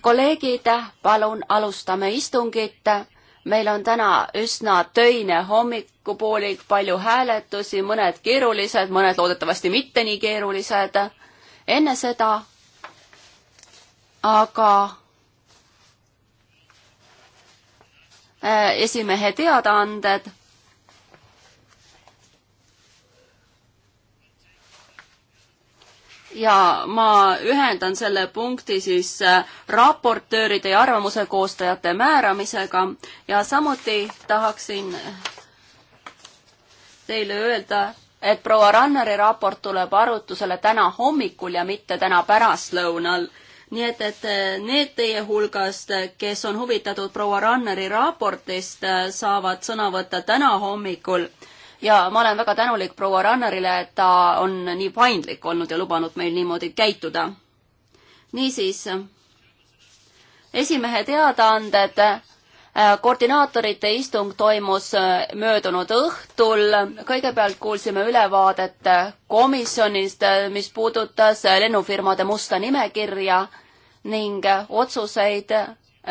kolleegid, palun alustame istungit. meil on täna üsna töine hommikupoolik, palju hääletusi, mõned keerulised, mõned loodetavasti mitte nii keerulised. enne seda aga eh, esimehe teadaanded ja ma ühendan selle punkti siis äh, raportööride ja arvamuse koostajate määramisega ja samuti tahaksin teile öelda, et proua Ranneri raport tuleb arutusele täna hommikul ja mitte täna pärastlõunal. nii et, et äh, need teie hulgast, äh, kes on huvitatud proua Ranneri raportist, saavad sõna võtta täna hommikul ja ma olen väga tänulik proua Rannerile, et ta on nii paindlik olnud ja lubanud meil niimoodi käituda. niisiis, esimehe teadaanded äh, koordinaatorite istung toimus äh, möödunud õhtul, kõigepealt kuulsime ülevaadet äh, komisjonist, mis puudutas lennufirmade musta nimekirja ning otsuseid,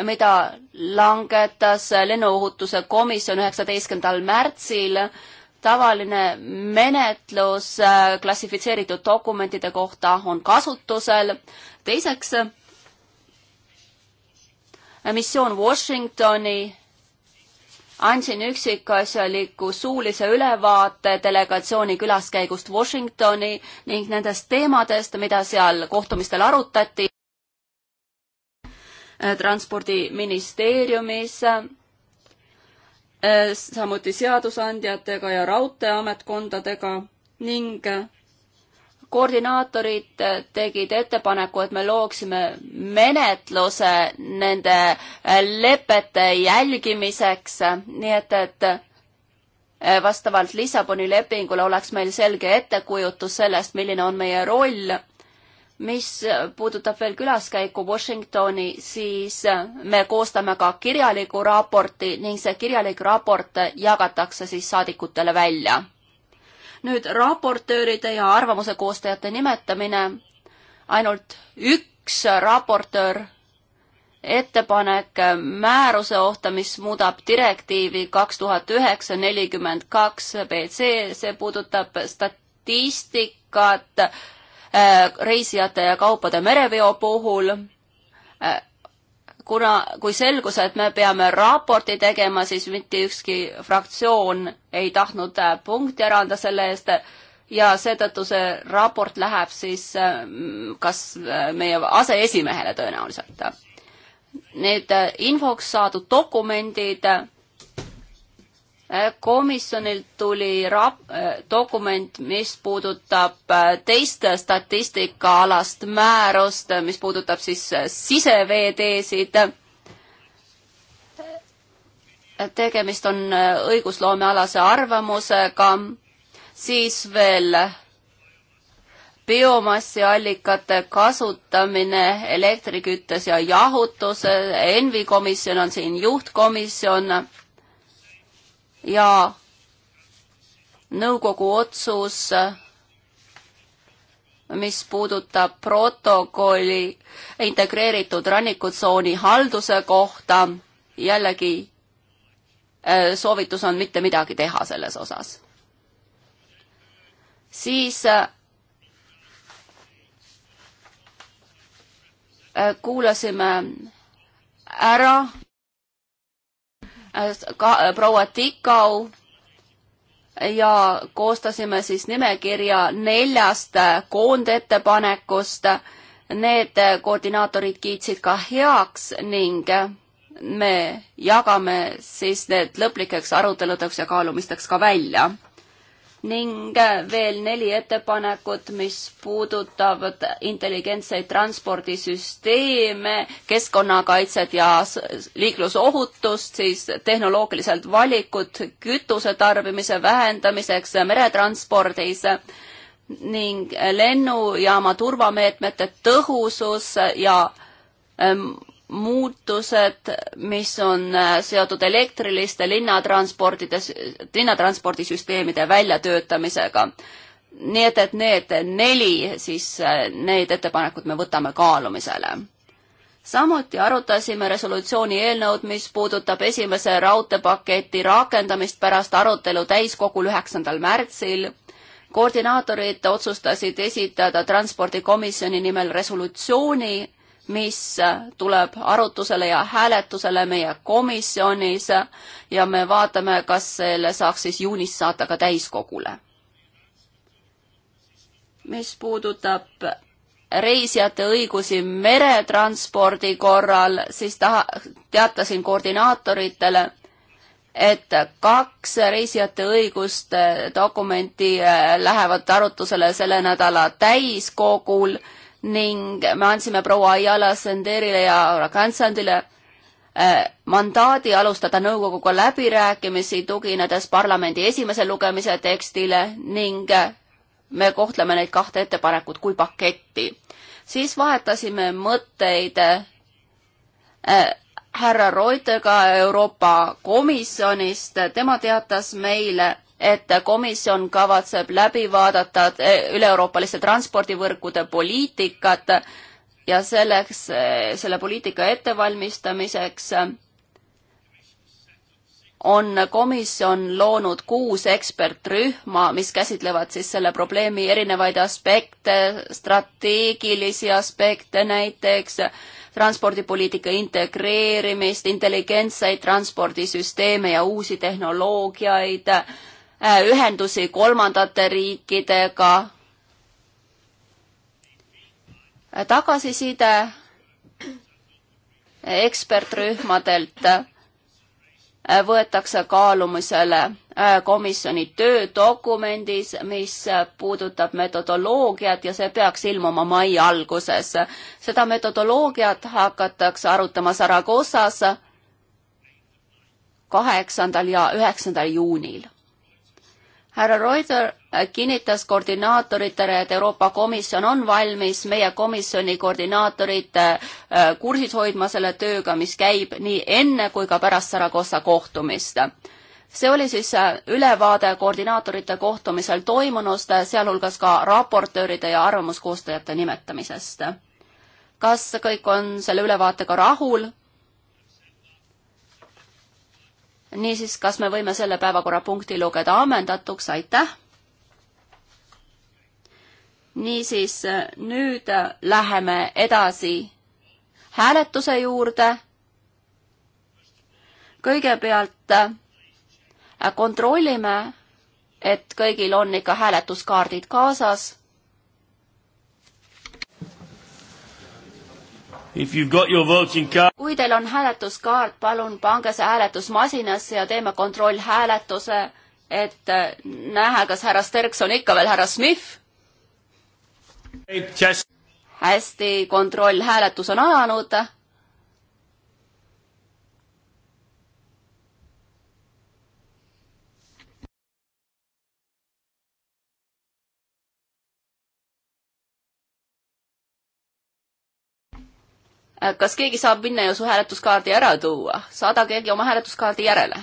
mida langetas lennuohutuse komisjon üheksateistkümnendal märtsil tavaline menetlus äh, klassifitseeritud dokumentide kohta on kasutusel. teiseks, äh, missioon Washingtoni andsin üksikasjaliku suulise ülevaate delegatsiooni külaskäigust Washingtoni ning nendest teemadest, mida seal kohtumistel arutati. Äh, transpordiministeeriumis Äh, samuti seadusandjatega ja raudteeametkondadega ning äh, koordinaatorid äh, tegid ettepaneku, et me looksime menetluse nende lepete jälgimiseks, nii et, et vastavalt Lissaboni lepingule oleks meil selge ettekujutus sellest, milline on meie roll mis puudutab veel külaskäiku Washingtoni, siis äh, me koostame ka kirjaliku raporti ning see kirjalik raport jagatakse siis saadikutele välja. nüüd raportööride ja arvamuse koostajate nimetamine. ainult üks raportöör ettepanek äh, määruse kohta, mis muudab direktiivi kaks tuhat üheksa nelikümmend kaks BC, see puudutab statistikat Äh, reisijate ja kaupade mereveo puhul äh, kuna, kui selgus, et me peame raporti tegema, siis mitte ükski fraktsioon ei tahtnud äh, punkti ära anda selle eest ja seetõttu see raport läheb siis kas meie aseesimehele tõenäoliselt. Need infoks saadud dokumendid komisjonilt tuli rap-, dokument, mis puudutab äh, teist statistikaalast määrust, mis puudutab siis äh, siseveeteesid. tegemist on äh, õigusloomealase arvamusega, siis veel biomassiallikate kasutamine elektriküttes ja jahutuses, ENVI komisjon on siin juhtkomisjon ja nõukogu otsus, mis puudutab protokolli integreeritud rannikutsooni halduse kohta, jällegi äh, soovitus on mitte midagi teha selles osas. siis äh, kuulasime ära ka proua Tikau ja koostasime siis nimekirja neljast koondettepanekust. Need koordinaatorid kiitsid ka heaks ning me jagame siis need lõplikeks aruteludeks ja kaalumisteks ka välja ning veel neli ettepanekut, mis puudutavad intelligentseid transpordisüsteeme, keskkonnakaitset ja liiklusohutust, siis tehnoloogilised valikud kütuse tarbimise vähendamiseks meretranspordis ning lennujaama turvameetmete tõhusus ja ähm, muutused, mis on äh, seotud elektriliste linnatranspordide, linnatranspordisüsteemide väljatöötamisega. nii et, et need neli, siis äh, need ettepanekud me võtame kaalumisele. samuti arutasime resolutsiooni eelnõud, mis puudutab esimese raudteepaketi rakendamist pärast arutelu täiskogul üheksandal märtsil koordinaatorid otsustasid esitada transpordikomisjoni nimel resolutsiooni, mis tuleb arutusele ja hääletusele meie komisjonis ja me vaatame, kas selle saaks siis juunis saata ka täiskogule. mis puudutab reisijate õigusi meretranspordi korral, siis taha, teatasin koordinaatoritele, et kaks reisijate õiguste dokumenti äh, lähevad arutusele selle nädala täiskogul ning me andsime proua Ayala Senderile ja Rakantsandile äh, mandaadi alustada nõukoguga läbirääkimisi, tuginedes parlamendi esimese lugemise tekstile ning äh, me kohtleme neid kahte ettepanekut kui paketti. siis vahetasime mõtteid äh, härra Roitega Euroopa Komisjonist, tema teatas meile, et komisjon kavatseb läbi vaadata eh, üle-euroopaliste transpordivõrkude poliitikat ja selleks, eh, selle poliitika ettevalmistamiseks eh, on komisjon loonud kuus ekspertrühma, mis käsitlevad siis selle probleemi erinevaid aspekte, strateegilisi aspekte näiteks, transpordipoliitika integreerimist, intelligentseid transpordisüsteeme ja uusi tehnoloogiaid Äh, ühendusi kolmandate riikidega. Äh, tagasiside ekspertrühmadelt äh, võetakse kaalumisele komisjoni töödokumendis, mis puudutab metodoloogiat ja see peaks ilmuma mai alguses. seda metodoloogiat hakatakse arutama Saragossas kaheksandal ja üheksandal juunil härra Reuter kinnitas koordinaatoritele, et Euroopa Komisjon on valmis meie komisjoni koordinaatorid äh, kursis hoidma selle tööga, mis käib nii enne kui ka pärast Saragossa kohtumist. see oli siis äh, ülevaade koordinaatorite kohtumisel toimunust, äh, sealhulgas ka raportööride ja arvamuskoostajate nimetamisest. kas kõik on selle ülevaatega rahul? niisiis, kas me võime selle päevakorrapunkti lugeda ammendatuks, aitäh! niisiis, nüüd läheme edasi hääletuse juurde. kõigepealt äh, kontrollime, et kõigil on ikka hääletuskaardid kaasas kui teil on hääletuskaart, palun pange see hääletusmasinasse ja teeme kontrollhääletuse, et äh, näha, kas härra Sterks on ikka veel härra Smith. hästi, kontrollhääletus on alanud Äh, kas keegi saab minna ja su hääletuskaardi ära tuua? saada keegi oma hääletuskaardi järele.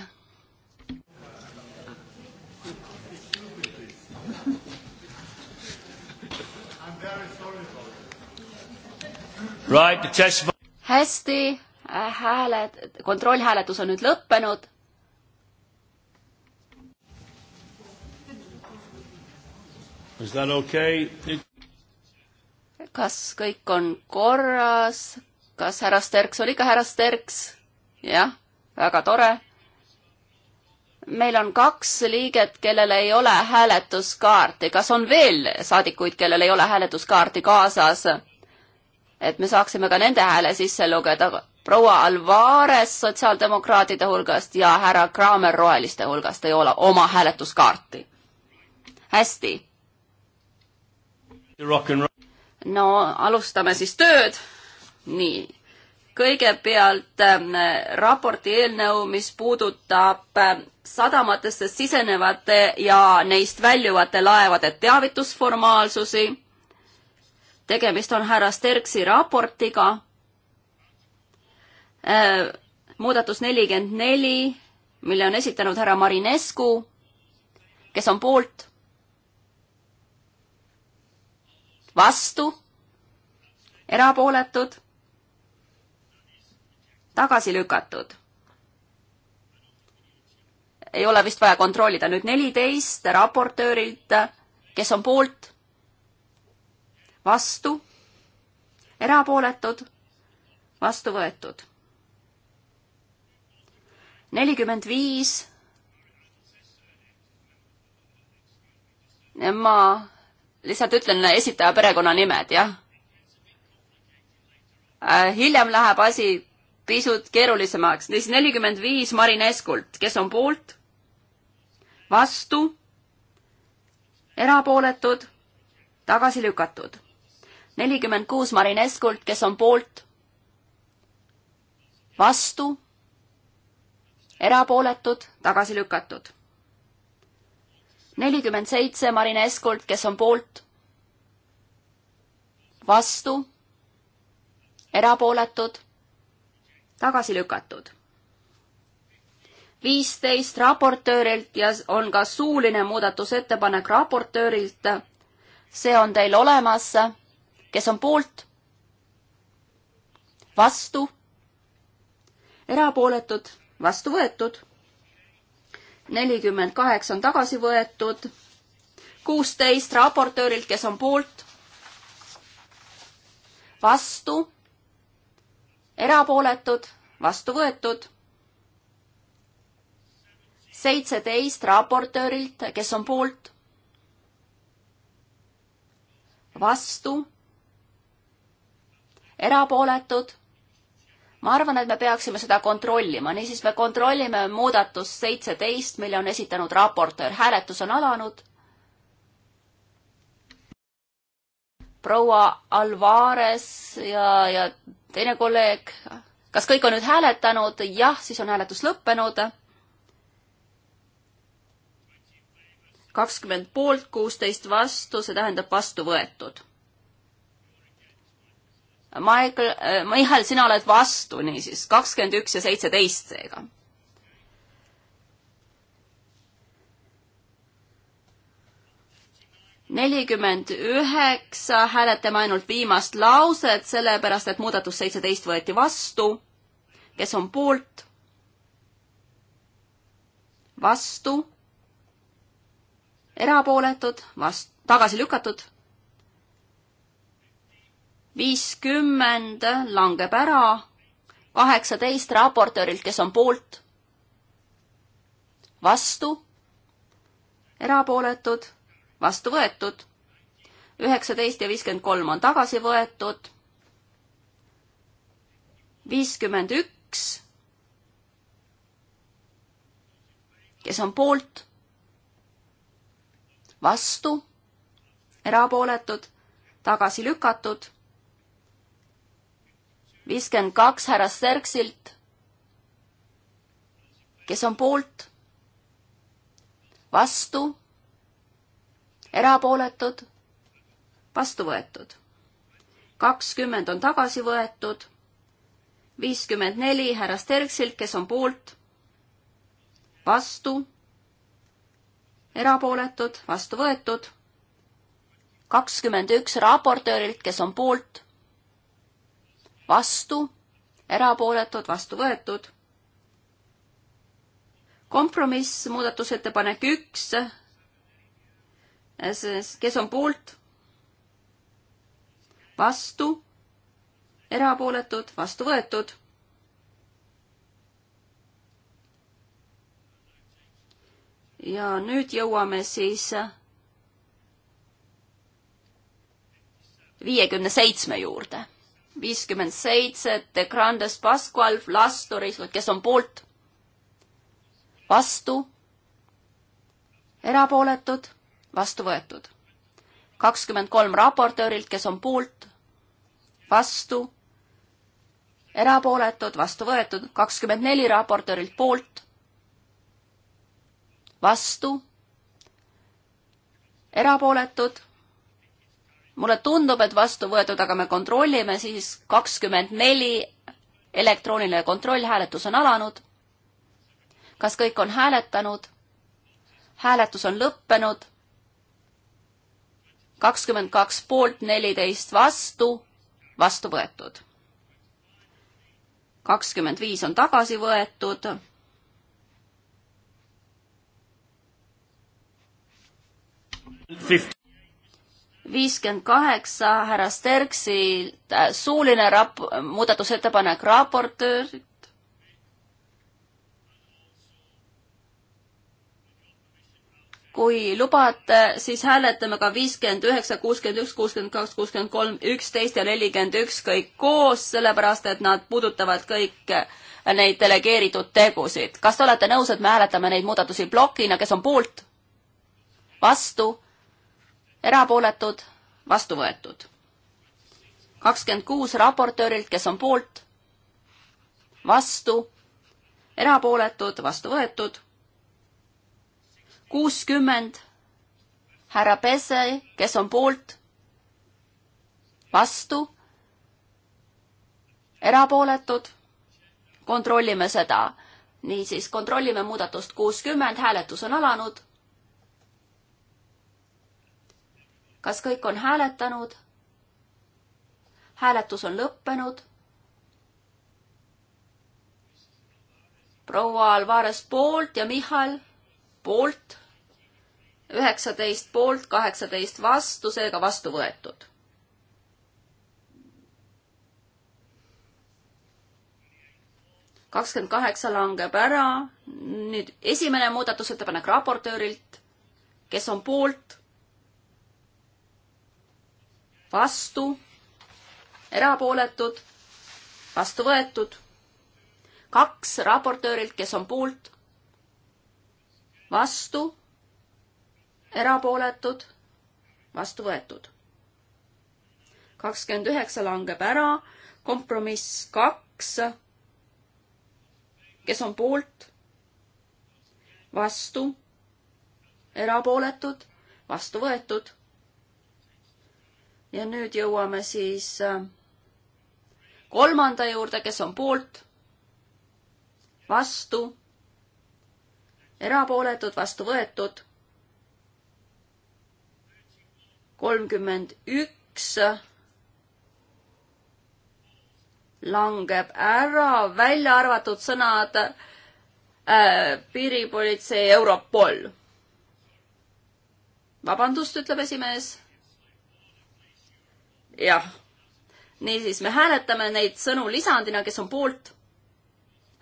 Right, test... hästi, äh, hääled, kontrollhääletus on nüüd lõppenud Okay? It... kas kõik on korras, kas härra Sterks oli ka härra Sterks? jah, väga tore. meil on kaks liiget, kellel ei ole hääletuskaarti. kas on veel saadikuid, kellel ei ole hääletuskaarti kaasas? et me saaksime ka nende hääle sisse lugeda. proua Alvarez sotsiaaldemokraatide hulgast ja härra Kramer roheliste hulgast ei ole oma hääletuskaarti. hästi. no alustame siis tööd nii, kõigepealt ähm, raporti eelnõu, mis puudutab ähm, sadamatesse sisenevate ja neist väljuvate laevade teavitusformaalsusi. tegemist on härra Sterksi raportiga. Äh, muudatus nelikümmend neli, mille on esitanud härra Marinescu, kes on poolt vastu, erapooletud tagasi lükatud. ei ole vist vaja kontrollida, nüüd neliteist raportöörilt, kes on poolt, vastu, erapooletud, vastu võetud. nelikümmend viis ma lihtsalt ütlen esitaja perekonnanimed, jah. Äh, hiljem läheb asi pisut keerulisemaks. siis nelikümmend viis Marineskult, kes on poolt, vastu, erapooletud, tagasi lükatud. nelikümmend kuus Marineskult, kes on poolt, vastu, erapooletud, tagasi lükatud. nelikümmend seitse Marineskult, kes on poolt, vastu, erapooletud, tagasi lükatud. viisteist raportöörilt ja on ka suuline muudatusettepanek raportöörilt. see on teil olemas. kes on poolt? vastu? erapooletud? vastu võetud? nelikümmend kaheksa on tagasi võetud. kuusteist raportöörilt, kes on poolt? vastu erapooletud, vastu võetud. seitseteist raportöörilt, kes on poolt, vastu, erapooletud. ma arvan, et me peaksime seda kontrollima, niisiis me kontrollime muudatust seitseteist, mille on esitanud raportöör, hääletus on alanud proua Alvarez ja, ja teine kolleeg, kas kõik on nüüd hääletanud? jah, siis on hääletus lõppenud. kakskümmend poolt, kuusteist vastu, see tähendab vastu võetud. Michael äh,, Mihhail, sina oled vastu, niisiis kakskümmend üks ja seitseteist seega nelikümmend üheksa, hääletame ainult viimast lauset, sellepärast et muudatus seitseteist võeti vastu. kes on poolt? vastu? erapooletud, vast-, tagasi lükatud. viiskümmend langeb ära, kaheksateist raportöörilt, kes on poolt, vastu, erapooletud vastu võetud, üheksateist ja viiskümmend kolm on tagasi võetud, viiskümmend üks, kes on poolt, vastu, erapooletud, tagasi lükatud, viiskümmend kaks härra Sterksilt, kes on poolt, vastu erapooletud, vastu võetud. kakskümmend on tagasi võetud, viiskümmend neli härra Sterksilt, kes on poolt, vastu, erapooletud, vastu võetud, kakskümmend üks raportöörilt, kes on poolt, vastu, erapooletud, vastu võetud kompromiss, muudatusettepanek üks, kes on poolt, vastu, erapooletud, vastu võetud. ja nüüd jõuame siis viiekümne seitsme juurde. viiskümmend seitse, De Grandes Pascual, Vlastoris, kes on poolt, vastu, erapooletud vastu võetud. kakskümmend kolm raportöörilt, kes on poolt, vastu, erapooletud, vastu võetud, kakskümmend neli raportöörilt poolt, vastu, erapooletud. mulle tundub, et vastu võetud, aga me kontrollime siis kakskümmend neli, elektrooniline kontroll, hääletus on alanud. kas kõik on hääletanud? hääletus on lõppenud kakskümmend kaks poolt, neliteist vastu, vastu võetud. kakskümmend viis on tagasi võetud. viiskümmend kaheksa härra Sterksilt suuline rap-, muudatusettepanek raportöörilt kui lubate, siis hääletame ka viiskümmend üheksa, kuuskümmend üks, kuuskümmend kaks, kuuskümmend kolm, üksteist ja nelikümmend üks kõik koos, sellepärast et nad puudutavad kõik neid delegeeritud tegusid. kas te olete nõus, et me hääletame neid muudatusi plokina, kes on poolt? vastu? erapooletud? vastu võetud? kakskümmend kuus raportöörilt, kes on poolt? vastu? erapooletud? vastu võetud? kuuskümmend, härra Pese, kes on poolt, vastu, erapooletud, kontrollime seda. niisiis, kontrollime muudatust kuuskümmend, hääletus on alanud. kas kõik on hääletanud? hääletus on lõppenud proua Alvarez poolt ja Michal poolt üheksateist poolt, kaheksateist vastu, seega vastu võetud. kakskümmend kaheksa langeb ära, nüüd esimene muudatusettepanek raportöörilt, kes on poolt, vastu, erapooletud, vastu võetud, kaks raportöörilt, kes on poolt, vastu erapooletud, vastu võetud. kakskümmend üheksa langeb ära, kompromiss kaks, kes on poolt, vastu, erapooletud, vastu võetud. ja nüüd jõuame siis äh, kolmanda juurde, kes on poolt, vastu, erapooletud, vastu võetud kolmkümmend üks langeb ära, välja arvatud sõnad äh, piiripolitsei Europol. vabandust, ütleb esimees. jah, niisiis me hääletame neid sõnu lisandina, kes on poolt,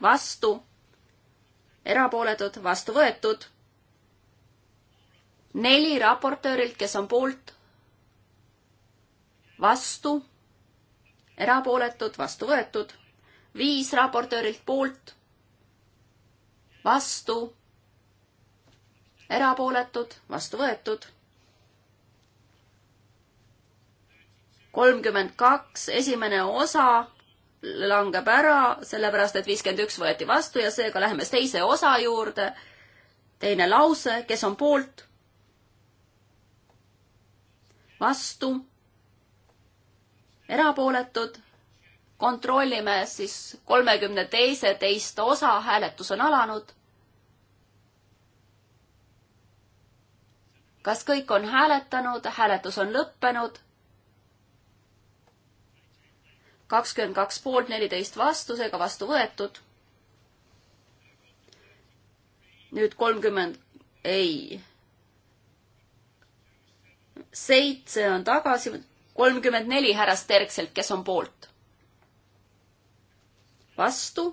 vastu, erapooletud, vastu võetud. neli raportöörilt, kes on poolt, vastu, erapooletud, vastu võetud, viis raportöörilt poolt, vastu, erapooletud, vastu võetud, kolmkümmend kaks, esimene osa langeb ära, sellepärast et viiskümmend üks võeti vastu ja seega läheme teise osa juurde. teine lause, kes on poolt? vastu erapooletud, kontrollime siis kolmekümne teise teist osa, hääletus on alanud. kas kõik on hääletanud, hääletus on lõppenud? kakskümmend kaks poolt, neliteist vastusega vastu võetud. nüüd kolmkümmend, ei. seitse on tagasi kolmkümmend neli härra Sterkselt, kes on poolt? vastu?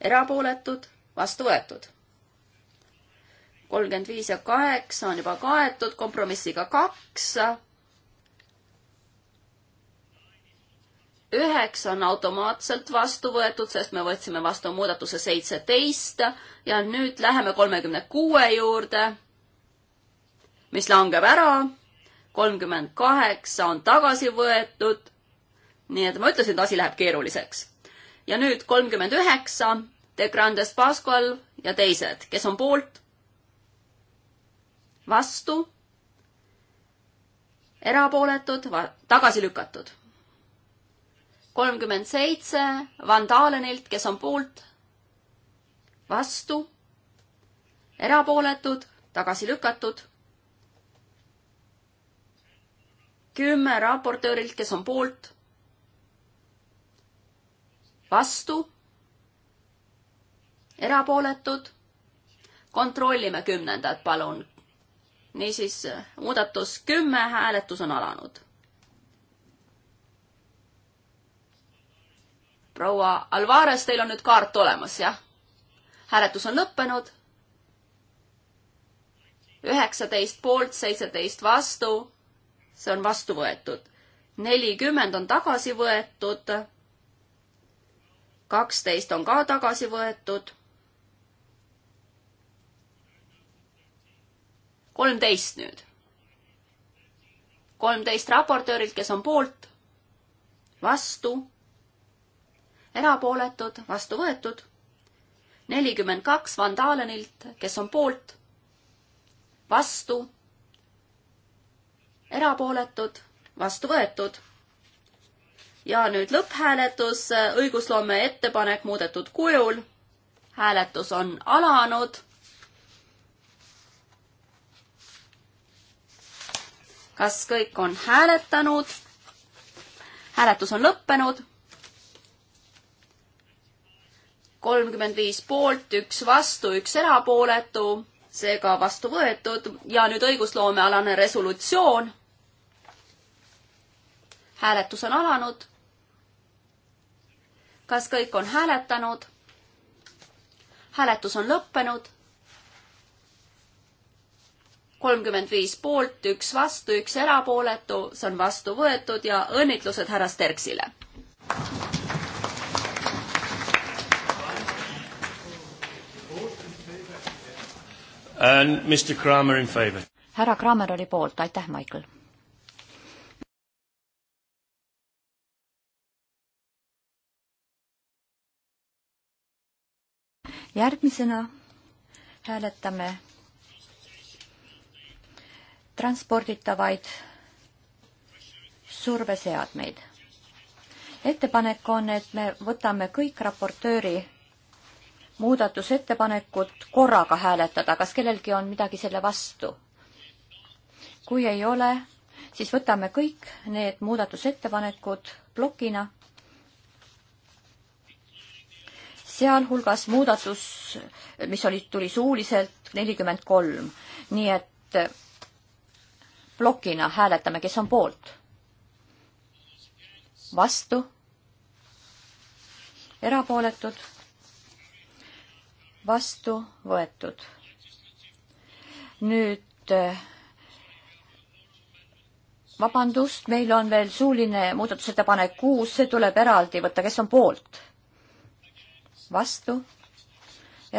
erapooletud? vastu võetud. kolmkümmend viis ja kaheksa on juba kaetud kompromissiga kaks. üheksa on automaatselt vastu võetud, sest me võtsime vastu muudatuse seitseteist ja nüüd läheme kolmekümne kuue juurde, mis langeb ära kolmkümmend kaheksa on tagasi võetud. nii et ma ütlesin, et asi läheb keeruliseks. ja nüüd kolmkümmend üheksa, De Grandes Pascual ja teised, kes on poolt? vastu? erapooletud, tagasi lükatud. kolmkümmend seitse Vandalenilt, kes on poolt, vastu, erapooletud, tagasi lükatud. kümme raportöörilt, kes on poolt, vastu, erapooletud. kontrollime kümnendat, palun. niisiis, muudatus kümme, hääletus on alanud. proua Alvarez, teil on nüüd kaart olemas, jah? hääletus on lõppenud üheksateist poolt, seitseteist vastu, see on vastu võetud. nelikümmend on tagasi võetud. kaksteist on ka tagasi võetud. kolmteist nüüd. kolmteist raportöörilt, kes on poolt, vastu, erapooletud, vastu võetud. nelikümmend kaks Van Dalenilt, kes on poolt, vastu erapooletud, vastu võetud. ja nüüd lõpphääletus, õigusloome ettepanek muudetud kujul. hääletus on alanud. kas kõik on hääletanud? hääletus on lõppenud kolmkümmend viis poolt, üks vastu, üks erapooletu, seega vastu võetud ja nüüd õigusloomealane resolutsioon hääletus on alanud. kas kõik on hääletanud? hääletus on lõppenud. kolmkümmend viis poolt, üks vastu, üks erapooletu, see on vastu võetud ja õnnitlused härra Sterksile. härra Kramer oli poolt, aitäh, Michael järgmisena hääletame transporditavaid surveseadmeid. ettepanek on, et me võtame kõik raportööri muudatusettepanekut korraga hääletada, kas kellelgi on midagi selle vastu? kui ei ole, siis võtame kõik need muudatusettepanekud plokina sealhulgas muudatus, mis oli, tuli suuliselt nelikümmend kolm. nii et eh, plokina hääletame, kes on poolt. vastu. erapooletud. vastu võetud. nüüd eh, vabandust, meil on veel suuline muudatusettepanek kuus, see tuleb eraldi võtta, kes on poolt vastu,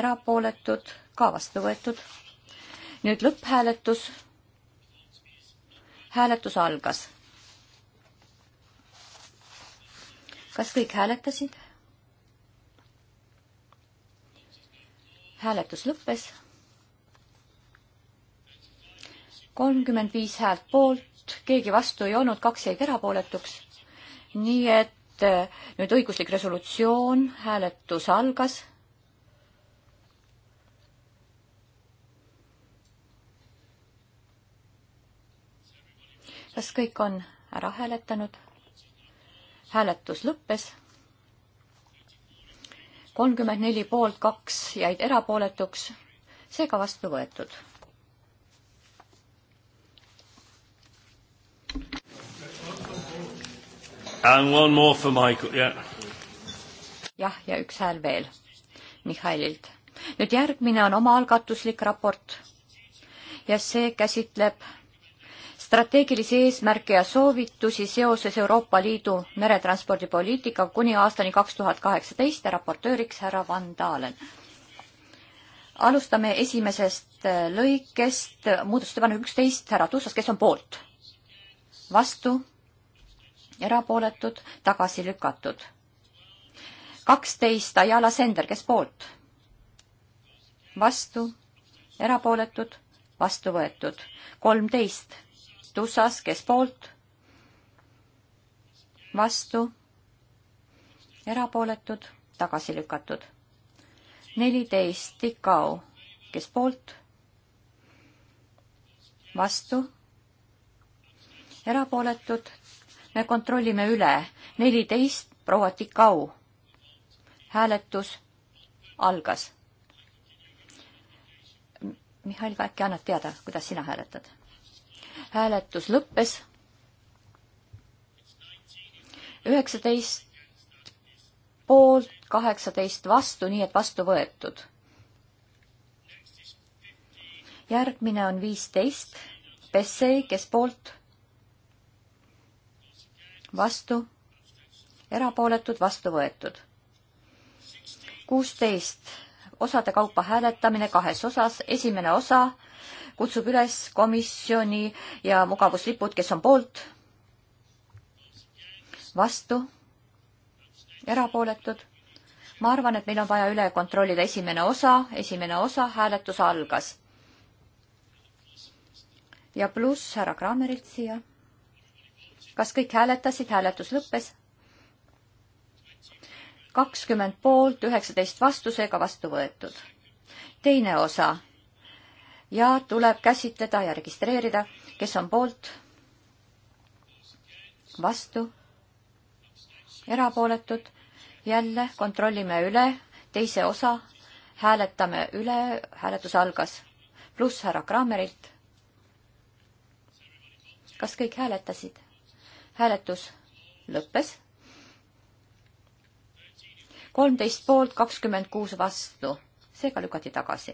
erapooletud, ka vastu võetud. nüüd lõpphääletus. hääletus algas. kas kõik hääletasid? hääletus lõppes. kolmkümmend viis häält poolt, keegi vastu ei olnud, kaks jäid erapooletuks. nii et Äh, nüüd õiguslik resolutsioon, hääletus algas. kas kõik on ära hääletanud? hääletus lõppes. kolmkümmend neli poolt, kaks jäid erapooletuks, seega vastu võetud And one more for Michael, yeah. jah, ja üks hääl veel Mihhaililt. nüüd järgmine on omaalgatuslik raport ja see käsitleb strateegilisi eesmärke ja soovitusi seoses Euroopa Liidu meretranspordipoliitikaga kuni aastani kaks tuhat kaheksateist ja raportööriks härra Van Dalen. alustame esimesest lõikest, muudatusettepanek üksteist, härra Tussas, kes on poolt? vastu erapooletud, tagasi lükatud. kaksteist Ajala Sender, kes poolt? vastu, erapooletud, vastu võetud. kolmteist Tussas, kes poolt? vastu, erapooletud, tagasi lükatud. neliteist Tikao, kes poolt? vastu, erapooletud, me kontrollime üle. neliteist, proua Tikau. hääletus algas. Mihhail, äkki annad teada, kuidas sina hääletad? hääletus lõppes. üheksateist poolt, kaheksateist vastu, nii et vastu võetud. järgmine on viisteist. Pessei, kes poolt? vastu, erapooletud, vastu võetud. kuusteist, osade kaupa hääletamine kahes osas, esimene osa kutsub üles komisjoni ja mugavuslipud, kes on poolt, vastu, erapooletud. ma arvan, et meil on vaja üle kontrollida esimene osa, esimene osa, hääletus algas. ja pluss härra Krammerilt siia kas kõik hääletasid, hääletus lõppes? kakskümmend poolt, üheksateist vastusega vastu võetud. teine osa ja tuleb käsitleda ja registreerida, kes on poolt, vastu, erapooletud. jälle kontrollime üle teise osa, hääletame üle, hääletus algas, pluss härra Krammerilt. kas kõik hääletasid? hääletus lõppes. kolmteist poolt, kakskümmend kuus vastu, seega lükati tagasi.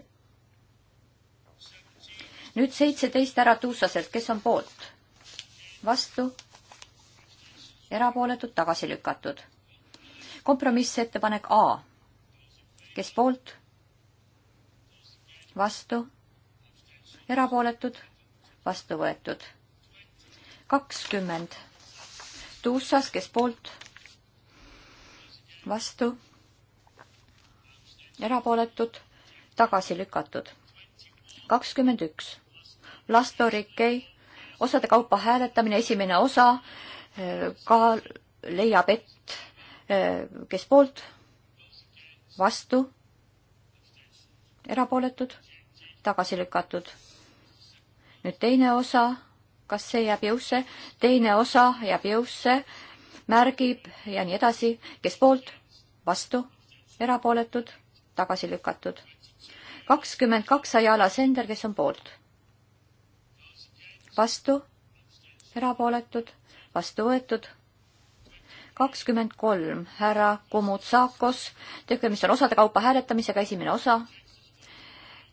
nüüd seitseteist äratuusaselt, kes on poolt? vastu, erapooletud, tagasi lükatud. kompromissettepanek A, kes poolt? vastu, erapooletud, vastu võetud. kakskümmend Tuussas, kes poolt, vastu, erapooletud, tagasi lükatud. kakskümmend üks. Lastorikei osade kaupa hääletamine, esimene osa eh, ka leiab, et eh, kes poolt, vastu, erapooletud, tagasi lükatud. nüüd teine osa kas see jääb jõusse, teine osa jääb jõusse, märgib ja nii edasi, kes poolt, vastu, erapooletud, tagasi lükatud. kakskümmend kaks Ajala Sender, kes on poolt, vastu, erapooletud, vastu võetud kakskümmend kolm härra Komutsakos, tegemist on osade kaupa hääletamisega, esimene osa.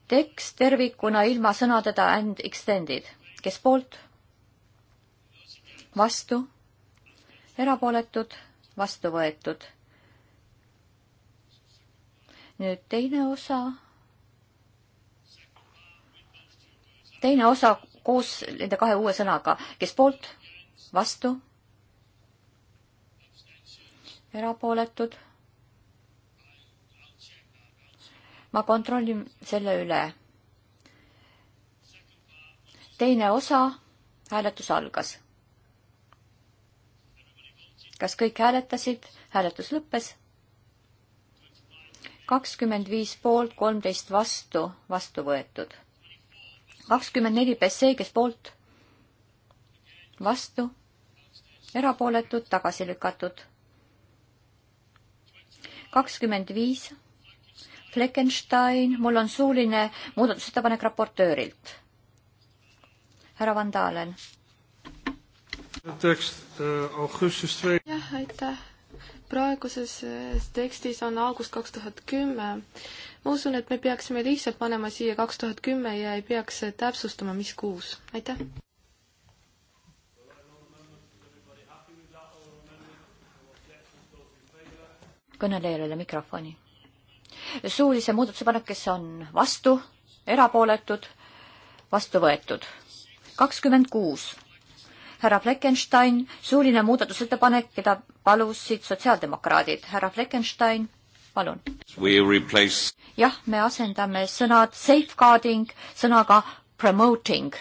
tekst tervikuna ilma sõnadeta and extended, kes poolt, vastu, erapooletud, vastu võetud. nüüd teine osa. teine osa koos nende kahe uue sõnaga, kes poolt, vastu, erapooletud. ma kontrollin selle üle. teine osa, hääletus algas kas kõik hääletasid? hääletus lõppes. kakskümmend viis poolt, kolmteist vastu, vastu võetud. kakskümmend neli Bessee, kes poolt? vastu, erapooletud, tagasi lükatud. kakskümmend viis Fleckenstein, mul on suuline muudatusettepanek raportöörilt. härra Van Dalen Eh, jah, aitäh. praeguses eh, tekstis on august kaks tuhat kümme. ma usun, et me peaksime lihtsalt panema siia kaks tuhat kümme ja ei peaks eh, täpsustama, mis kuus. aitäh. kõnelejal ei ole mikrofoni. suulise muudatusepanek, kes on vastu, erapooletud, vastu võetud. kakskümmend kuus härra Fleckenstein, suuline muudatusettepanek, keda palusid sotsiaaldemokraadid. härra Fleckenstein, palun. jah, me asendame sõnad safeguarding sõnaga promoting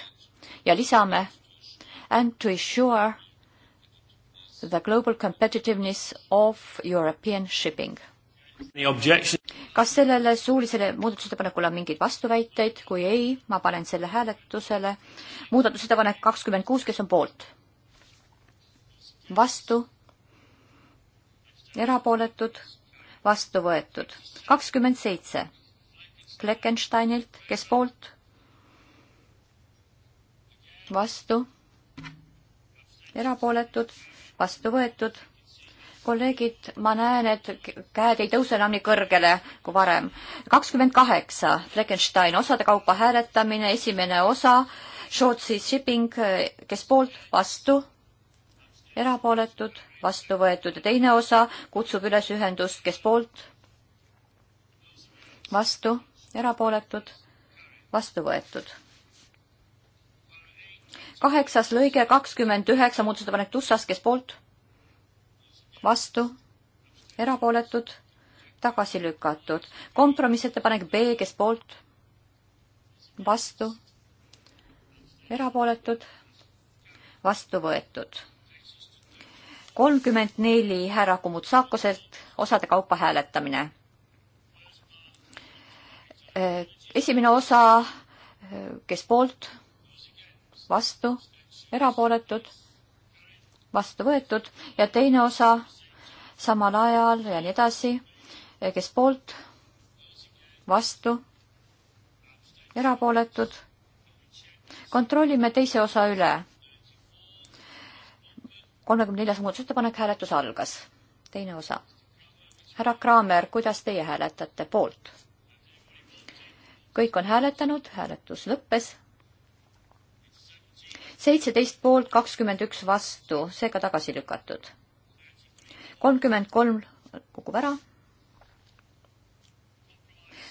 ja lisame and to assure the global competitiveness of European shipping kas sellele suulisele muudatusettepanekule on mingeid vastuväiteid, kui ei, ma panen selle hääletusele. muudatusettepanek kakskümmend kuus, kes on poolt? vastu? erapooletud? vastu võetud. kakskümmend seitse Fleckensteinilt, kes poolt? vastu? erapooletud? vastu võetud kolleegid, ma näen, et käed ei tõuse enam nii kõrgele kui varem. kakskümmend kaheksa, Fleckenstein, osade kaupa hääletamine, esimene osa, Šotsi shipping, kes poolt, vastu, erapooletud, vastu võetud ja teine osa kutsub üles ühendust, kes poolt, vastu, erapooletud, vastu võetud. kaheksas lõige kakskümmend üheksa, muudatusettepanek Tussas, kes poolt vastu, erapooletud, tagasi lükatud. kompromissettepanek B, kes poolt, vastu, erapooletud, vastu võetud. kolmkümmend neli härra Kumutsakoselt osade kaupa hääletamine. esimene osa, kes poolt, vastu, erapooletud vastu võetud ja teine osa samal ajal ja nii edasi, kes poolt, vastu, erapooletud. kontrollime teise osa üle. kolmekümne neljas muudatusettepanek, hääletus algas. teine osa. härra Kraamer, kuidas teie hääletate poolt? kõik on hääletanud, hääletus lõppes seitseteist poolt, kakskümmend üks vastu, seega tagasi lükatud. kolmkümmend kolm kukub ära.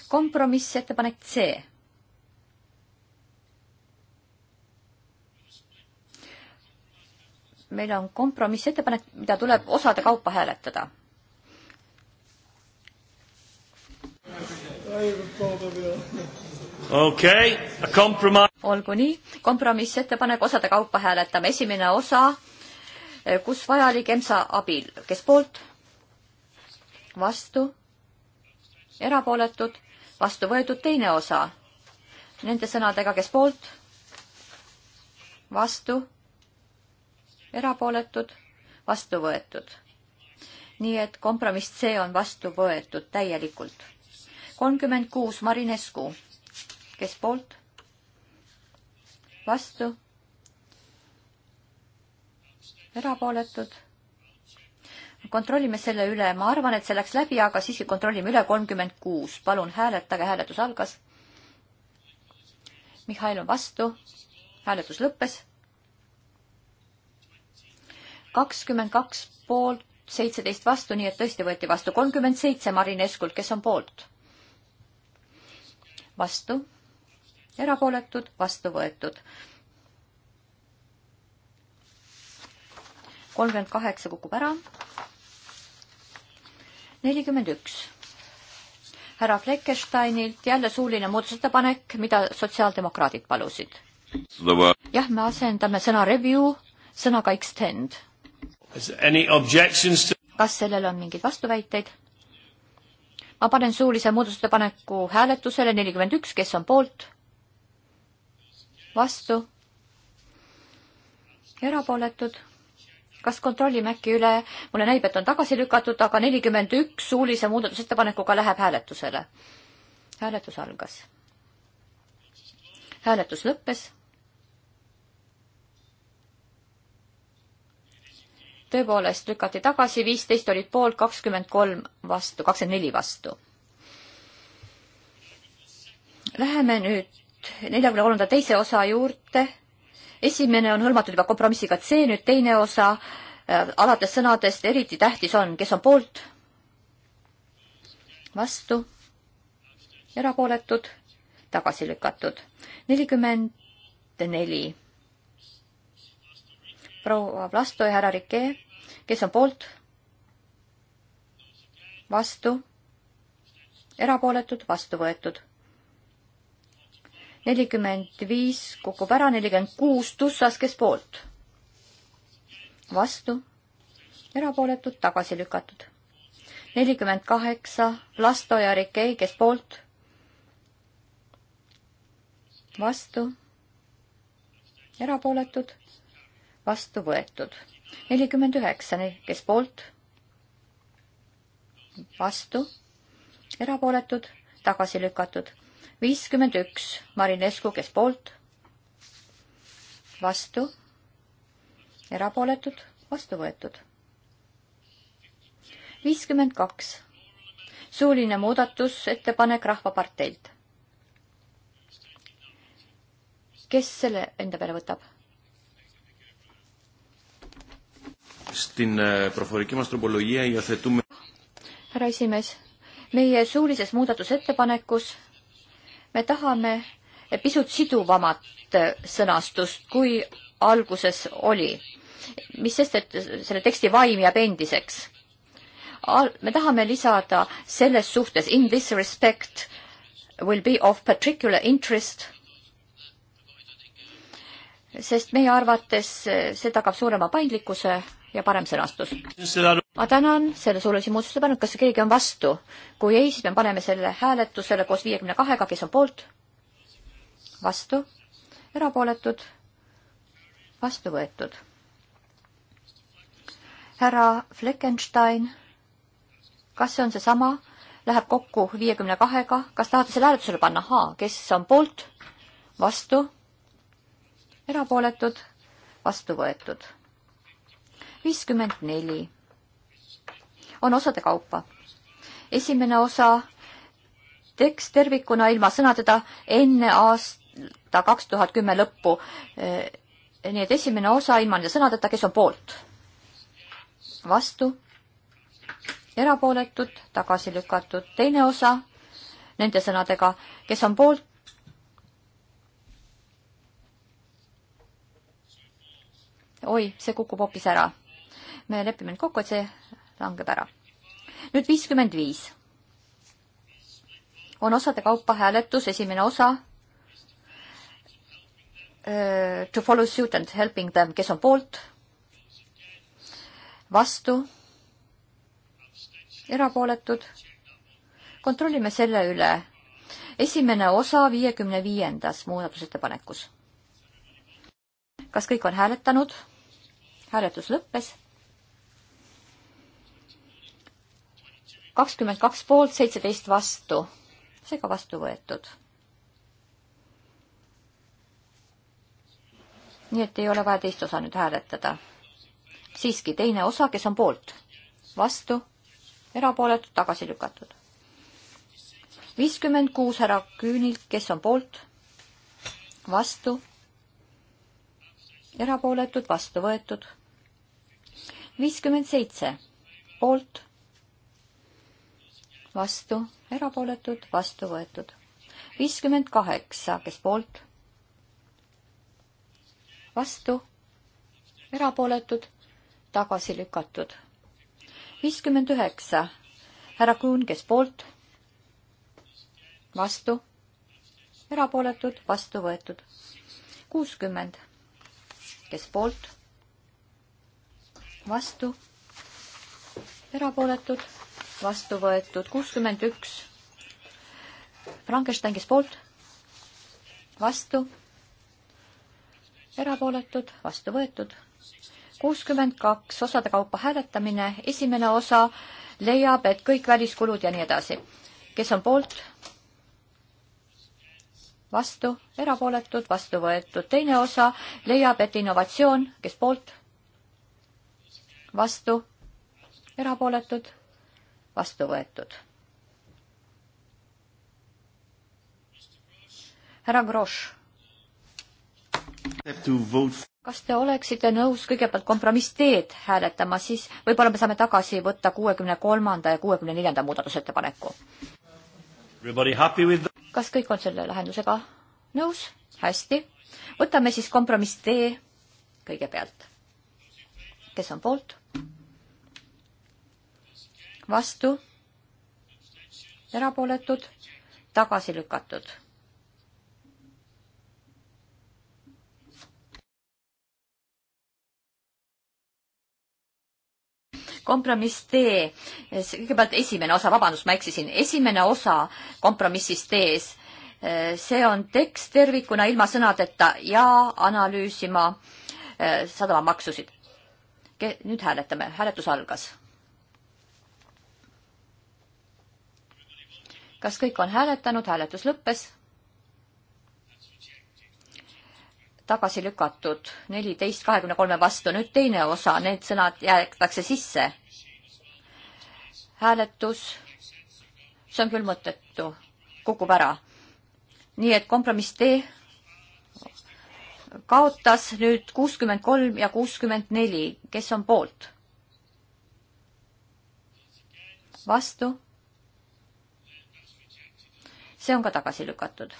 kompromissettepanek C. meil on kompromissettepanek, mida tuleb osade kaupa hääletada I have a problem okay, olgu nii, kompromissettepanek osade kaupa hääletame, esimene osa, eh, kus vajalik EMSA abil, kes poolt, vastu, erapooletud, vastu võetud teine osa, nende sõnadega, kes poolt, vastu, erapooletud, vastu võetud. nii et kompromiss C on vastu võetud täielikult. kolmkümmend kuus, Marinescu kes poolt, vastu, erapooletud. kontrollime selle üle, ma arvan, et see läks läbi, aga siiski kontrollime üle, kolmkümmend kuus, palun hääletage, hääletus algas. Mihhail on vastu, hääletus lõppes. kakskümmend kaks poolt, seitseteist vastu, nii et tõesti võeti vastu kolmkümmend seitse Marin Eskult, kes on poolt? vastu, erapooletud, vastu võetud. kolmkümmend kaheksa kukub ära. nelikümmend üks. härra Fleckensteinilt jälle suuline muudatusettepanek, mida sotsiaaldemokraadid palusid. jah, me asendame sõna review sõnaga extend. kas sellel on mingeid vastuväiteid? ma panen suulise muudatusettepaneku hääletusele nelikümmend üks, kes on poolt vastu, erapooletud. kas kontrollime äkki üle, mulle näib, et on tagasi lükatud, aga nelikümmend üks suulise muudatusettepanekuga läheb hääletusele. hääletus algas. hääletus lõppes. tõepoolest lükati tagasi, viisteist olid poolt, kakskümmend kolm vastu, kakskümmend neli vastu. Läheme nüüd nüüd neljakümne kolmanda teise osa juurde. esimene on hõlmatud juba kompromissiga C, nüüd teine osa äh, alates sõnadest eriti tähtis on, kes on poolt, vastu, erapooletud, tagasi lükatud. nelikümmend neli. proua Vlasto ja härra Rike, kes on poolt, vastu, erapooletud, vastu võetud nelikümmend viis kukub ära, nelikümmend kuus tussas, kes poolt? vastu, erapooletud, tagasi lükatud. nelikümmend kaheksa, Vlasto ja Rikei, kes poolt? vastu, erapooletud, vastu võetud. nelikümmend üheksa, kes poolt? vastu, erapooletud, tagasi lükatud viiskümmend üks Marinescu, kes poolt, vastu, erapooletud, vastu võetud. viiskümmend kaks, suuline muudatusettepanek Rahvaparteilt. kes selle enda peale võtab? härra esimees, meie suulises muudatusettepanekus me tahame pisut siduvamat sõnastust, kui alguses oli. mis sest, et selle teksti vaim jääb endiseks. me tahame lisada selles suhtes in this respect will be of particular interest, sest meie arvates see tagab suurema paindlikkuse ja parem sõnastus. ma tänan selle suulise muudatuse pannud, kas keegi on vastu? kui ei, siis me paneme selle hääletusele koos viiekümne kahega, kes on poolt? vastu? erapooletud? vastu võetud. härra Fleckenstein, kas see on seesama, läheb kokku viiekümne kahega, kas tahate selle hääletusele panna? ahaa, kes on poolt? vastu? erapooletud? vastu võetud viiskümmend neli on osade kaupa. esimene osa, tekst tervikuna ilma sõnadeta enne aasta kaks tuhat kümme lõppu. Eh, nii et esimene osa ilma nende sõnadeta, kes on poolt? vastu? erapooletud, tagasi lükatud. teine osa nende sõnadega, kes on poolt? oi, see kukub hoopis ära me lepime nüüd kokku, et see langeb ära. nüüd viiskümmend viis. on osade kaupa hääletus, esimene osa. Äh, to follow suit and helping them, kes on poolt, vastu, erapooletud. kontrollime selle üle. esimene osa viiekümne viiendas muudatusettepanekus. kas kõik on hääletanud? hääletus lõppes kakskümmend kaks poolt, seitseteist vastu. seega vastu võetud. nii et ei ole vaja teist osa nüüd hääletada. siiski teine osa, kes on poolt, vastu, erapooletud, tagasi lükatud. viiskümmend kuus härra Küünilt, kes on poolt, vastu, erapooletud, vastu võetud. viiskümmend seitse poolt vastu, erapooletud, vastu võetud. viiskümmend kaheksa, kes poolt, vastu, erapooletud, tagasi lükatud. viiskümmend üheksa, härra Kuhn, kes poolt, vastu, erapooletud, vastu võetud. kuuskümmend, kes poolt, vastu, erapooletud vastu võetud kuuskümmend üks. Frankenstein, kes poolt, vastu, erapooletud, vastu võetud. kuuskümmend kaks, osade kaupa hääletamine, esimene osa leiab, et kõik väliskulud ja nii edasi. kes on poolt? vastu, erapooletud, vastu võetud. teine osa leiab, et innovatsioon, kes poolt? vastu, erapooletud vastu võetud. härra Grosch. kas te oleksite nõus kõigepealt kompromiss teed hääletama, siis võib-olla me saame tagasi võtta kuuekümne kolmanda ja kuuekümne neljanda muudatusettepaneku. kas kõik on selle lahendusega nõus? hästi, võtame siis kompromiss tee kõigepealt. kes on poolt? vastu, erapooletud, tagasi lükatud. kompromiss D, kõigepealt esimene osa, vabandust, ma eksisin, esimene osa kompromissis D-s, eh, see on tekst tervikuna ilma sõnadeta ja analüüsima eh, sadamamaksusid. nüüd hääletame, hääletus algas kas kõik on hääletanud, hääletus lõppes. tagasi lükatud neliteist kahekümne kolme vastu, nüüd teine osa, need sõnad jäetakse sisse. hääletus, see on küll mõttetu, kukub ära. nii et kompromiss D kaotas nüüd kuuskümmend kolm ja kuuskümmend neli, kes on poolt? vastu see on ka tagasi lükatud.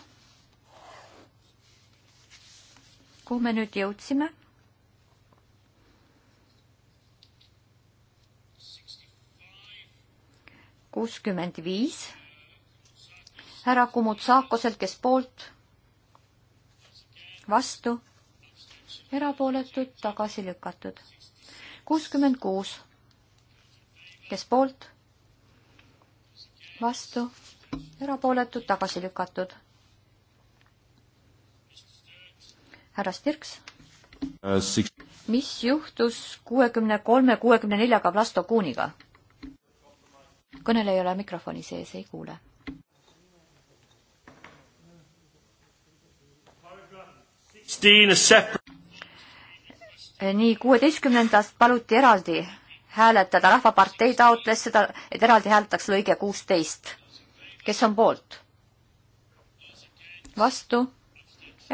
kuhu me nüüd jõudsime? kuuskümmend viis härra Kumutsakoselt, kes poolt, vastu, erapooletud, tagasi lükatud. kuuskümmend kuus, kes poolt, vastu erapooletud, tagasi lükatud. härra Stirks uh,. mis juhtus kuuekümne kolme, kuuekümne neljaga Vlasto Kuuniga? kõnel ei ole mikrofoni sees, ei kuule. Eh, nii, kuueteistkümnendast paluti eraldi hääletada, Rahvapartei taotles seda, et eraldi hääletaks lõige kuusteist kes on poolt? vastu,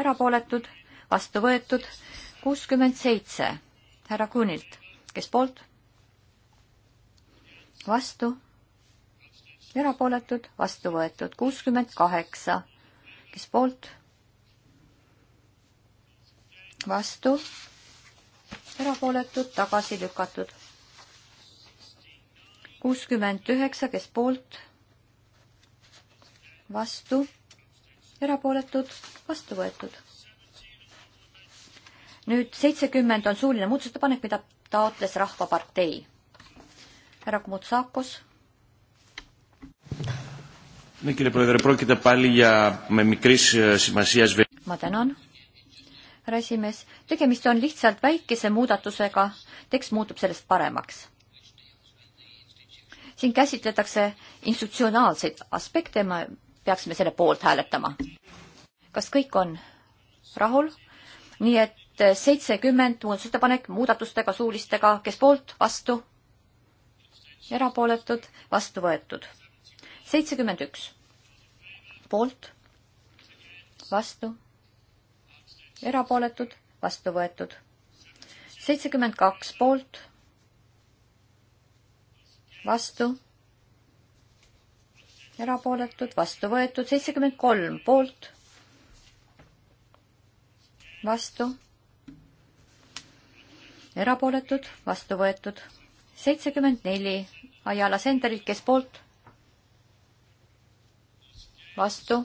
erapooletud, vastu võetud, kuuskümmend seitse härra Kunilt, kes poolt? vastu, erapooletud, vastu võetud, kuuskümmend kaheksa, kes poolt? vastu, erapooletud, tagasi lükatud. kuuskümmend üheksa, kes poolt? vastu, erapooletud, vastu võetud. nüüd seitsekümmend on suuline muudatusettepanek, mida taotles Rahvapartei. härra Kumutsakos. ma tänan, härra esimees. tegemist on lihtsalt väikese muudatusega, tekst muutub sellest paremaks siin käsitletakse institutsionaalseid aspekte, ma peaksime selle poolt hääletama. kas kõik on rahul? nii et seitsekümmend muudatusettepanek muudatustega, suulistega, kes poolt, vastu, erapooletud, vastu võetud. seitsekümmend üks poolt, vastu, erapooletud, vastu võetud. seitsekümmend kaks poolt, vastu erapooletud, vastu võetud, seitsekümmend kolm poolt, vastu, erapooletud, vastu võetud, seitsekümmend neli Ajala Senderilt, kes poolt, vastu,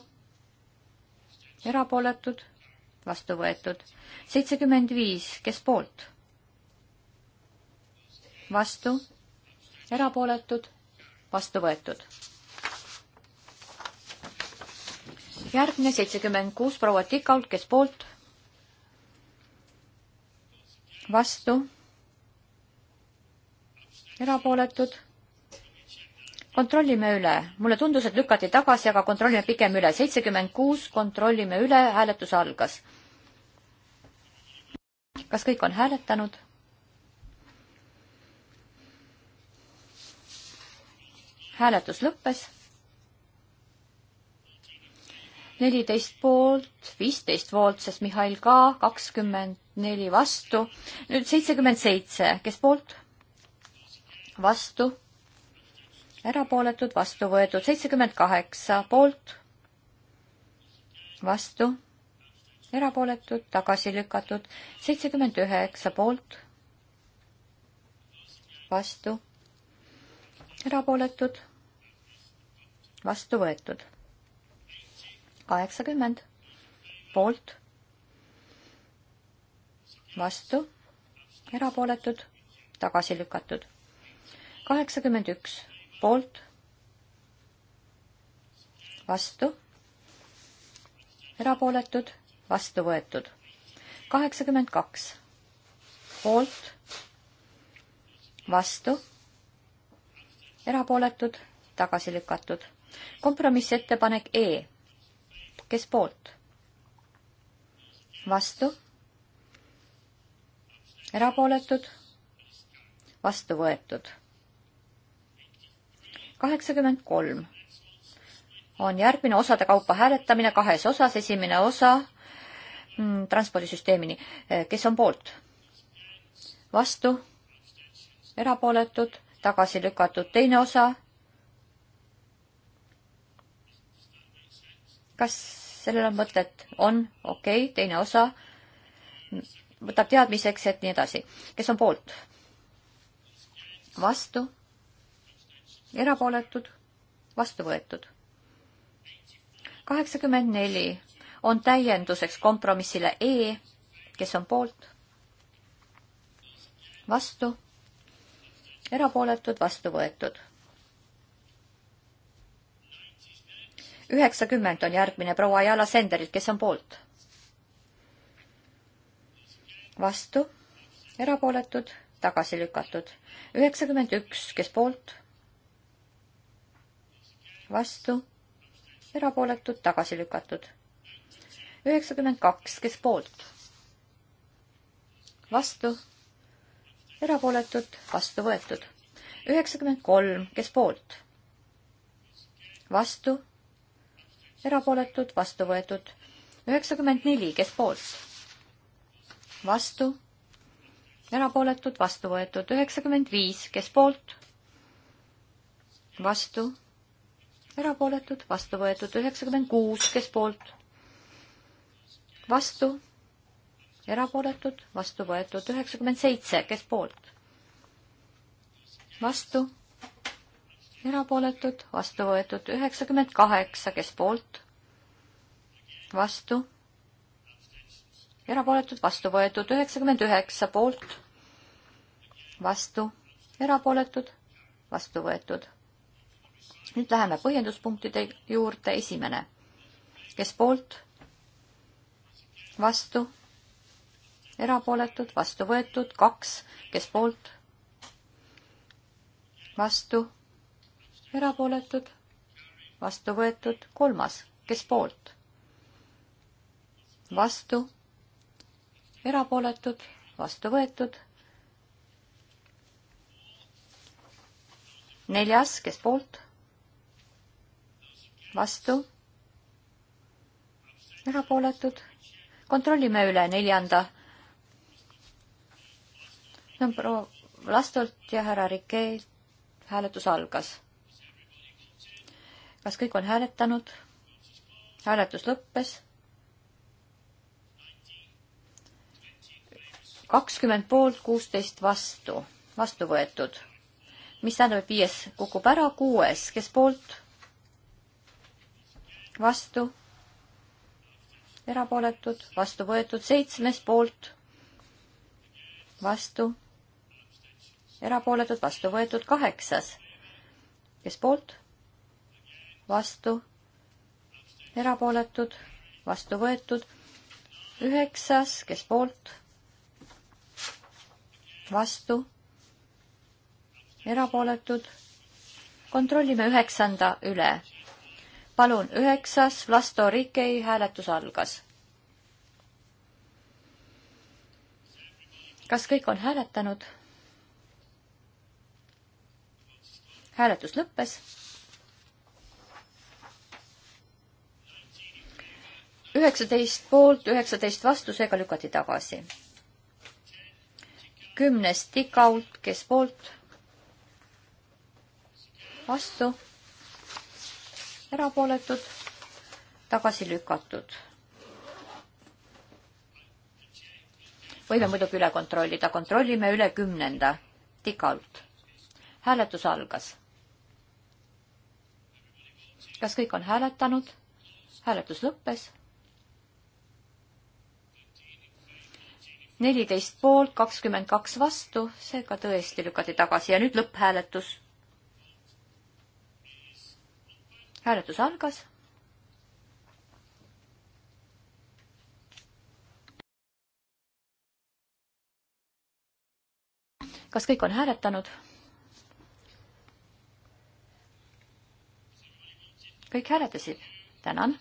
erapooletud, vastu võetud, seitsekümmend viis, kes poolt, vastu, erapooletud, vastu võetud järgmine seitsekümmend kuus proua Tikalt, kes poolt? vastu? erapooletud? kontrollime üle, mulle tundus, et lükati tagasi, aga kontrollime pigem üle, seitsekümmend kuus, kontrollime üle, hääletus algas. kas kõik on hääletanud? hääletus lõppes neliteist poolt, viisteist poolt, sest Mihhail ka, kakskümmend neli vastu. nüüd seitsekümmend seitse, kes poolt? vastu. erapooletud, vastu võetud, seitsekümmend kaheksa poolt. vastu. erapooletud, tagasi lükatud, seitsekümmend üheksa poolt. vastu. erapooletud, vastu võetud kaheksakümmend poolt, vastu, erapooletud, tagasi lükatud. kaheksakümmend üks poolt, vastu, erapooletud, vastu võetud. kaheksakümmend kaks poolt, vastu, erapooletud, tagasi lükatud. kompromissettepanek E kes poolt? vastu? erapooletud? vastu võetud. kaheksakümmend kolm on järgmine osade kaupa hääletamine kahes osas, esimene osa mm, transpordisüsteemini, eh, kes on poolt? vastu? erapooletud? tagasi lükatud teine osa kas sellel on mõtet? on, okei okay,, teine osa võtab teadmiseks, et nii edasi. kes on poolt? vastu? erapooletud? vastu võetud? kaheksakümmend neli on täienduseks kompromissile E, kes on poolt? vastu? erapooletud, vastu võetud üheksakümmend on järgmine proua Ajala Senderilt, kes on poolt? vastu, erapooletud, tagasi lükatud. üheksakümmend üks, kes poolt? vastu, erapooletud, tagasi lükatud. üheksakümmend kaks, kes poolt? vastu, erapooletud, vastu võetud. üheksakümmend kolm, kes poolt? vastu erapooletud, vastu võetud. üheksakümmend neli, kes poolt? vastu, erapooletud, vastu võetud. üheksakümmend viis, kes poolt? vastu, erapooletud, vastu võetud. üheksakümmend kuus, kes poolt? vastu, erapooletud, vastu võetud. üheksakümmend seitse, kes poolt? vastu erapooletud, vastu võetud üheksakümmend kaheksa, kes poolt, vastu, erapooletud, vastu võetud üheksakümmend üheksa poolt, vastu, erapooletud, vastu võetud. nüüd läheme põhjenduspunktide juurde, esimene, kes poolt, vastu, erapooletud, vastu võetud, kaks, kes poolt, vastu erapooletud, vastu võetud, kolmas, kes poolt, vastu, erapooletud, vastu võetud, neljas, kes poolt, vastu, erapooletud, kontrollime üle neljanda. no proua Lastult ja härra Rikeilt hääletus algas kas kõik on hääletanud? hääletus lõppes. kakskümmend poolt, kuusteist vastu, vastu võetud. mis tähendab, et viies kukub ära, kuues, kes poolt? vastu, erapooletud, vastu võetud, seitsmes poolt, vastu, erapooletud, vastu võetud, kaheksas, kes poolt? vastu, erapooletud, vastu võetud. üheksas, kes poolt, vastu, erapooletud. kontrollime üheksanda üle. palun, üheksas, Vlasto Rikei hääletus algas. kas kõik on hääletanud? hääletus lõppes üheksateist poolt, üheksateist vastu, seega lükati tagasi. kümnes tikault, kes poolt? vastu, erapooletud, tagasi lükatud. võime muidugi üle kontrollida, kontrollime üle kümnenda tikalt. hääletus algas. kas kõik on hääletanud? hääletus lõppes neliteist poolt, kakskümmend kaks vastu, seega tõesti lükati tagasi ja nüüd lõpphääletus. hääletus algas. kas kõik on hääletanud? kõik hääletasid, tänan.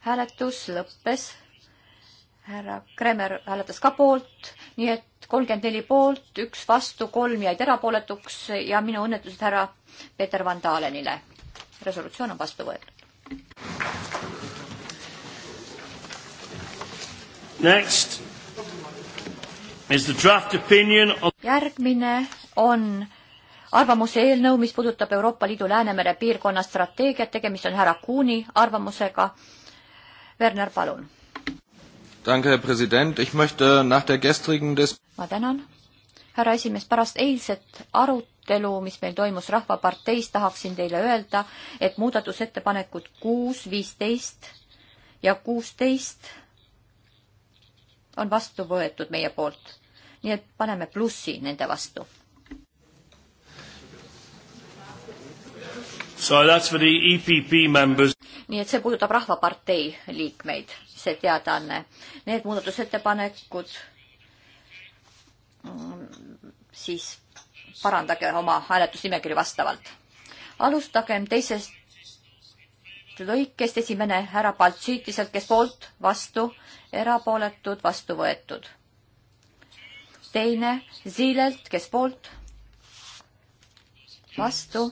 hääletus lõppes härra Kremer hääletas ka poolt, nii et kolmkümmend neli poolt, üks vastu, kolm jäid erapooletuks ja minu õnnetused härra Peeter Van Dalenile. resolutsioon on vastu võetud. Next is the draft opinion of järgmine on arvamuse eelnõu, mis puudutab Euroopa Liidu Läänemere piirkonna strateegiat, tegemist on härra Kuuni arvamusega. Werner, palun Danke, Herr Präsident. Ich möchte nach der gestrigen Dis ma tänan, härra esimees, pärast eilset arutelu, mis meil toimus Rahvaparteis, tahaksin teile öelda, et muudatusettepanekud kuus, viisteist ja kuusteist on vastu võetud meie poolt. nii et paneme plussi nende vastu. E nii et see puudutab Rahvapartei liikmeid see teadaanne. Need muudatusettepanekud mm, siis parandage oma hääletusnimekiri vastavalt. alustagem teisest lõikest, esimene härra Baltšiitiselt, kes poolt, vastu, erapooletud, vastu võetud. teine Ziilelt, kes poolt, vastu,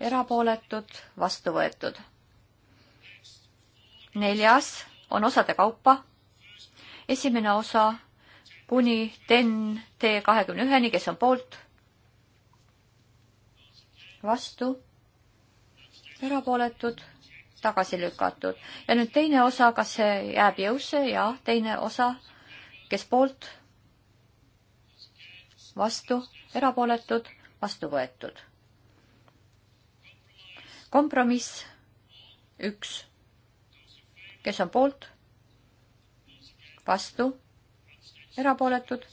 erapooletud, vastu võetud neljas on osade kaupa. esimene osa kuni TEN T kahekümne üheni, kes on poolt, vastu, erapooletud, tagasi lükatud ja nüüd teine osa, kas see jääb jõusse ja teine osa, kes poolt, vastu, erapooletud, vastu võetud. kompromiss üks kes on poolt, vastu, erapooletud,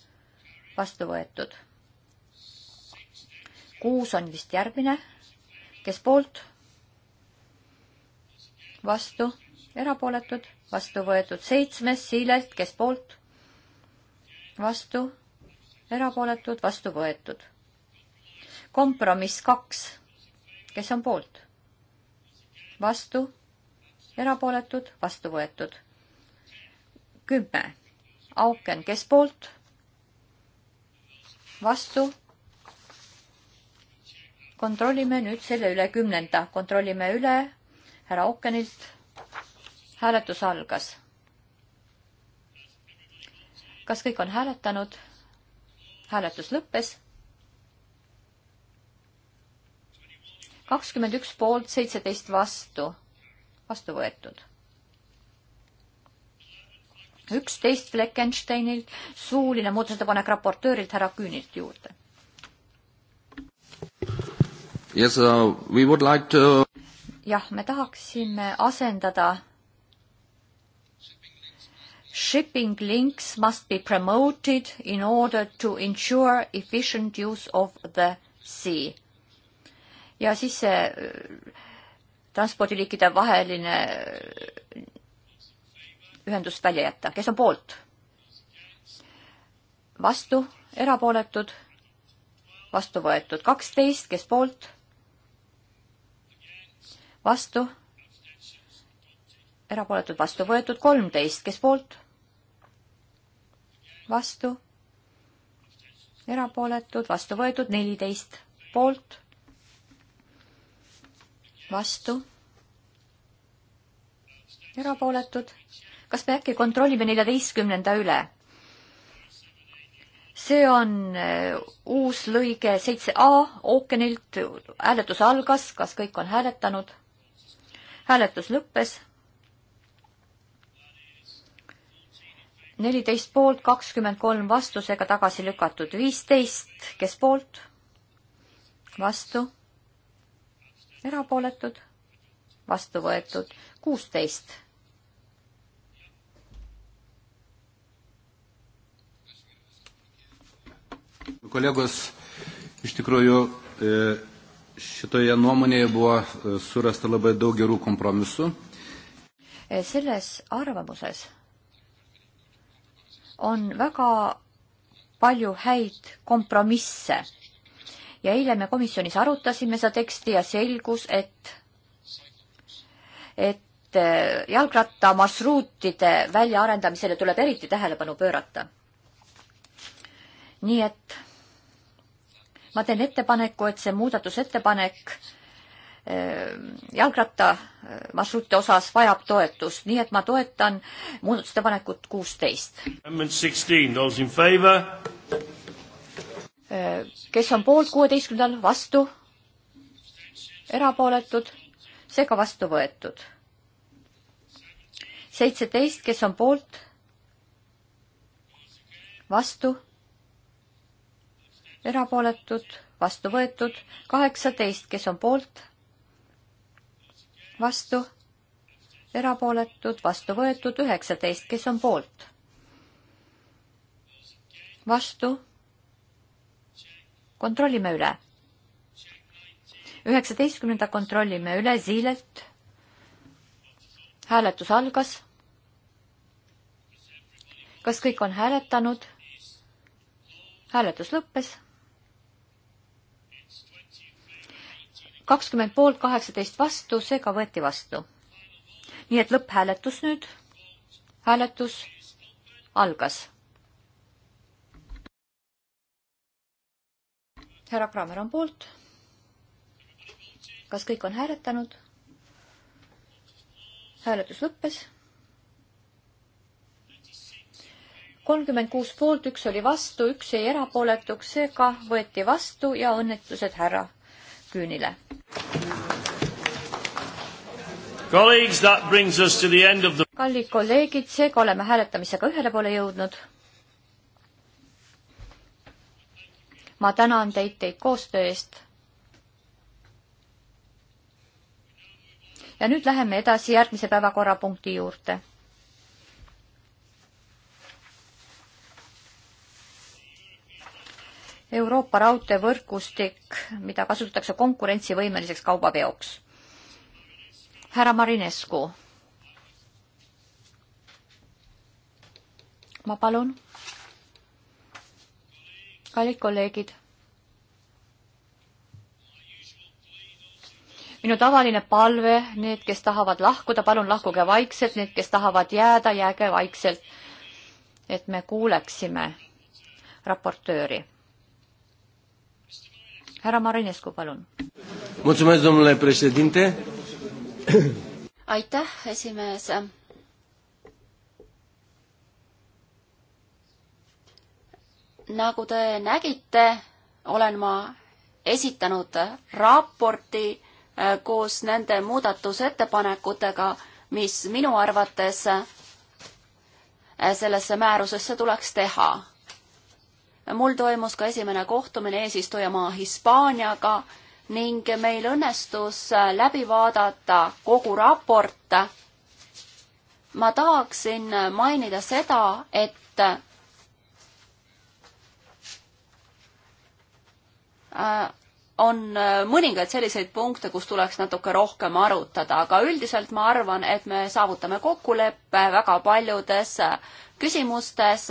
vastu võetud. kuus on vist järgmine, kes poolt, vastu, erapooletud, vastu võetud. seitsmes siilest, kes poolt, vastu, erapooletud, vastu võetud. kompromiss kaks, kes on poolt, vastu erapooletud, vastu võetud. kümme, Auken, kes poolt? vastu. kontrollime nüüd selle üle, kümnenda, kontrollime üle härra Aukenilt. hääletus algas. kas kõik on hääletanud? hääletus lõppes kakskümmend üks poolt, seitseteist vastu vastu võetud. üksteist Fleckensteinilt suuline muudatusettepanek raportöörilt härra Küünilt juurde. Yes, uh, we would like to... jah, me tahaksime asendada shipping links must be promoted in order to ensure efficient use of the sea. ja siis see transpordiliikide vaheline ühendust välja jätta. kes on poolt? vastu, erapooletud, vastu võetud kaksteist, kes poolt? vastu, erapooletud, vastu võetud kolmteist, kes poolt? vastu, erapooletud, vastu võetud neliteist, poolt vastu, erapooletud. kas me äkki kontrollime neljateistkümnenda üle? see on äh, uus lõige seitse A ookeanilt, hääletus algas, kas kõik on hääletanud? hääletus lõppes. neliteist poolt, kakskümmend kolm vastusega tagasi lükatud, viisteist, kes poolt? vastu erapooletud, vastu võetud kuusteist. kolegos, iš tikrųjų e, šitoje nuomonėje buvo e, surasta labai daug gerų kompromisų. E, selles arvamuses on väga palju häid kompromisse ja eile me komisjonis arutasime seda teksti ja selgus, et, et äh, jalgrattamarsruutide väljaarendamisele tuleb eriti tähelepanu pöörata. nii et ma teen ettepaneku, et see muudatusettepanek äh, jalgrattamarsruutide osas vajab toetust, nii et ma toetan muudatusettepanekut kuusteist kes on poolt kuueteistkümnendal, vastu, erapooletud, seega vastu võetud. seitseteist, kes on poolt, vastu, erapooletud, vastu võetud, kaheksateist, kes on poolt, vastu, erapooletud, vastu võetud, üheksateist, kes on poolt, vastu kontrollime üle. üheksateistkümnenda kontrollime üle Ziilelt. hääletus algas. kas kõik on hääletanud? hääletus lõppes. kakskümmend poolt, kaheksateist vastu, seega võeti vastu. nii et lõpphääletus nüüd. hääletus algas härra Kramer on poolt. kas kõik on hääletanud? hääletus lõppes. kolmkümmend kuus poolt, üks oli vastu, üks jäi erapooletuks, seega võeti vastu ja õnnetused härra Küünile. kallid kolleegid, seega oleme hääletamisega ühele poole jõudnud ma tänan teid teid koostöö eest. ja nüüd läheme edasi järgmise päevakorrapunkti juurde. Euroopa raudteevõrgustik, mida kasutatakse konkurentsivõimeliseks kaubaveoks. härra Marinescu ma palun kallid kolleegid. minu tavaline palve, need, kes tahavad lahkuda, palun lahkuge vaikselt, need, kes tahavad jääda, jääge vaikselt. et me kuuleksime raportööri. härra Marinescu, palun. aitäh, esimees nagu te nägite, olen ma esitanud raporti äh, koos nende muudatusettepanekutega, mis minu arvates äh, sellesse määrusesse tuleks teha. mul toimus ka esimene kohtumine eesistujamaa Hispaaniaga ning meil õnnestus äh, läbi vaadata kogu raport. ma tahaksin mainida seda, et Äh, on äh, mõningaid selliseid punkte, kus tuleks natuke rohkem arutada, aga üldiselt ma arvan, et me saavutame kokkuleppe väga paljudes äh, küsimustes.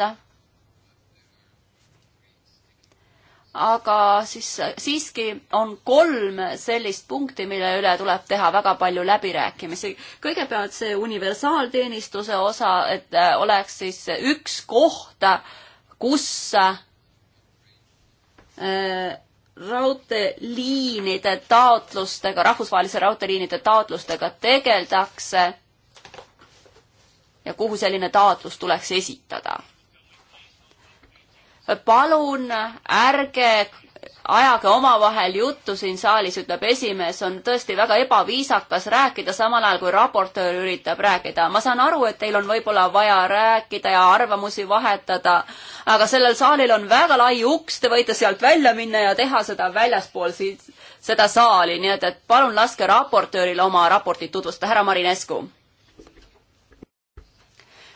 aga siis siiski on kolm sellist punkti, mille üle tuleb teha väga palju läbirääkimisi. kõigepealt see universaalteenistuse osa, et oleks siis üks koht, kus äh, raudteeliinide taotlustega, rahvusvahelise raudteeliinide taotlustega tegeldakse ja kuhu selline taotlus tuleks esitada. palun ärge ajage omavahel juttu siin saalis, ütleb esimees, on tõesti väga ebaviisakas rääkida samal ajal, kui raportöör üritab rääkida. ma saan aru, et teil on võib-olla vaja rääkida ja arvamusi vahetada, aga sellel saalil on väga lai uks, te võite sealt välja minna ja teha seda väljaspool siit, seda saali, nii et, et palun laske raportööril oma raportit tutvustada, härra Marinescu.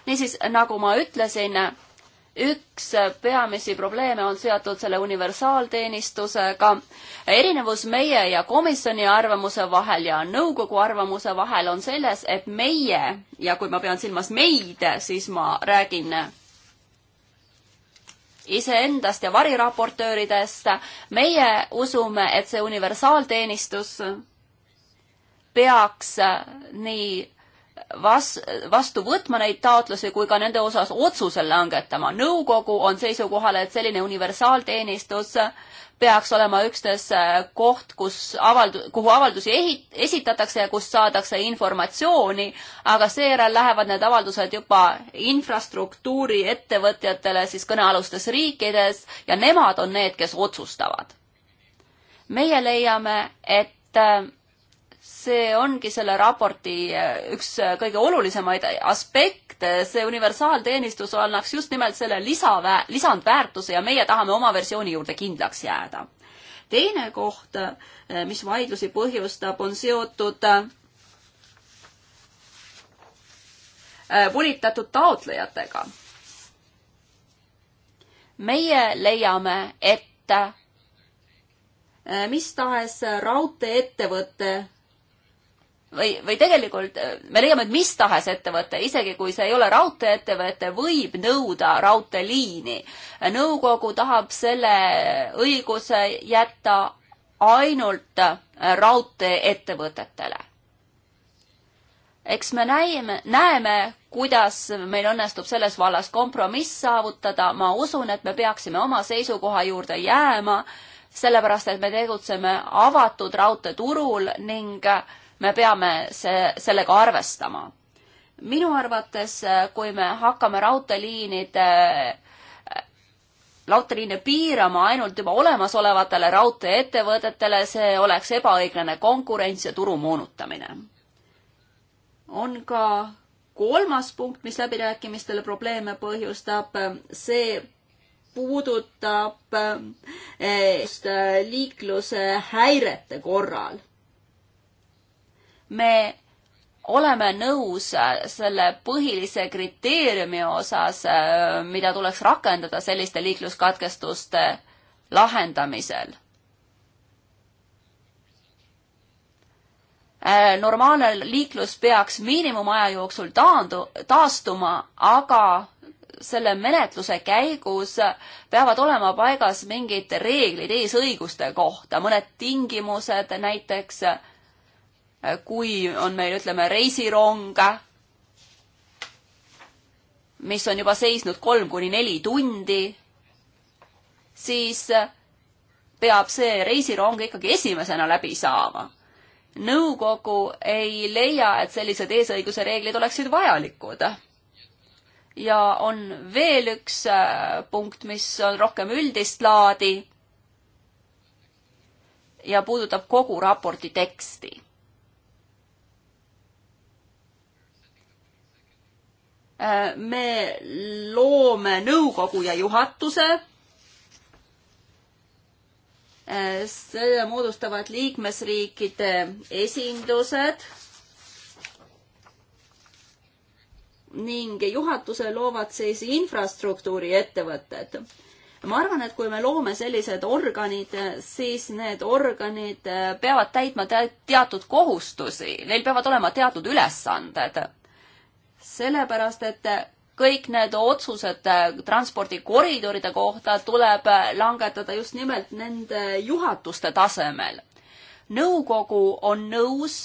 niisiis, nagu ma ütlesin üks peamisi probleeme on seotud selle universaalteenistusega. erinevus meie ja komisjoni arvamuse vahel ja nõukogu arvamuse vahel on selles, et meie ja kui ma pean silmas meid, siis ma räägin iseendast ja variraportööridest. meie usume, et see universaalteenistus peaks nii vas-, vastu võtma neid taotlusi kui ka nende osas otsuse langetama. nõukogu on seisukohal, et selline universaalteenistus peaks olema üksnes äh, koht, kus avaldu-, kuhu avaldusi ehit-, esitatakse ja kust saadakse informatsiooni, aga seejärel lähevad need avaldused juba infrastruktuuri ettevõtjatele siis kõnealustes riikides ja nemad on need, kes otsustavad. meie leiame, et äh, see ongi selle raporti äh, üks äh, kõige olulisemaid aspekte, see universaalteenistus annaks just nimelt selle lisavä-, lisandväärtuse ja meie tahame oma versiooni juurde kindlaks jääda. teine koht, äh, mis vaidlusi põhjustab, on seotud volitatud taotlejatega. meie leiame, et mis tahes raudteeettevõte või, või tegelikult äh, me leiame, et mis tahes ettevõte, isegi kui see ei ole raudteeettevõte, võib nõuda raudteeliini. nõukogu tahab selle õiguse jätta ainult äh, raudteeettevõtetele. eks me näime, näeme, kuidas meil õnnestub selles vallas kompromiss saavutada, ma usun, et me peaksime oma seisukoha juurde jääma, sellepärast et me tegutseme avatud raudteeturul ning äh, me peame see, sellega arvestama. minu arvates, äh, kui me hakkame raudteeliinide äh, raudteeliine piirama ainult juba olemasolevatele raudteeettevõtetele, see oleks ebaõiglane konkurents ja turu moonutamine. on ka kolmas punkt, mis läbirääkimistele probleeme põhjustab, see puudutab äh, liikluse häirete korral me oleme nõus äh, selle põhilise kriteeriumi osas, äh, mida tuleks rakendada selliste liikluskatkestuste lahendamisel. Äh, normaalne liiklus peaks miinimumaja jooksul taandu-, taastuma, aga selle menetluse käigus peavad olema paigas mingid reeglid eesõiguste kohta, mõned tingimused näiteks äh, kui on meil, ütleme, reisirong, mis on juba seisnud kolm kuni neli tundi, siis peab see reisirong ikkagi esimesena läbi saama. nõukogu ei leia, et sellised eesõiguse reeglid oleksid vajalikud. ja on veel üks äh, punkt, mis on rohkem üldist laadi ja puudutab kogu raporti teksti me loome nõukogu ja juhatuse. selle moodustavad liikmesriikide esindused. ning juhatuse loovad siis infrastruktuuri ettevõtted ma arvan, et kui me loome sellised organid, siis need organid peavad täitma teatud kohustusi, neil peavad olema teatud ülesanded sellepärast, et kõik need otsused äh, transpordikoridoride kohta tuleb äh, langetada just nimelt nende juhatuste tasemel. nõukogu on nõus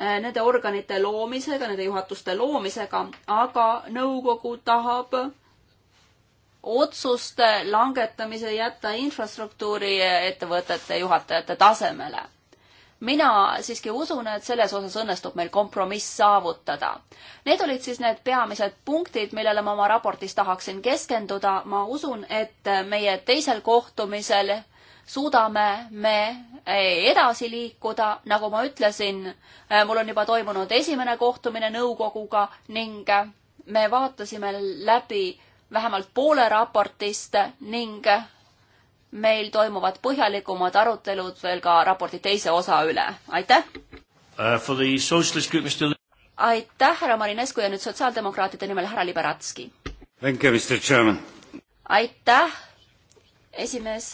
äh, nende organite loomisega, nende juhatuste loomisega, aga nõukogu tahab otsuste langetamise jätta infrastruktuuri ettevõtete juhatajate tasemele mina siiski usun, et selles osas õnnestub meil kompromiss saavutada. Need olid siis need peamised punktid, millele ma oma raportis tahaksin keskenduda. ma usun, et meie teisel kohtumisel suudame me edasi liikuda, nagu ma ütlesin, mul on juba toimunud esimene kohtumine nõukoguga ning me vaatasime läbi vähemalt poole raportist ning meil toimuvad põhjalikumad arutelud veel ka raporti teise osa üle, aitäh uh,! aitäh, härra Marinescu ja nüüd sotsiaaldemokraatide nimel härra Liberatski! aitäh, esimees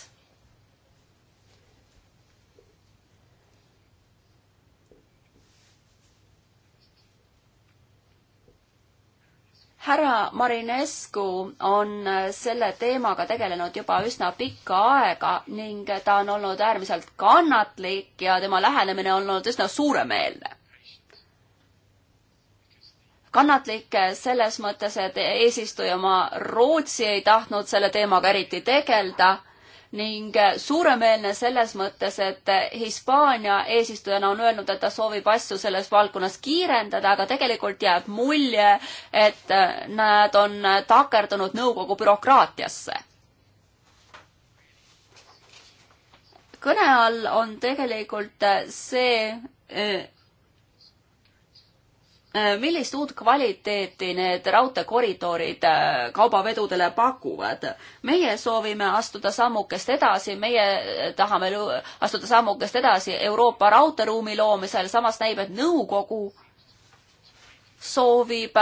härra Marinescu on äh, selle teemaga tegelenud juba üsna pikka aega ning ta on olnud äärmiselt kannatlik ja tema lähenemine on olnud üsna suuremeelne. kannatlik selles mõttes, et eesistujamaa Rootsi ei tahtnud selle teemaga eriti tegeleda ning äh, suuremeelne selles mõttes, et äh, Hispaania eesistujana on öelnud, et ta soovib asju selles valdkonnas kiirendada, aga tegelikult jääb mulje, et äh, nad on takerdunud nõukogu bürokraatiasse. kõne all on tegelikult see, Äh, millist uut kvaliteeti need raudteekoridorid äh, kaubavedudele pakuvad? meie soovime astuda sammukest edasi, meie äh, tahame astuda sammukest edasi Euroopa raudteeruumi loomisel, samas näib, et nõukogu soovib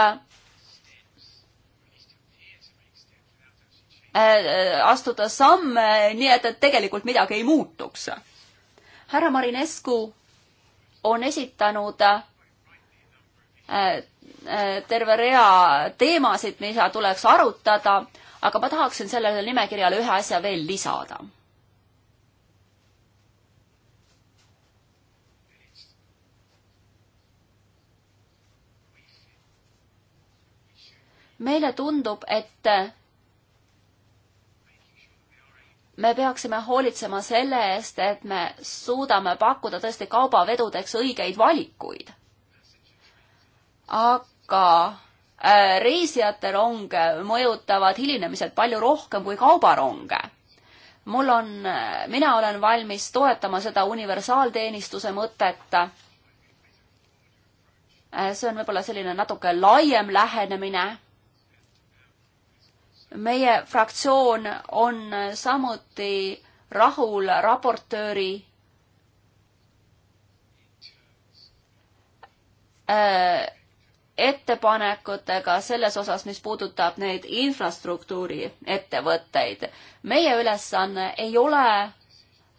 astuda samme, nii et, et tegelikult midagi ei muutuks. härra Marinescu on esitanud Äh, äh, terve rea teemasid, mida tuleks arutada, aga ma tahaksin sellele nimekirjale ühe asja veel lisada. meile tundub, et me peaksime hoolitsema selle eest, et me suudame pakkuda tõesti kaubavedudeks õigeid valikuid aga äh, reisijate ronge mõjutavad hilinemised palju rohkem kui kaubaronge. mul on, äh, mina olen valmis toetama seda universaalteenistuse mõtet. Äh, see on võib-olla selline natuke laiem lähenemine. meie fraktsioon on samuti rahul raportööri äh, ettepanekutega selles osas, mis puudutab neid infrastruktuuri ettevõtteid. meie ülesanne ei ole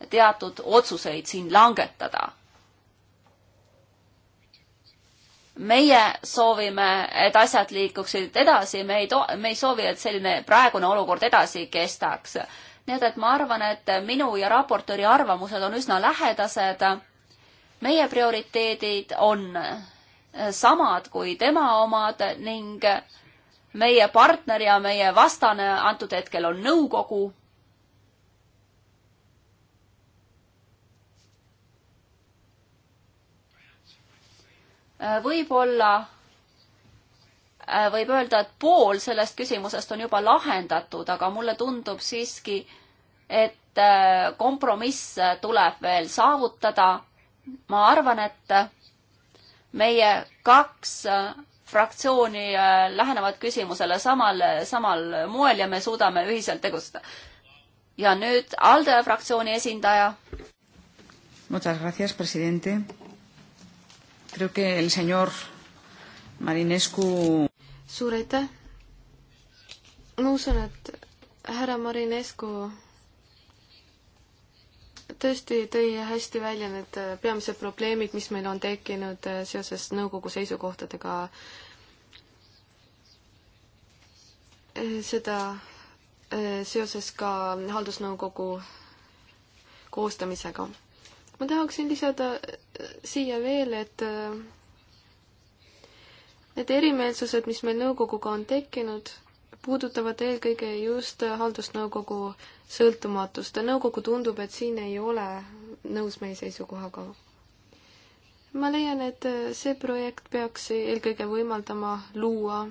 teatud otsuseid siin langetada. meie soovime, et asjad liikuksid edasi, me ei to-, me ei soovi, et selline praegune olukord edasi kestaks. nii et, et ma arvan, et minu ja raportööri arvamused on üsna lähedased. meie prioriteedid on samad kui tema omad ning meie partner ja meie vastane antud hetkel on nõukogu. võib-olla võib öelda, et pool sellest küsimusest on juba lahendatud, aga mulle tundub siiski, et kompromiss tuleb veel saavutada. ma arvan, et meie kaks äh, fraktsiooni äh, lähenevad küsimusele samal, samal moel ja me suudame ühiselt tegutseda. ja nüüd ALDE fraktsiooni esindaja. Muchas gracias, presidente. Creo que el señor Marinescu. suur aitäh. ma usun, et härra Marinescu tõesti tõi hästi välja need äh, peamised probleemid, mis meil on tekkinud äh, seoses nõukogu seisukohtadega. Äh, seda seoses ka haldusnõukogu koostamisega. ma tahaksin lisada siia veel, et need erimeelsused, mis meil nõukoguga on tekkinud, puudutavad eelkõige just haldusnõukogu sõltumatust. nõukogu tundub, et siin ei ole nõus meie seisukohaga. ma leian, et see projekt peaks eelkõige võimaldama luua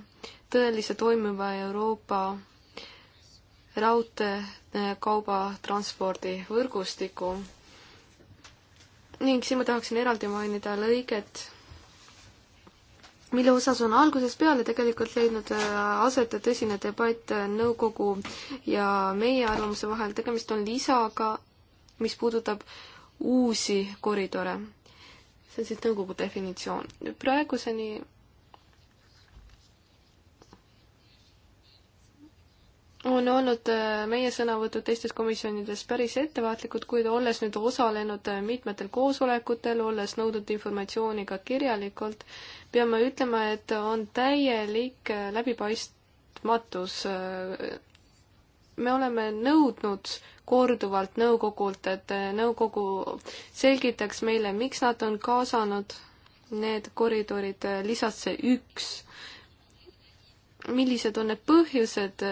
tõelise toimiva Euroopa raudteekaubatranspordi äh, võrgustiku ning siin ma tahaksin eraldi mainida lõiget mille osas on algusest peale tegelikult leidnud äh, aset tõsine debatt äh, nõukogu ja meie arvamuse vahel. tegemist on lisaga, mis puudutab uusi koridore. see on siis nõukogu definitsioon. praeguseni on olnud äh, meie sõnavõtud teistes komisjonides päris ettevaatlikud, kuid olles nüüd osalenud äh, mitmetel koosolekutel, olles nõudnud informatsiooni ka kirjalikult, peame ütlema, et on täielik äh, läbipaistmatus. me oleme nõudnud korduvalt nõukogult, et nõukogu selgitaks meile, miks nad on kaasanud need koridorid lisasse üks millised on need põhjused,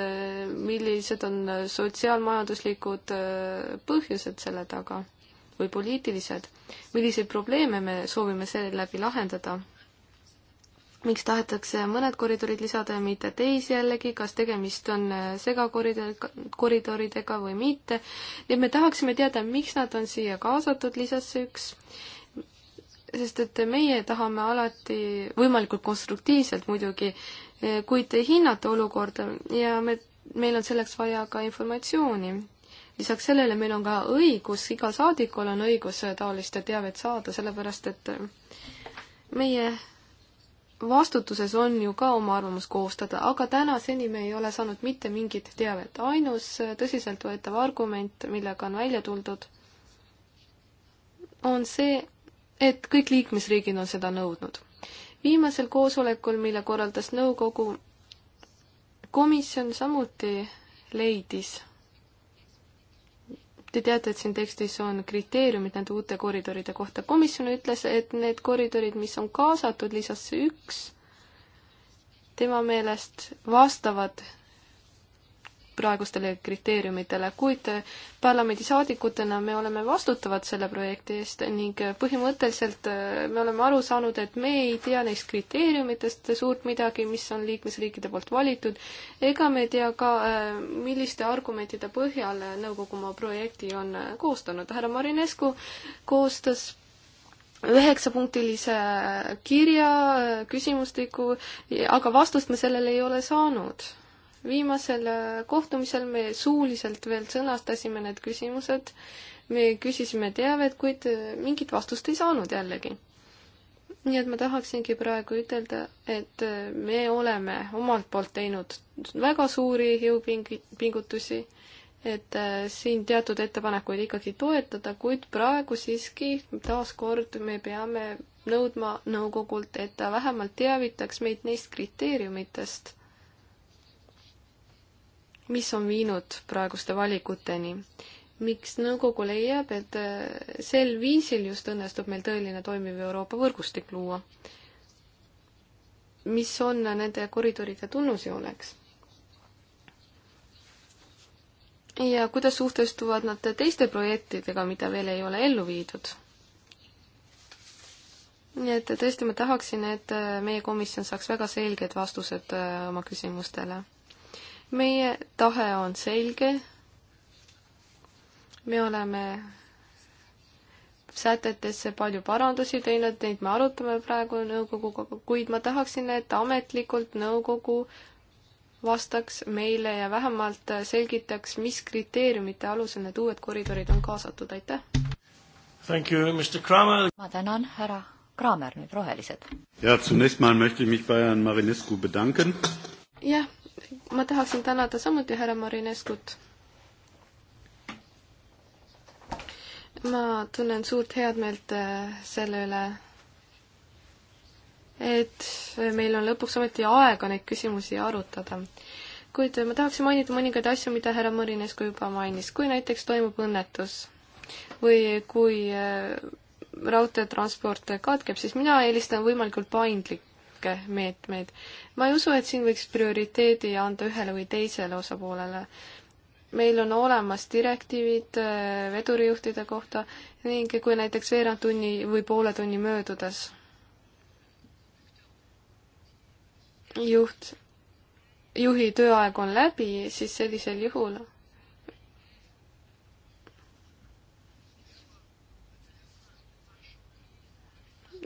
millised on sotsiaalmajanduslikud äh, põhjused selle taga või poliitilised, milliseid probleeme me soovime selle läbi lahendada? miks tahetakse mõned koridorid lisada ja mitte teisi jällegi, kas tegemist on äh, segakoridoridega, koridoridega või mitte, nii et me tahaksime teada, miks nad on siia kaasatud, lisas üks sest et meie tahame alati võimalikult konstruktiivselt muidugi kuid hinnata olukorda ja me, meil on selleks vaja ka informatsiooni. lisaks sellele meil on ka õigus, igal saadikul on õigus taolist teavet saada, sellepärast et meie vastutuses on ju ka oma arvamus koostada, aga tänaseni me ei ole saanud mitte mingit teavet. ainus tõsiseltvõetav argument, millega on välja tuldud, on see, et kõik liikmesriigid on seda nõudnud viimasel koosolekul, mille korraldas nõukogu, komisjon samuti leidis, te teate, et siin tekstis on kriteeriumid nende uute koridoride kohta, komisjon ütles, et need koridorid, mis on kaasatud lisasse üks, tema meelest vastavad praegustele kriteeriumitele, kuid parlamendisaadikutena me oleme vastutavad selle projekti eest ning põhimõtteliselt äh, me oleme aru saanud, et me ei tea neist kriteeriumitest suurt midagi, mis on liikmesriikide poolt valitud, ega me ei tea ka, äh, milliste argumentide põhjal nõukogu oma projekti on äh, koostanud. härra Marinescu koostas üheksapunktilise kirja, küsimustiku, aga vastust me sellele ei ole saanud viimasel äh, kohtumisel me suuliselt veel sõnastasime need küsimused, me küsisime teavet, kuid äh, mingit vastust ei saanud jällegi. nii et ma tahaksingi praegu ütelda, et äh, me oleme omalt poolt teinud väga suuri jõupingutusi, et siin teatud ettepanekuid ikkagi toetada, kuid praegu siiski taaskord me peame nõudma nõukogult, et ta vähemalt teavitaks meid neist kriteeriumitest mis on viinud praeguste valikuteni. miks nõukogu leiab, et äh, sel viisil just õnnestub meil tõeline toimiv Euroopa võrgustik luua? mis on nende koridoride tunnusjooneks? ja kuidas suhtestuvad nad teiste projektidega, mida veel ei ole ellu viidud? nii et tõesti, ma tahaksin, et äh, meie komisjon saaks väga selged vastused äh, oma küsimustele meie tahe on selge. me oleme sätetesse palju parandusi teinud, neid me arutame praegu nõukoguga, kuid ma tahaksin, et ametlikult nõukogu vastaks meile ja vähemalt selgitaks, mis kriteeriumite alusel need uued koridorid on kaasatud, aitäh! ma tänan, härra Kramer, nüüd rohelised. ja, zunächst mal möchte ich mich bei Herrn Marinescu bedanken jah, ma tahaksin tänada samuti härra Marineskut. ma tunnen suurt headmeelt äh, selle üle, et äh, meil on lõpuks ometi aega neid küsimusi arutada. kuid äh, ma tahaksin mainida mõningaid asju, mida härra Marinesko juba mainis, kui näiteks toimub õnnetus või kui raudteetransport katkeb, siis mina eelistan võimalikult paindlik, kõikvõimalikke meetmeid. ma ei usu, et siin võiks prioriteedi anda ühele või teisele osapoolele. meil on olemas direktiivid äh, vedurijuhtide kohta ning kui näiteks veerand tunni või poole tunni möödudes juht, juhi tööaeg on läbi, siis sellisel juhul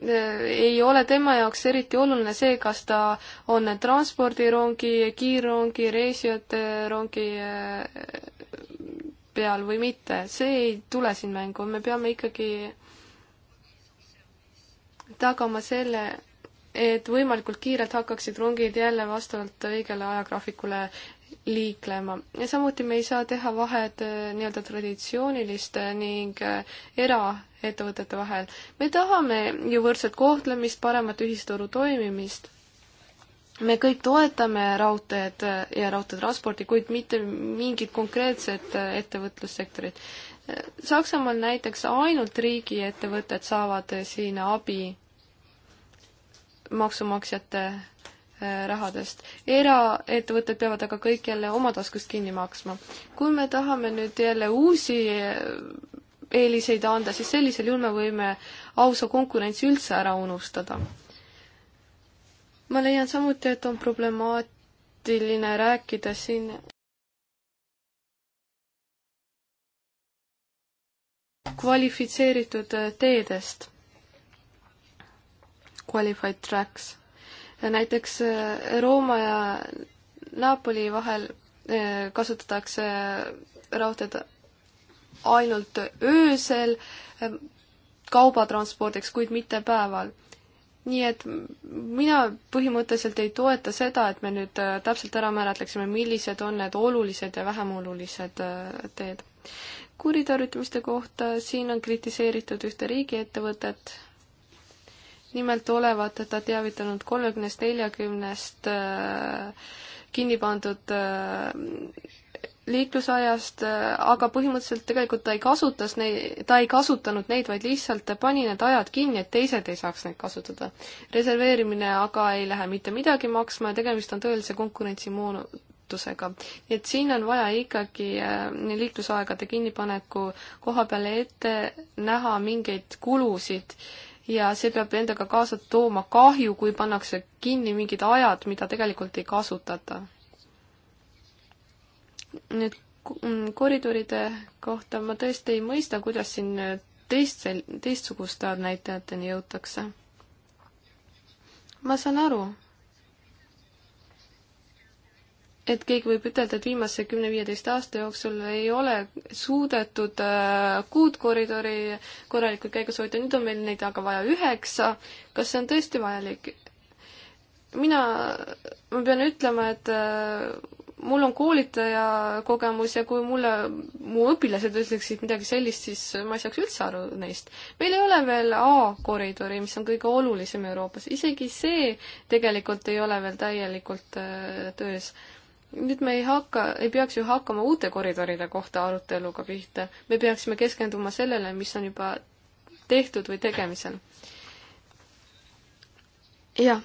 Äh, ei ole tema jaoks eriti oluline see, kas ta on transpordirongi, kiirrongi, reisijate rongi äh, peal või mitte, see ei tule siin mängu, me peame ikkagi tagama selle, et võimalikult kiirelt hakkaksid rongid jälle vastavalt õigele ajagraafikule liiklema. ja samuti me ei saa teha vahet äh, nii-öelda traditsiooniliste ning era- ettevõtete vahel. me tahame ju võrdset kohtlemist, paremat ühisturu toimimist. me kõik toetame raudteed ja raudteetransporti, kuid mitte mingit konkreetset ettevõtlussektorit. Saksamaal näiteks ainult riigiettevõtted saavad siin abi maksumaksjate eh, rahadest. eraettevõtted peavad aga kõik jälle oma taskust kinni maksma. kui me tahame nüüd jälle uusi eh, eeliseid anda, siis sellisel juhul me võime ausa konkurentsi üldse ära unustada. ma leian samuti, et on problemaatiline rääkida siin kvalifitseeritud äh, teedest, qualified tracks. näiteks äh, Rooma ja Napoli vahel äh, kasutatakse raudteed ainult öösel kaubatranspordiks, kuid mitte päeval. nii et mina põhimõtteliselt ei toeta seda, et me nüüd äh, täpselt ära määratleksime, millised on need olulised ja vähem olulised äh, teed. kuritarvitamiste kohta, siin on kritiseeritud ühte riigiettevõtet, nimelt olevat ta teavitanud kolmekümnest, neljakümnest äh, kinni pandud äh, liiklusajast, äh, aga põhimõtteliselt tegelikult ta ei kasutas neid, ta ei kasutanud neid, vaid lihtsalt pani need ajad kinni, et teised ei saaks neid kasutada. reserveerimine aga ei lähe mitte midagi maksma ja tegemist on tõelise konkurentsimoonutusega. nii et siin on vaja ikkagi äh, nii liiklusaegade kinnipaneku koha peale ette näha mingeid kulusid ja see peab endaga kaasa tooma kahju, kui pannakse kinni mingid ajad, mida tegelikult ei kasutata nüüd mm, koridoride kohta ma tõesti ei mõista, kuidas siin äh, teist, teistsuguste näitajateni jõutakse. ma saan aru, et keegi võib ütelda, et viimase kümne-viieteist aasta jooksul ei ole suudetud äh, kuutkoridori korralikult käigus hoida, nüüd on meil neid aga vaja üheksa. kas see on tõesti vajalik? mina, ma pean ütlema, et äh, mul on koolitaja kogemus ja kui mulle mu õpilased ütleksid midagi sellist, siis ma ei saaks üldse aru neist. meil ei ole veel A-koridori, mis on kõige olulisem Euroopas, isegi see tegelikult ei ole veel täielikult äh, töös. nüüd me ei hakka, ei peaks ju hakkama uute koridoride kohta aruteluga pihta, me peaksime keskenduma sellele, mis on juba tehtud või tegemisel. jah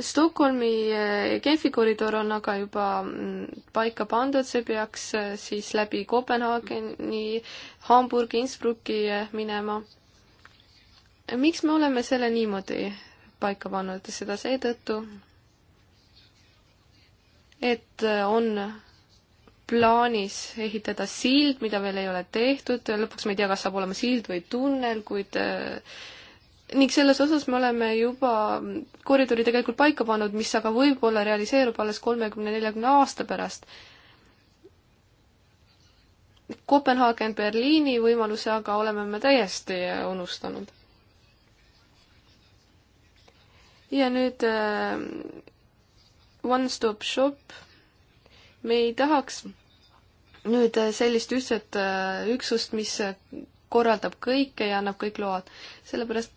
Stockholmi eh, Genfi koridor on aga juba mm, paika pandud, see peaks eh, siis läbi Kopenhaageni, Hamburgi, Innsbrucki eh, minema. miks me oleme selle niimoodi paika pannud, seda seetõttu, et on plaanis ehitada sild, mida veel ei ole tehtud, lõpuks me ei tea, kas saab olema sild või tunnel, kuid äh, ning selles osas me oleme juba koridori tegelikult paika pannud, mis aga võib-olla realiseerub alles kolmekümne, neljakümne aasta pärast. Kopenhaagen, Berliini võimaluse aga oleme me täiesti unustanud. ja nüüd äh, One Stop Shop. me ei tahaks nüüd äh, sellist ühtset äh, üksust, mis äh, korraldab kõike ja annab kõik load. sellepärast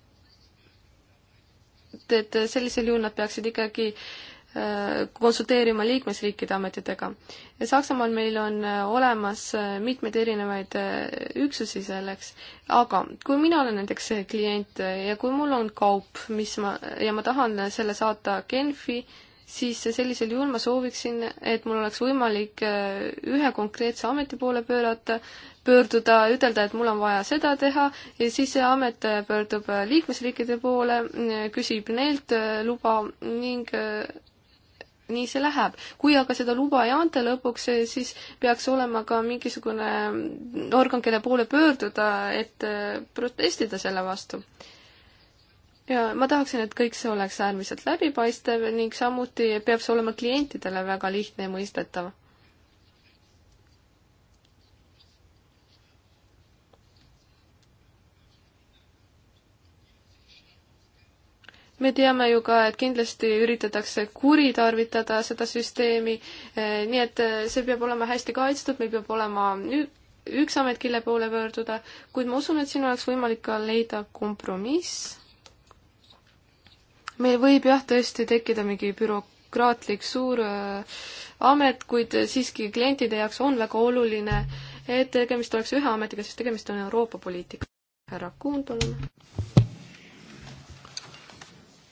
et sellisel juhul nad peaksid ikkagi äh, konsulteerima liikmesriikide ametitega. Saksamaal meil on äh, olemas äh, mitmeid erinevaid üksusi selleks, aga kui mina olen näiteks klient ja kui mul on kaup, mis ma, ja ma tahan selle saata Genfi, siis sellisel juhul ma sooviksin, et mul oleks võimalik äh, ühe konkreetse ameti poole pöörata, pöörduda, ütelda, et mul on vaja seda teha ja siis see amet äh, pöördub äh, liikmesriikide poole, küsib neilt luba ning nii see läheb. kui aga seda luba ei anta lõpuks, siis peaks olema ka mingisugune mm, organ, kelle poole pöörduda, et protestida selle vastu ja ma tahaksin, et kõik see oleks äärmiselt läbipaistev ning samuti peab see olema klientidele väga lihtne ja mõistetav. me teame ju ka, et kindlasti üritatakse kuritarvitada seda süsteemi, eh, nii et eh, see peab olema hästi kaitstud, meil peab olema üks amet, kelle poole pöörduda, kuid ma usun, et siin oleks võimalik ka leida kompromiss meil võib jah, tõesti tekkida mingi bürokraatlik suur äh, amet, kuid äh, siiski klientide jaoks on väga oluline, et tegemist oleks ühe ametiga, sest tegemist on Euroopa poliitikaga. härra Kuhn, palun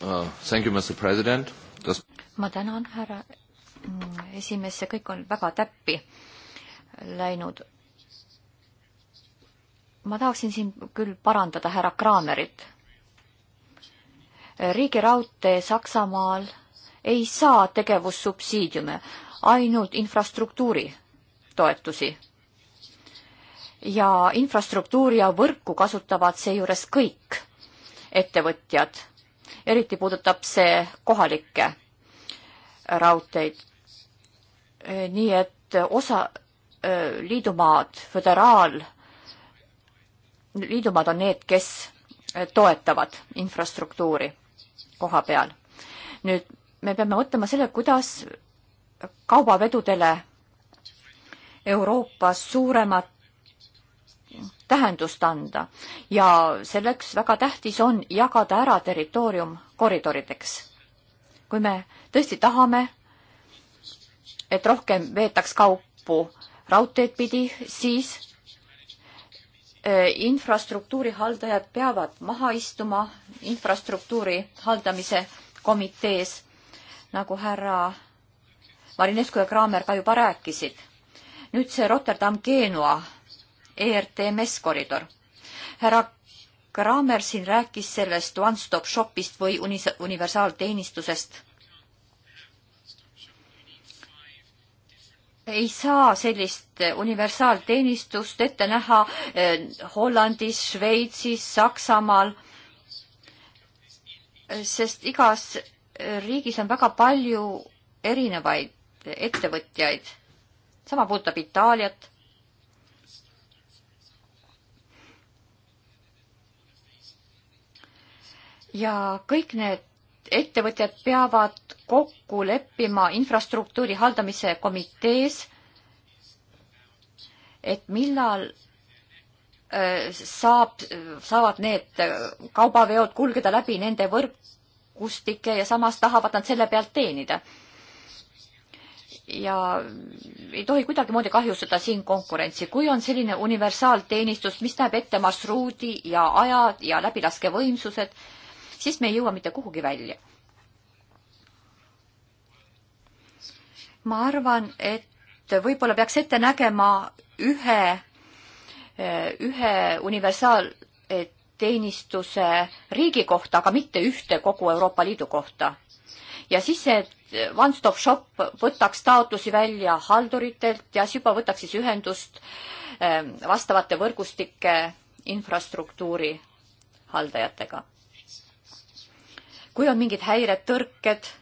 uh,. Thank you, Mr President Does.... ma tänan, härra mm, esimees, see kõik on väga täppi läinud. ma tahaksin siin küll parandada härra Kraamerit riigiraudtee Saksamaal ei saa tegevussubsiidiume, ainult infrastruktuuri toetusi. ja infrastruktuuri ja võrku kasutavad seejuures kõik ettevõtjad, eriti puudutab see kohalikke raudteid. nii et osa liidumaad, föderaal, liidumaad on need, kes toetavad infrastruktuuri koha peal. nüüd me peame mõtlema selle, kuidas kaubavedudele Euroopas suuremat tähendust anda ja selleks väga tähtis on jagada ära territoorium koridorideks. kui me tõesti tahame, et rohkem veetaks kaupu raudteed pidi, siis Äh, infrastruktuuri haldajad peavad maha istuma infrastruktuuri haldamise komitees, nagu härra Marinescu ja Kraamer ka juba rääkisid. nüüd see Rotterdam-Genua ERTMS koridor. härra Kraamer siin rääkis sellest one-stop shopist või uni-, universaalteenistusest ei saa sellist eh, universaalteenistust ette näha eh, Hollandis, Šveitsis, Saksamaal, eh, sest igas riigis on väga palju erinevaid ettevõtjaid. sama puudutab Itaaliat. ja kõik need ettevõtjad peavad kokku leppima infrastruktuuri haldamise komitees, et millal äh, saab, saavad need kaubaveod kulgeda läbi nende võrgustike ja samas tahavad nad selle pealt teenida. ja ei tohi kuidagimoodi kahjustada siin konkurentsi, kui on selline universaalteenistus, mis näeb ette marsruudi ja ajad ja läbilaskevõimsused, siis me ei jõua mitte kuhugi välja ma arvan, et võib-olla peaks ette nägema ühe, ühe universaalteenistuse riigi kohta, aga mitte ühte kogu Euroopa Liidu kohta. ja siis see One Stop Shop võtaks taotlusi välja halduritelt ja siis juba võtaks siis ühendust ähm, vastavate võrgustike infrastruktuuri haldajatega. kui on mingid häired, tõrked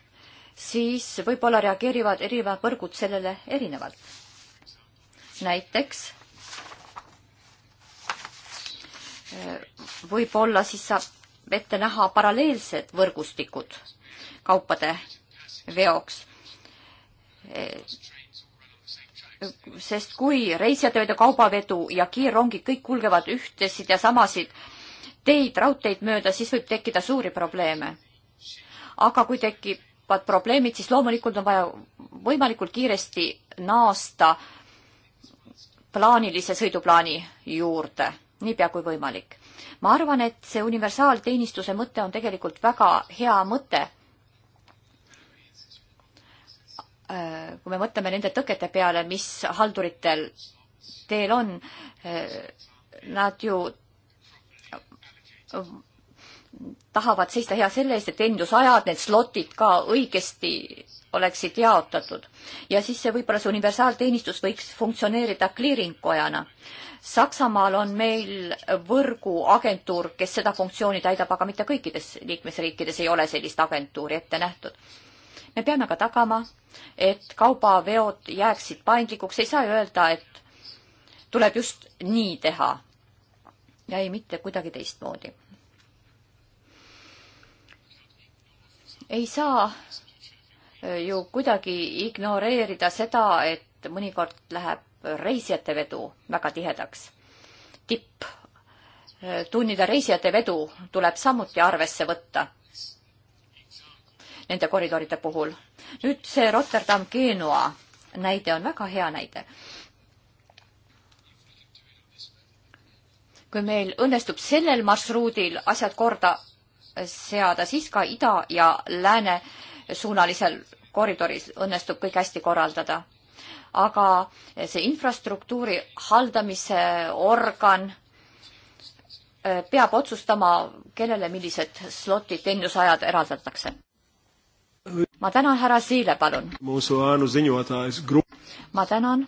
siis võib-olla reageerivad erinevad võrgud sellele erinevalt. näiteks äh, võib-olla siis saab ette näha paralleelsed võrgustikud kaupade veoks. Äh, sest kui reisijatevedu, kaubavedu ja kiirrongid kõik kulgevad ühtesid ja samasid teid, raudteid mööda, siis võib tekkida suuri probleeme. aga kui tekib tekkivad probleemid, siis loomulikult on vaja võimalikult kiiresti naasta plaanilise sõiduplaani juurde, niipea kui võimalik. ma arvan, et see universaalteenistuse mõte on tegelikult väga hea mõte. Äh, kui me mõtleme nende tõkete peale, mis halduritel teel on, äh, nad ju tahavad seista hea selle eest, et teenindusajad, need slotid ka õigesti oleksid jaotatud. ja siis see võib-olla see universaalteenistus võiks funktsioneerida clearing kojana. Saksamaal on meil võrguagentuur, kes seda funktsiooni täidab, aga mitte kõikides liikmesriikides ei ole sellist agentuuri ette nähtud. me peame ka tagama, et kaubaveod jääksid paindlikuks, ei saa öelda, et tuleb just nii teha ja ei mitte kuidagi teistmoodi ei saa äh, ju kuidagi ignoreerida seda, et mõnikord läheb reisijate vedu väga tihedaks. tipptunnide äh, reisijate vedu tuleb samuti arvesse võtta nende koridoride puhul. nüüd see Rotterdam-Genua näide on väga hea näide. kui meil õnnestub sellel marsruudil asjad korda seada, siis ka ida ja lääne suunalisel koridoris õnnestub kõik hästi korraldada. aga see infrastruktuuri haldamise organ äh, peab otsustama, kellele millised slotid, teenusajad eraldatakse. ma tänan, härra Siile, palun. ma tänan.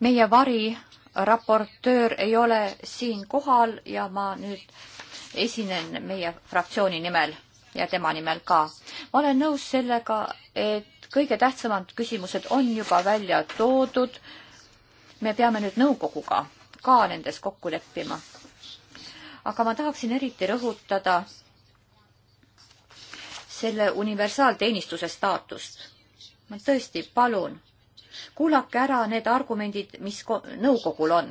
meie vari raportöör ei ole siin kohal ja ma nüüd esinen meie fraktsiooni nimel ja tema nimel ka. ma olen nõus sellega, et kõige tähtsamad küsimused on juba välja toodud. me peame nüüd nõukoguga ka nendes kokku leppima. aga ma tahaksin eriti rõhutada selle universaalteenistuse staatust. ma tõesti palun kuulake ära need argumendid, mis nõukogul on.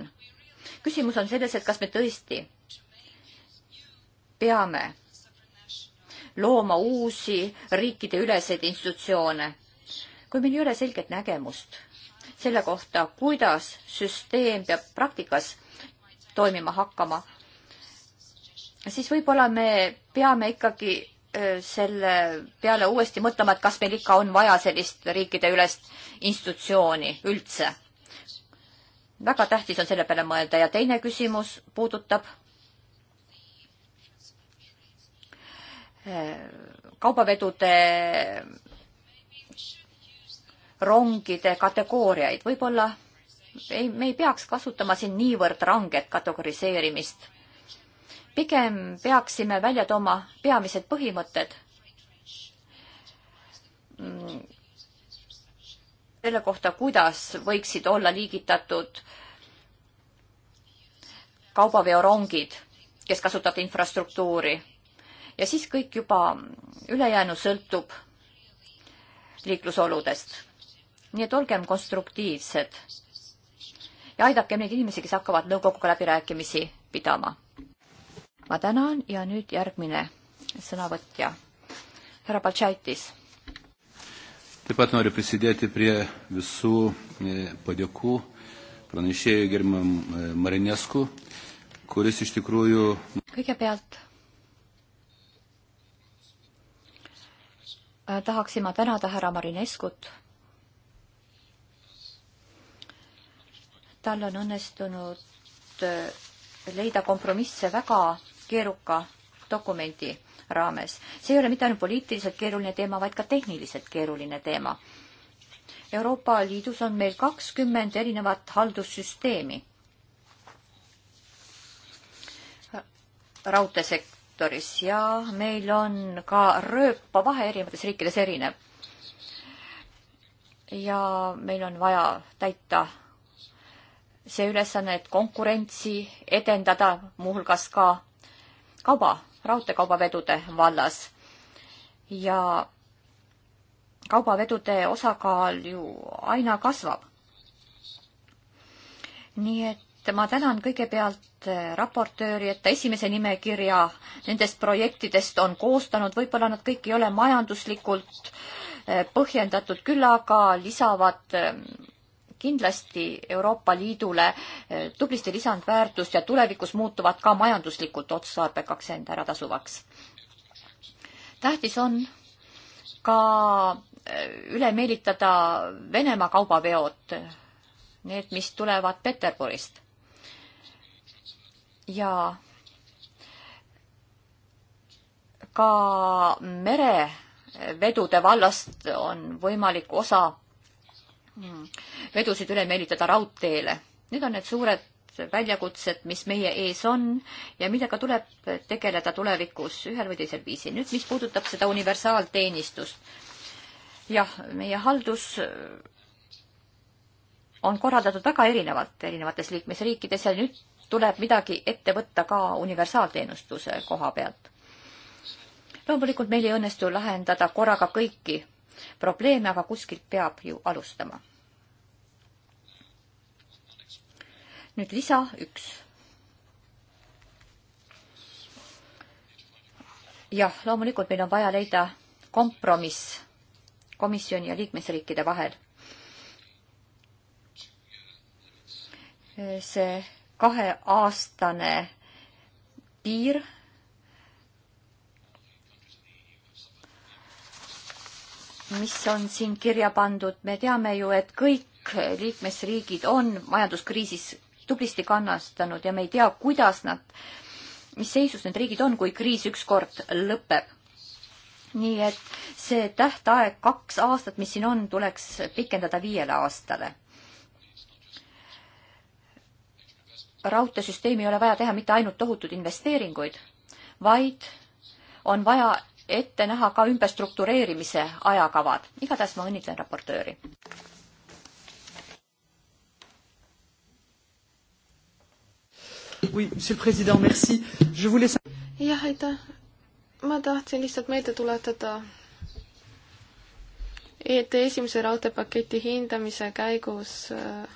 küsimus on selles, et kas me tõesti peame looma uusi riikideüleseid institutsioone, kui meil ei ole selget nägemust selle kohta, kuidas süsteem peab praktikas toimima hakkama, siis võib-olla me peame ikkagi selle peale uuesti mõtlema, et kas meil ikka on vaja sellist riikideülest institutsiooni üldse. väga tähtis on selle peale mõelda ja teine küsimus puudutab kaubavedude rongide kategooriaid, võib-olla ei, me ei peaks kasutama siin niivõrd ranget kategoriseerimist pigem peaksime välja tooma peamised põhimõtted selle kohta, kuidas võiksid olla liigitatud kaubaveorongid, kes kasutavad infrastruktuuri. ja siis kõik juba ülejäänu sõltub liiklusoludest. nii et olgem konstruktiivsed ja aidakem neid inimesi, kes hakkavad nõukoguga läbirääkimisi pidama ma tänan ja nüüd järgmine sõnavõtja, härra Baltšaitis. Taip pat noriu prisidėti prie visų e, padėkų pranešėjų gerbiam e, Marinescu, kuris iš tikrųjų. Kõigepealt e, tahaksin ma tänada härra Marineskut. tal on õnnestunud leida kompromisse väga keeruka dokumendi raames. see ei ole mitte ainult poliitiliselt keeruline teema, vaid ka tehniliselt keeruline teema. Euroopa Liidus on meil kakskümmend erinevat haldussüsteemi raudteesektoris ja meil on ka rööpavahe erinevates riikides erinev. ja meil on vaja täita see ülesanne, et konkurentsi edendada, muuhulgas ka kauba, raudteekaubavedude vallas. ja kaubavedude osakaal ju aina kasvab. nii et ma tänan kõigepealt raportööri, et ta esimese nimekirja nendest projektidest on koostanud, võib-olla nad kõik ei ole majanduslikult eh, põhjendatud, küll aga lisavad eh, kindlasti Euroopa Liidule eh, tublisti lisandväärtust ja tulevikus muutuvad ka majanduslikult otstarbekaks ja enda ära tasuvaks. tähtis on ka eh, üle meelitada Venemaa kaubaveod, need, mis tulevad Peterburist. ja ka merevedude vallast on võimalik osa Mm. vedusid üle meelitada raudteele. Need on need suured väljakutsed, mis meie ees on ja millega tuleb tegeleda tulevikus ühel või teisel viisil. nüüd, mis puudutab seda universaalteenistust. jah, meie haldus on korraldatud väga erinevalt erinevates liikmesriikides ja nüüd tuleb midagi ette võtta ka universaalteenustuse koha pealt. loomulikult meil ei õnnestu lahendada korraga kõiki probleeme, aga kuskilt peab ju alustama. nüüd lisa üks. jah, loomulikult meil on vaja leida kompromiss komisjoni ja liikmesriikide vahel. see kaheaastane piir mis on siin kirja pandud, me teame ju, et kõik liikmesriigid on majanduskriisis tublisti kannastanud ja me ei tea, kuidas nad, mis seisus need riigid on, kui kriis ükskord lõpeb. nii et see tähtaeg kaks aastat, mis siin on, tuleks pikendada viiele aastale raudteesüsteemi ei ole vaja teha mitte ainult tohutuid investeeringuid, vaid on vaja ette näha ka ümberstruktureerimise ajakavad. igatahes ma õnnitlen raportööri. jah, aitäh. ma tahtsin lihtsalt meelde tuletada, et esimese raudteepaketi hindamise käigus äh,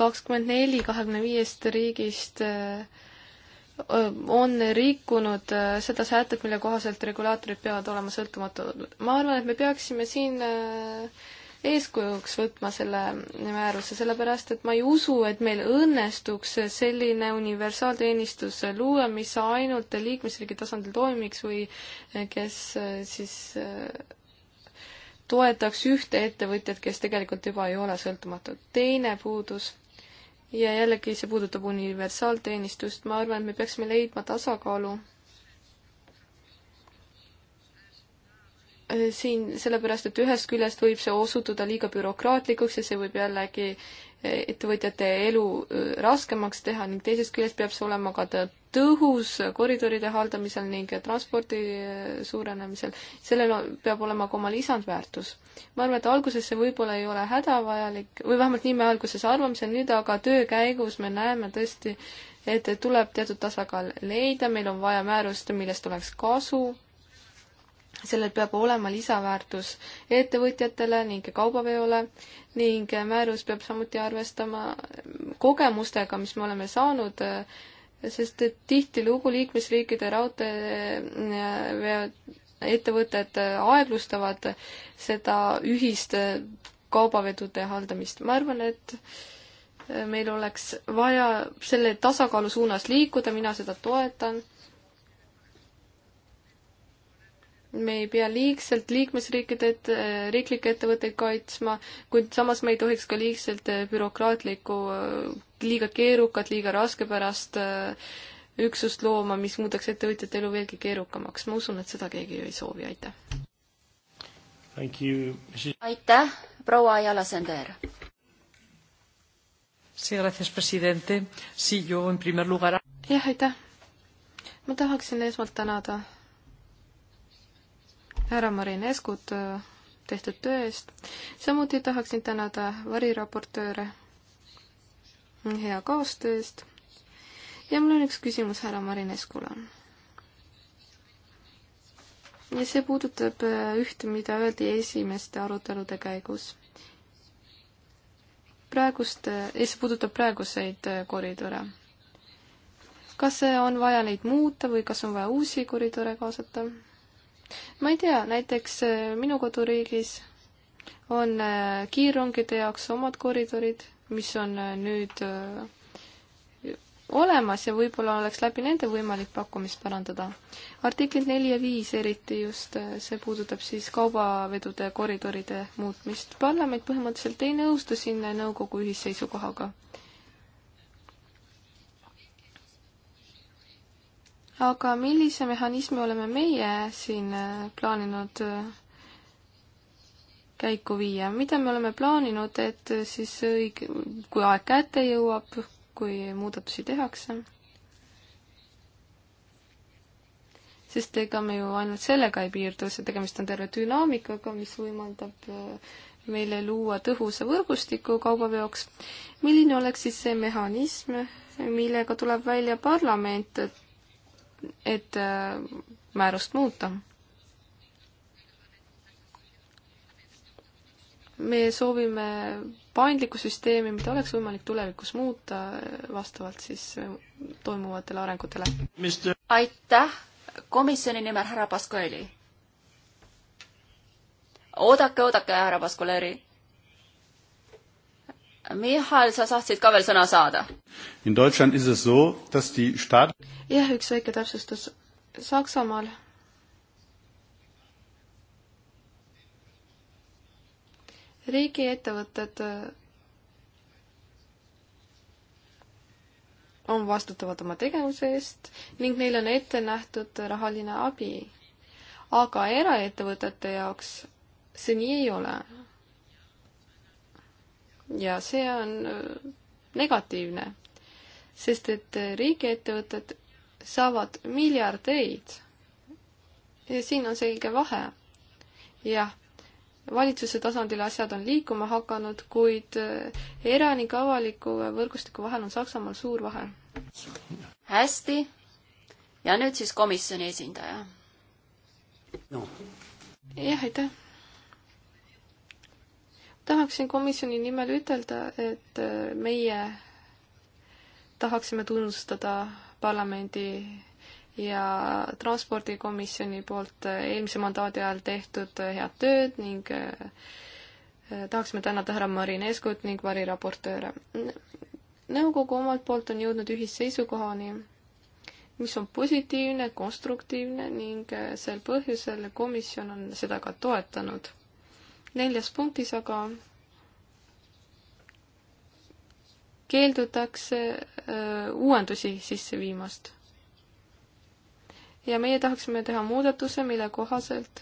kakskümmend neli kahekümne viiest riigist äh, äh, on rikkunud seda sätet, mille kohaselt regulaatorid peavad olema sõltumatud. ma arvan, et me peaksime siin äh, eeskujuks võtma selle määruse, sellepärast et ma ei usu, et meil õnnestuks selline universaalteenistus luua, mis ainult liikmesriigi tasandil toimiks või kes siis äh, toetaks ühte ettevõtjat, kes tegelikult juba ei ole sõltumatud. teine puudus ja jällegi see puudutab universaalteenistust, ma arvan, et me peaksime leidma tasakaalu Äh, siin sellepärast, et ühest küljest võib see osutuda liiga bürokraatlikuks ja see võib jällegi äh, ettevõtjate elu äh, raskemaks teha ning teisest küljest peab see olema ka tõhus koridoride haldamisel ning transpordi suurenemisel. sellel peab olema ka oma lisandväärtus. ma arvan, et alguses see võib-olla ei ole hädavajalik või vähemalt nii me alguses arvame, see on nüüd aga töö käigus me näeme tõesti, et tuleb teatud tasakaal leida, meil on vaja määrust, millest oleks kasu sellel peab olema lisaväärtus ettevõtjatele ning kaubaveole ning määrus peab samuti arvestama kogemustega, mis me oleme saanud, sest et tihtilugu liikmesriikide raudteeveo ettevõtted aeglustavad seda ühist kaubavedude haldamist. ma arvan, et meil oleks vaja selle tasakaalu suunas liikuda, mina seda toetan me ei pea liigselt liikmesriikide, äh, riiklikke ettevõtteid kaitsma, kuid samas me ei tohiks ka liigselt äh, bürokraatlikku, äh, liiga keerukat, liiga raskepärast üksust looma, mis muudaks ettevõtjate elu veelgi keerukamaks. ma usun, et seda keegi ju ei soovi, aitäh. aitäh, proua Ayala Sender. jah, aitäh. ma tahaksin esmalt tänada härra Marineskut äh, tehtud töö eest. samuti tahaksin tänada variraportööre hea koostöö eest. ja mul on üks küsimus härra Marineskule. ja see puudutab äh, ühte, mida öeldi esimeste arutelude käigus. praegust, ei äh, see puudutab praeguseid koridore. kas on vaja neid muuta või kas on vaja uusi koridore kaasata? ma ei tea, näiteks äh, minu koduriigis on äh, kiirrongide jaoks omad koridorid, mis on äh, nüüd olemas ja võib-olla oleks läbi nende võimalik pakkumist parandada. artiklid neli ja viis eriti just, see puudutab siis kaubavedude koridoride muutmist. parlament põhimõtteliselt ei nõustu siin nõukogu ühisseisukohaga. aga millise mehhanismi oleme meie siin äh, plaaninud äh, käiku viia, mida me oleme plaaninud, et äh, siis õige, kui aeg kätte jõuab, kui muudatusi tehakse? sest ega me ju ainult sellega ei piirdu, see tegemist on terve dünaamikaga, mis võimaldab meile luua tõhusa võrgustiku kaubaveoks. milline oleks siis see mehhanism, millega tuleb välja parlament, et et äh, määrust muuta. me soovime paindlikku süsteemi, mida oleks võimalik tulevikus muuta äh, vastavalt siis äh, toimuvatele arengutele. aitäh, komisjoni nimel härra Pascoeli. oodake, oodake, härra Pascoleri Mihhail, sa tahtsid ka veel sõna saada? In Deutschland is es so, dass die Staat jah, üks väike täpsustus. Saksamaal riigiettevõtted äh, on vastutavad oma tegevuse eest ning neil on ette nähtud rahaline abi. aga eraettevõtete jaoks see nii ei ole ja see on äh, negatiivne, sest et äh, riigiettevõtted saavad miljardeid. ja siin on selge vahe. jah, valitsuse tasandil asjad on liikuma hakanud, kuid äh, eranike avaliku võrgustiku vahel on Saksamaal suur vahe. hästi. ja nüüd siis komisjoni esindaja. jah, aitäh tahaksin komisjoni nimel ütelda, et äh, meie tahaksime tunnustada parlamendi ja transpordikomisjoni poolt äh, eelmise mandaadi ajal tehtud äh, head tööd ning tahaksime tänada härra Marineskut ning variraportööre. nõukogu omalt poolt on jõudnud ühisseisukohani, mis on positiivne, konstruktiivne ning sel põhjusel komisjon on seda ka toetanud neljas punktis aga keeldutakse öö, äh, uuendusi sisse viimast. ja meie tahaksime teha muudatuse, mille kohaselt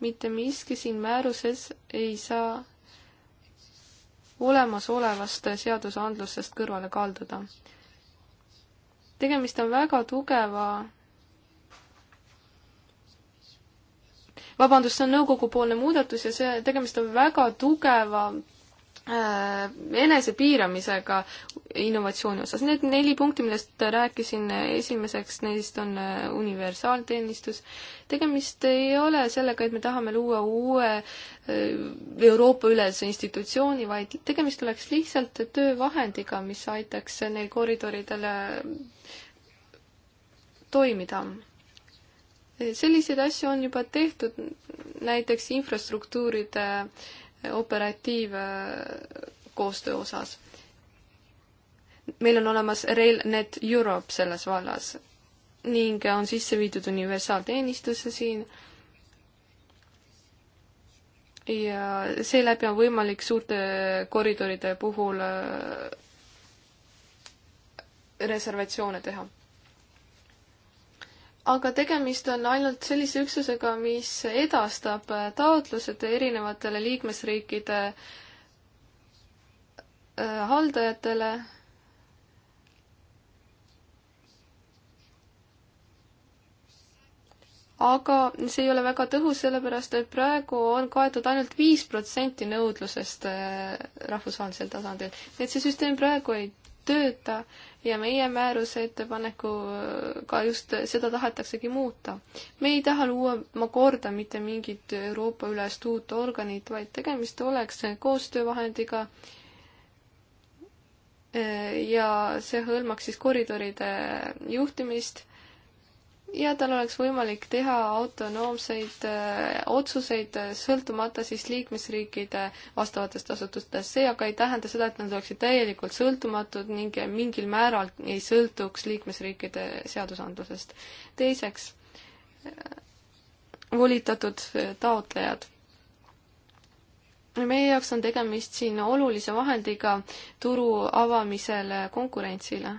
mitte miski siin määruses ei saa olemasolevast seadusandlusest kõrvale kalduda. tegemist on väga tugeva vabandust, see on nõukogupoolne muudatus ja see, tegemist on väga tugeva äh, enesepiiramisega innovatsiooni osas. Need neli punkti, millest rääkisin, esimeseks neist on äh, universaalteenistus. tegemist ei ole sellega, et me tahame luua uue äh, Euroopa-ülese institutsiooni, vaid tegemist oleks lihtsalt töövahendiga, mis aitaks neil koridoridel toimida selliseid asju on juba tehtud, näiteks infrastruktuuride eh, operatiivkoostöö eh, osas. meil on olemas RailNet Europe selles vallas ning on sisse viidud universaalteenistusse siin ja seeläbi on võimalik suurte koridoride puhul eh, reservatsioone teha aga tegemist on ainult sellise üksusega, mis edastab äh, taotlused erinevatele liikmesriikide äh, haldajatele aga see ei ole väga tõhus, sellepärast et praegu on kaetud ainult viis protsenti nõudlusest äh, rahvusvahelisel tasandil. nii et see süsteem praegu ei tööta ja meie määruse ettepanekuga äh, just seda tahetaksegi muuta. me ei taha luua, ma kordan, mitte mingit Euroopa-ülest uut organit, vaid tegemist oleks koostöövahendiga äh, ja see hõlmaks siis koridoride juhtimist ja tal oleks võimalik teha autonoomseid äh, otsuseid, äh, sõltumata siis liikmesriikide vastavatest asutustest. see aga ei tähenda seda, et nad oleksid täielikult sõltumatud ning mingil määral ei sõltuks liikmesriikide seadusandlusest. teiseks äh,, volitatud äh, taotlejad. meie jaoks on tegemist siin olulise vahendiga turu avamisele konkurentsile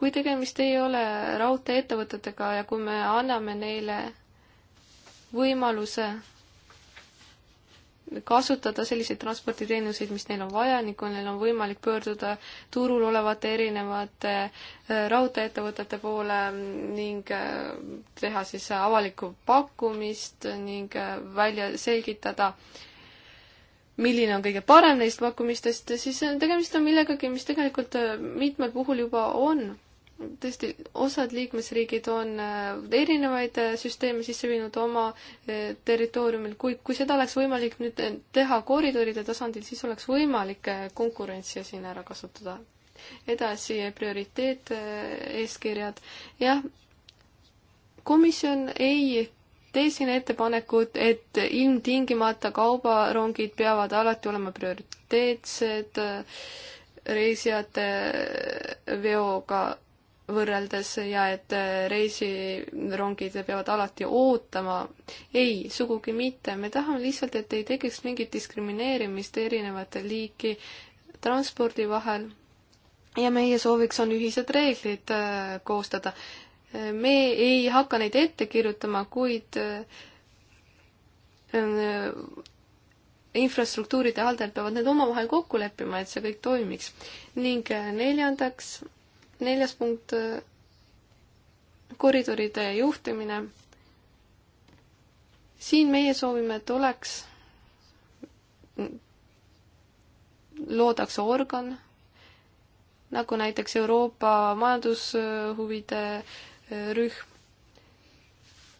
kui tegemist ei ole raudteeettevõtetega ja kui me anname neile võimaluse kasutada selliseid transporditeenuseid, mis neil on vaja ning kui neil on võimalik pöörduda turul olevate erinevate äh, raudteeettevõtete poole ning äh, teha siis avalikku pakkumist ning äh, välja selgitada, milline on kõige parem neist pakkumistest, siis tegemist on millegagi, mis tegelikult mitmel puhul juba on tõesti, osad liikmesriigid on äh, erinevaid äh, süsteeme sisse viinud oma äh, territooriumil, kuid kui seda oleks võimalik nüüd teha koridoride tasandil, siis oleks võimalik konkurentsi siin ära kasutada. edasi prioriteet, eeskirjad, jah, komisjon ei tee siin ettepanekut, et ilmtingimata kaubarongid peavad alati olema prioriteetsed reisijate veoga võrreldes ja et äh, reisirongid peavad alati ootama. ei, sugugi mitte, me tahame lihtsalt, et ei tekiks mingit diskrimineerimist erinevate liiki transpordi vahel. ja meie sooviks on ühised reeglid äh, koostada. Äh, me ei hakka neid ette kirjutama, kuid infrastruktuuride haldajad peavad need omavahel kokku leppima, et see kõik toimiks. ning neljandaks neljas punkt, koridoride juhtimine. siin meie soovime, et oleks, loodaks organ, nagu näiteks Euroopa majandushuvide rühm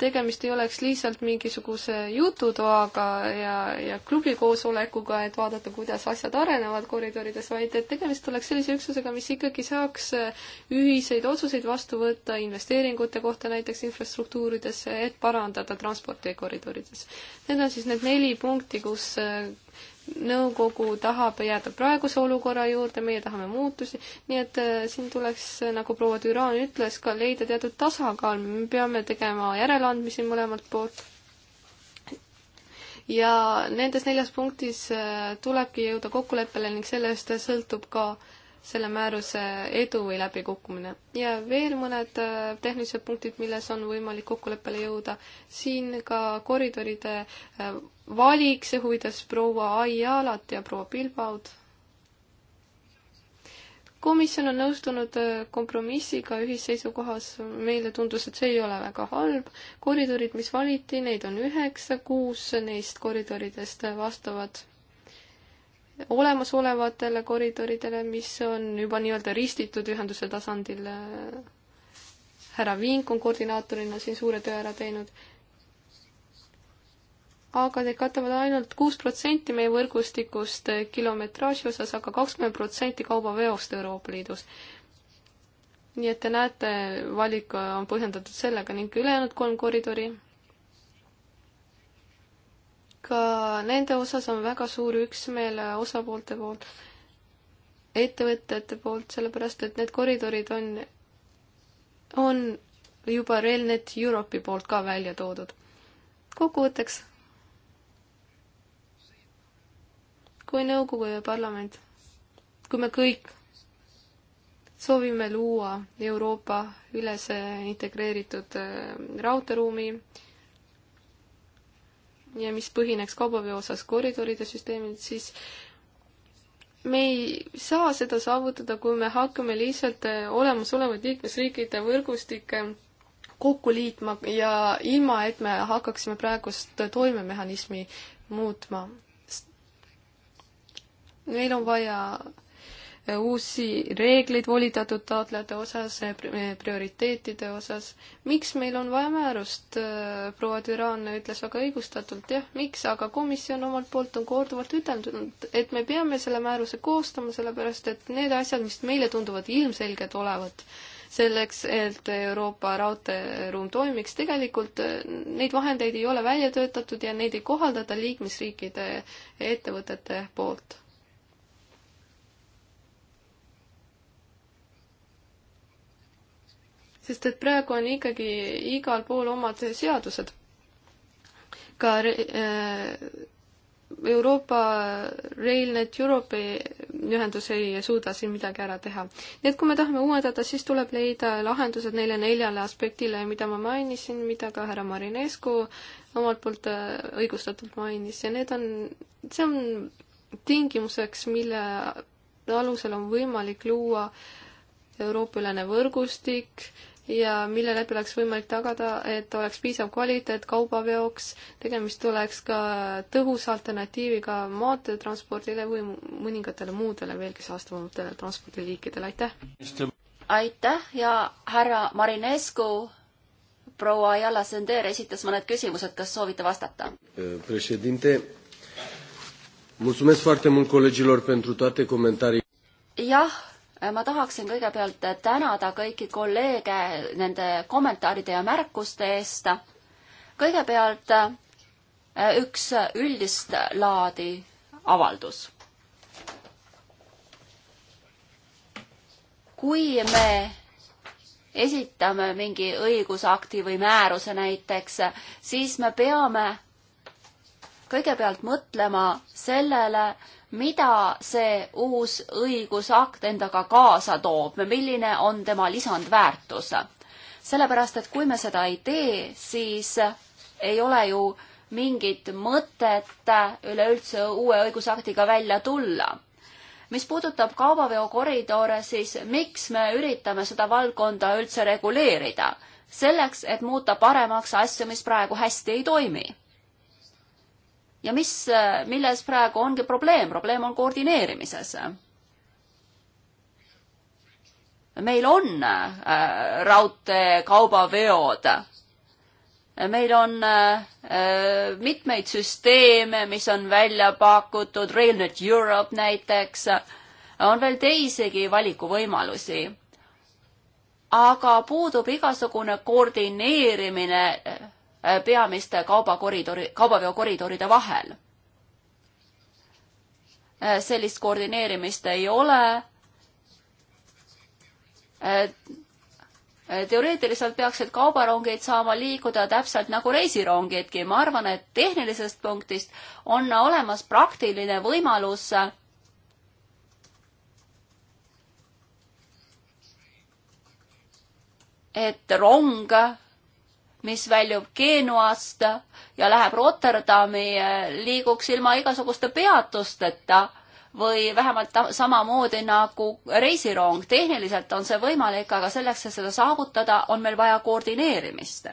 tegemist ei oleks lihtsalt mingisuguse jututoaga ja, ja klubi koosolekuga, et vaadata, kuidas asjad arenevad koridorides, vaid et tegemist oleks sellise üksusega, mis ikkagi saaks eh, ühiseid otsuseid vastu võtta investeeringute kohta näiteks infrastruktuuridesse, et parandada transporti koridorides. Need on siis need neli punkti, kus eh, nõukogu tahab jääda praeguse olukorra juurde, meie tahame muutusi, nii et äh, siin tuleks, äh, nagu proua Düran ütles, ka leida teatud tasakaal, me peame tegema järeleandmisi mõlemalt poolt. ja nendes neljas punktis äh, tulebki jõuda kokkuleppele ning sellest sõltub ka selle määruse edu või läbikukkumine. ja veel mõned äh, tehnilised punktid, milles on võimalik kokkuleppele jõuda. siin ka koridoride äh, valik, see huvides proua Aialat ja proua Pilbaud. komisjon on nõustunud äh, kompromissiga ühisseisukohas, meile tundus, et see ei ole väga halb. koridorid, mis valiti, neid on üheksa, kuus neist koridoridest vastavad olemasolevatele koridoridele, mis on juba nii-öelda ristitud ühenduse tasandil. härra Vink on koordinaatorina siin suure töö ära teinud. aga need katavad ainult kuus protsenti meie võrgustikust kilometraaži osas aga, aga kakskümmend protsenti kaubaveost Euroopa Liidus nii et te näete, valik on põhjendatud sellega ning ülejäänud kolm koridori ka nende osas on väga suur üksmeel osapoolte poolt, ettevõtjate poolt, sellepärast et need koridorid on, on juba RailNet Europe'i poolt ka välja toodud. kokkuvõtteks, kui nõukogu ja parlament, kui me kõik soovime luua Euroopa ülese integreeritud äh, raudteeruumi, ja mis põhineks kaubaveo osas koridoride süsteemil, siis me ei saa seda saavutada, kui me hakkame lihtsalt äh, olemasolevaid liikmesriikide võrgustikke kokku liitma ja ilma, et me hakkaksime praegust toimemehhanismi muutma. meil on vaja uusi reegleid volitatud taotlejate osas, eh, eh, prioriteetide osas. miks meil on vaja määrust, eh, proua Düran ütles väga õigustatult, jah, miks, aga komisjon omalt poolt on korduvalt ütelnud, et me peame selle määruse koostama, sellepärast et need asjad, mis meile tunduvad ilmselged olevat, selleks, et Euroopa raudteeruum toimiks, tegelikult neid vahendeid ei ole välja töötatud ja neid ei kohaldata liikmesriikide ettevõtete poolt sest et praegu on ikkagi igal pool omad seadused. ka äh, Euroopa RailNet Europe ühendus ei suuda siin midagi ära teha. nii et kui me tahame uuendada, siis tuleb leida lahendused neile neljale aspektile, mida ma mainisin, mida ka härra Marinescu omalt poolt äh, õigustatult mainis ja need on, see on tingimuseks, mille alusel on võimalik luua Euroopa-ülene võrgustik, ja mille läbi oleks võimalik tagada, et oleks piisav kvaliteet kaubaveoks, tegemist oleks ka tõhusa alternatiiviga maanteetranspordile või mõningatele muudele veelgi saastavamatele transpordiliikidele, aitäh! aitäh ja härra Marinescu, proua Jalla Sender esitas mõned küsimused, kas soovite vastata? mulțumesc foarte mult colegilor pentru toate comentarii. jah ma tahaksin kõigepealt tänada kõiki kolleege nende kommentaaride ja märkuste eest. kõigepealt äh, üks üldist laadi avaldus. kui me esitame mingi õigusakti või määruse näiteks, siis me peame kõigepealt mõtlema sellele, mida see uus õigusakt endaga kaasa toob, milline on tema lisandväärtus. sellepärast, et kui me seda ei tee, siis ei ole ju mingit mõtet üleüldse uue õigusaktiga välja tulla. mis puudutab kaubaveokoridore, siis miks me üritame seda valdkonda üldse reguleerida? selleks, et muuta paremaks asju, mis praegu hästi ei toimi ja mis, äh, milles praegu ongi probleem, probleem on koordineerimises. meil on äh, raudteekaubaveod, meil on äh, äh, mitmeid süsteeme, mis on välja pakutud, RailNet Europe näiteks, on veel teisigi valikuvõimalusi aga puudub igasugune koordineerimine äh, Äh, peamiste kaubakoridori, kaubaveokoridoride vahel. Äh, sellist koordineerimist ei ole. Äh, teoreetiliselt peaksid kaubarongid saama liikuda täpselt nagu reisirongidki. ma arvan, et tehnilisest punktist on olemas praktiline võimalus et rong mis väljub Genuast ja läheb Rotterdami, liiguks ilma igasuguste peatusteta või vähemalt samamoodi nagu reisirong. tehniliselt on see võimalik, aga selleks, et seda saavutada, on meil vaja koordineerimist.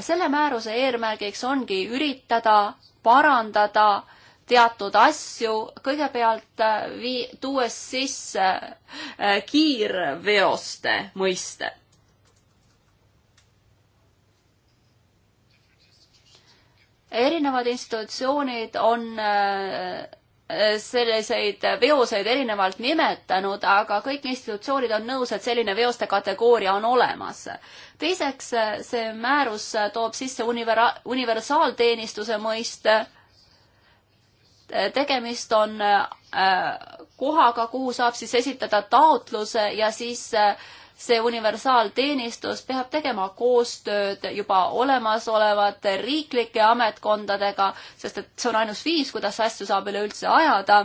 selle määruse eesmärgiks ongi üritada parandada teatud asju, kõigepealt äh, vii-, tuues sisse äh, kiirveoste mõiste erinevad institutsioonid on äh, äh, selliseid veoseid erinevalt nimetanud, aga kõik institutsioonid on nõus, et selline veoste kategooria on olemas. teiseks, äh, see määrus toob sisse univera-, universaalteenistuse mõiste. tegemist on kohaga, kuhu saab siis esitada taotluse ja siis äh, see universaalteenistus peab tegema koostööd juba olemasolevate riiklike ametkondadega, sest et see on ainus viis, kuidas asju saab üleüldse ajada.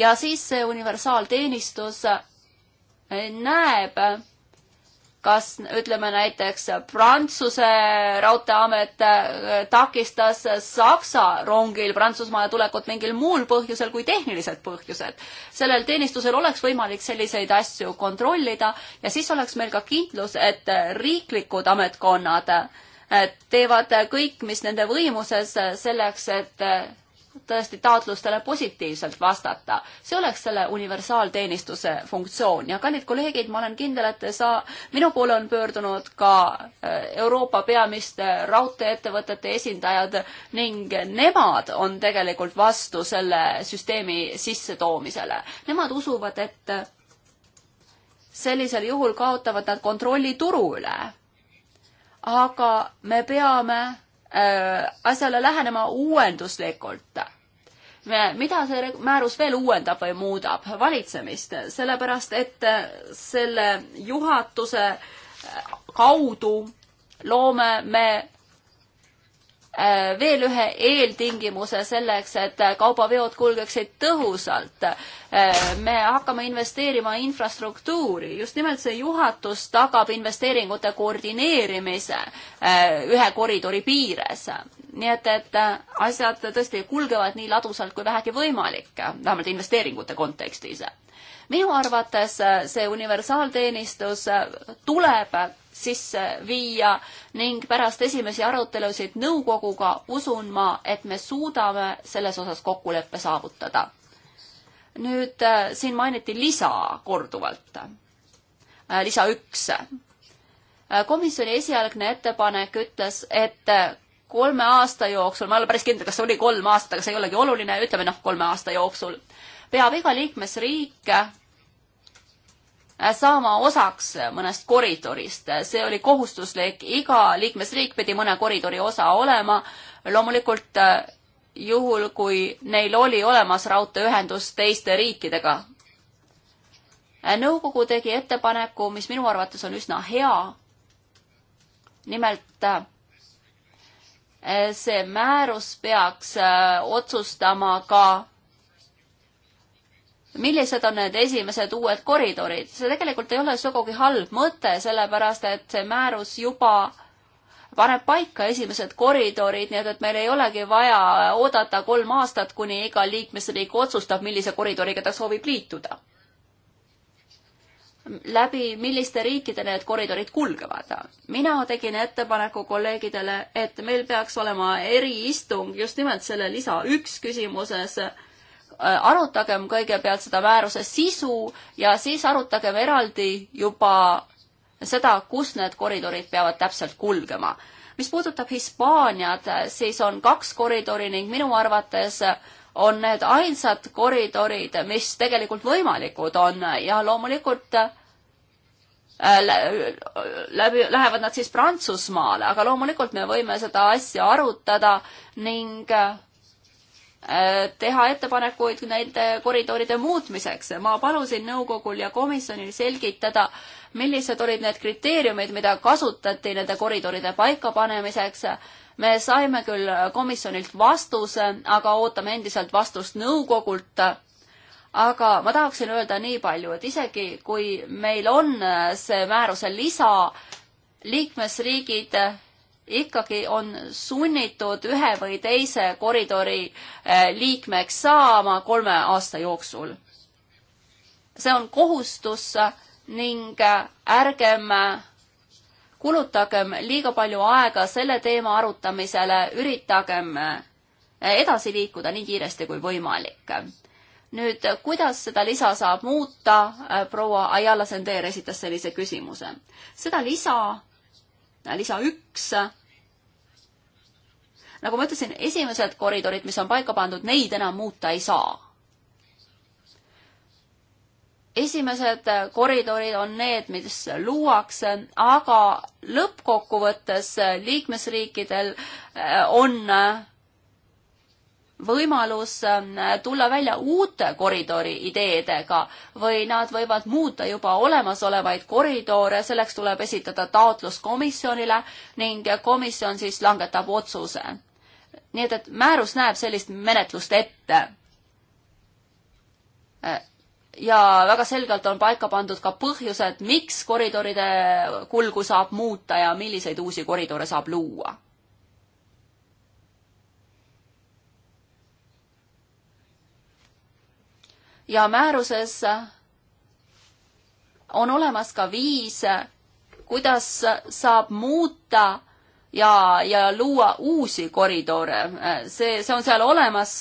ja siis see universaalteenistus näeb kas ütleme näiteks Prantsuse raudteeamet äh, takistas Saksa rongil Prantsusmaale tulekut mingil muul põhjusel kui tehnilised põhjused. sellel teenistusel oleks võimalik selliseid asju kontrollida ja siis oleks meil ka kindlus, et riiklikud ametkonnad äh, teevad kõik, mis nende võimuses selleks, et äh, tõesti taotlustele positiivselt vastata. see oleks selle universaalteenistuse funktsioon ja kallid kolleegid, ma olen kindel, et sa, minu poole on pöördunud ka äh, Euroopa peamiste raudteeettevõtete esindajad ning nemad on tegelikult vastu selle süsteemi sissetoomisele. Nemad usuvad, et sellisel juhul kaotavad nad kontrolli turu üle. aga me peame Äh, asjale lähenema uuenduslikult. mida see määrus veel uuendab või muudab? valitsemist, sellepärast et äh, selle juhatuse äh, kaudu loome me Äh, veel ühe eeltingimuse selleks, et kaubaveod kulgeksid tõhusalt. Äh, me hakkame investeerima infrastruktuuri, just nimelt see juhatus tagab investeeringute koordineerimise äh, ühe koridori piires. nii et, et asjad tõesti kulgevad nii ladusalt kui vähegi võimalik, vähemalt investeeringute kontekstis minu arvates äh, see universaalteenistus äh, tuleb sisse viia ning pärast esimesi arutelusid nõukoguga usun ma, et me suudame selles osas kokkuleppe saavutada. nüüd äh, siin mainiti lisa korduvalt, lisa üks. komisjoni esialgne ettepanek ütles, et kolme aasta jooksul, ma ei ole päris kindel, kas see oli kolm aastat, aga see ei olegi oluline, ütleme noh, kolme aasta jooksul, peab iga liikmesriik Äh, saama osaks mõnest koridorist. see oli kohustuslik, iga liikmesriik pidi mõne koridori osa olema. loomulikult äh, juhul, kui neil oli olemas raudteeühendus teiste riikidega. Äh, nõukogu tegi ettepaneku, mis minu arvates on üsna hea. nimelt see määrus peaks otsustama ka millised on need esimesed uued koridorid, see tegelikult ei ole sugugi halb mõte, sellepärast et see määrus juba paneb paika esimesed koridorid, nii et, et meil ei olegi vaja oodata kolm aastat, kuni iga liikmesriik otsustab, millise koridoriga ta soovib liituda. läbi milliste riikide need koridorid kulgevad. mina tegin ettepaneku kolleegidele, et meil peaks olema eriistung just nimelt selle lisa üks küsimuses Äh, arutagem kõigepealt seda määruse sisu ja siis arutagem eraldi juba seda, kus need koridorid peavad täpselt kulgema. mis puudutab Hispaaniat, siis on kaks koridori ning minu arvates on need ainsad koridorid, mis tegelikult võimalikud on ja loomulikult äh, läbi, lähevad nad siis Prantsusmaale, aga loomulikult me võime seda asja arutada ning äh, Äh, teha ettepanekuid nende koridoride muutmiseks. ma palusin nõukogul ja komisjonil selgitada, millised olid need kriteeriumid, mida kasutati nende koridoride paikapanemiseks. me saime küll komisjonilt vastuse, aga ootame endiselt vastust nõukogult aga ma tahaksin öelda nii palju, et isegi kui meil on see määruse lisa, liikmesriigid ikkagi on sunnitud ühe või teise koridori eh, liikmeks saama kolme aasta jooksul. see on kohustus ning eh, ärgem eh, kulutagem liiga palju aega selle teema arutamisele, üritagem edasi liikuda nii kiiresti kui võimalik. nüüd, kuidas seda lisa saab muuta, proua Ayala Sender esitas sellise küsimuse. seda lisa Äh, lisa üks. nagu ma ütlesin, esimesed koridorid, mis on paika pandud, neid enam muuta ei saa. esimesed äh, koridorid on need, mis luuakse, aga lõppkokkuvõttes äh, liikmesriikidel on võimalus ähm, tulla välja uute koridori ideedega või nad võivad muuta juba olemasolevaid koridore, selleks tuleb esitada taotlus komisjonile ning komisjon siis langetab otsuse. nii et, et määrus näeb sellist menetlust ette. Äh, ja väga selgelt on paika pandud ka põhjused, miks koridoride kulgu saab muuta ja milliseid uusi koridore saab luua ja määruses on olemas ka viis, kuidas saab muuta ja, ja luua uusi koridore. see, see on seal olemas.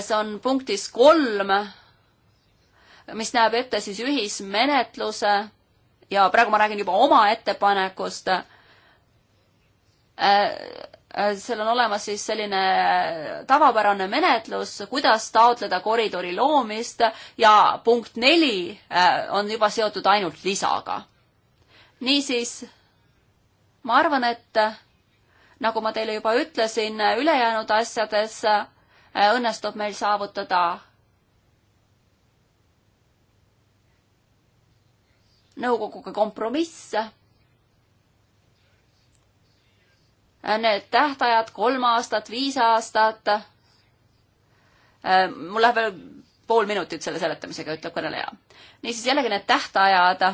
see on punktis kolm, mis näeb ette siis ühismenetluse ja praegu ma räägin juba oma ettepanekust Äh, seal on olemas siis selline äh, tavapärane menetlus, kuidas taotleda koridori loomist ja punkt neli äh, on juba seotud ainult lisaga. niisiis, ma arvan, et nagu ma teile juba ütlesin, ülejäänud asjades õnnestub meil saavutada nõukoguga kompromiss need tähtajad, kolm aastat, viis aastat. mul läheb veel pool minutit selle seletamisega, ütleb kõneleja. niisiis jällegi need tähtajad.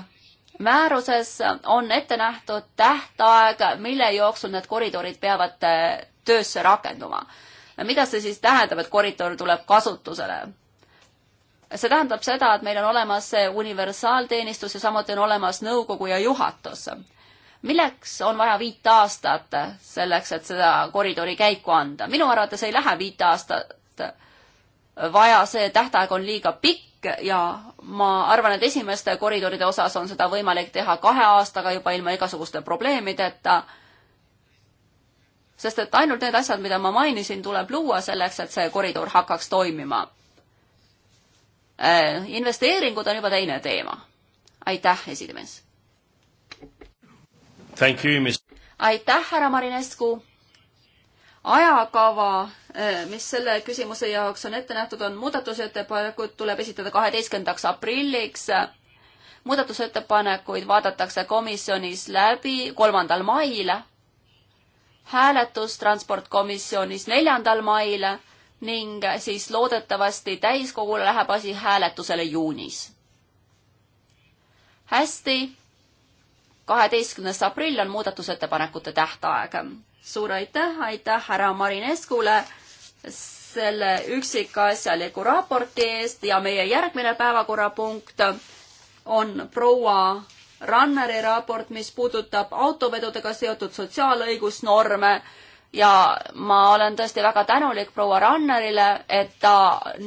määruses on ette nähtud tähtaeg, mille jooksul need koridorid peavad töösse rakenduma. mida see siis tähendab, et koridor tuleb kasutusele? see tähendab seda, et meil on olemas see universaalteenistus ja samuti on olemas nõukogu ja juhatus milleks on vaja viit aastat selleks, et seda koridori käiku anda? minu arvates ei lähe viit aastat vaja, see tähtaeg on liiga pikk ja ma arvan, et esimeste koridoride osas on seda võimalik teha kahe aastaga juba ilma igasuguste probleemideta. sest et ainult need asjad, mida ma mainisin, tuleb luua selleks, et see koridor hakkaks toimima. Äh, investeeringud on juba teine teema. aitäh, esimees aitäh, härra Marinescu. ajakava, eh, mis selle küsimuse jaoks on ette nähtud, on muudatusettepanekud tuleb esitada kaheteistkümnendaks aprilliks. muudatusettepanekuid vaadatakse komisjonis läbi kolmandal mail, hääletus transportkomisjonis neljandal mail ning siis loodetavasti täiskogule läheb asi hääletusele juunis. hästi kaheteistkümnes aprill on muudatusettepanekute tähtaeg. suur aitäh, aitäh härra Marineskule selle üksikasjaliku raporti eest ja meie järgmine päevakorrapunkt on proua Ranneri raport, mis puudutab autovedudega seotud sotsiaalõigusnorme ja ma olen tõesti väga tänulik proua Rannerile, et ta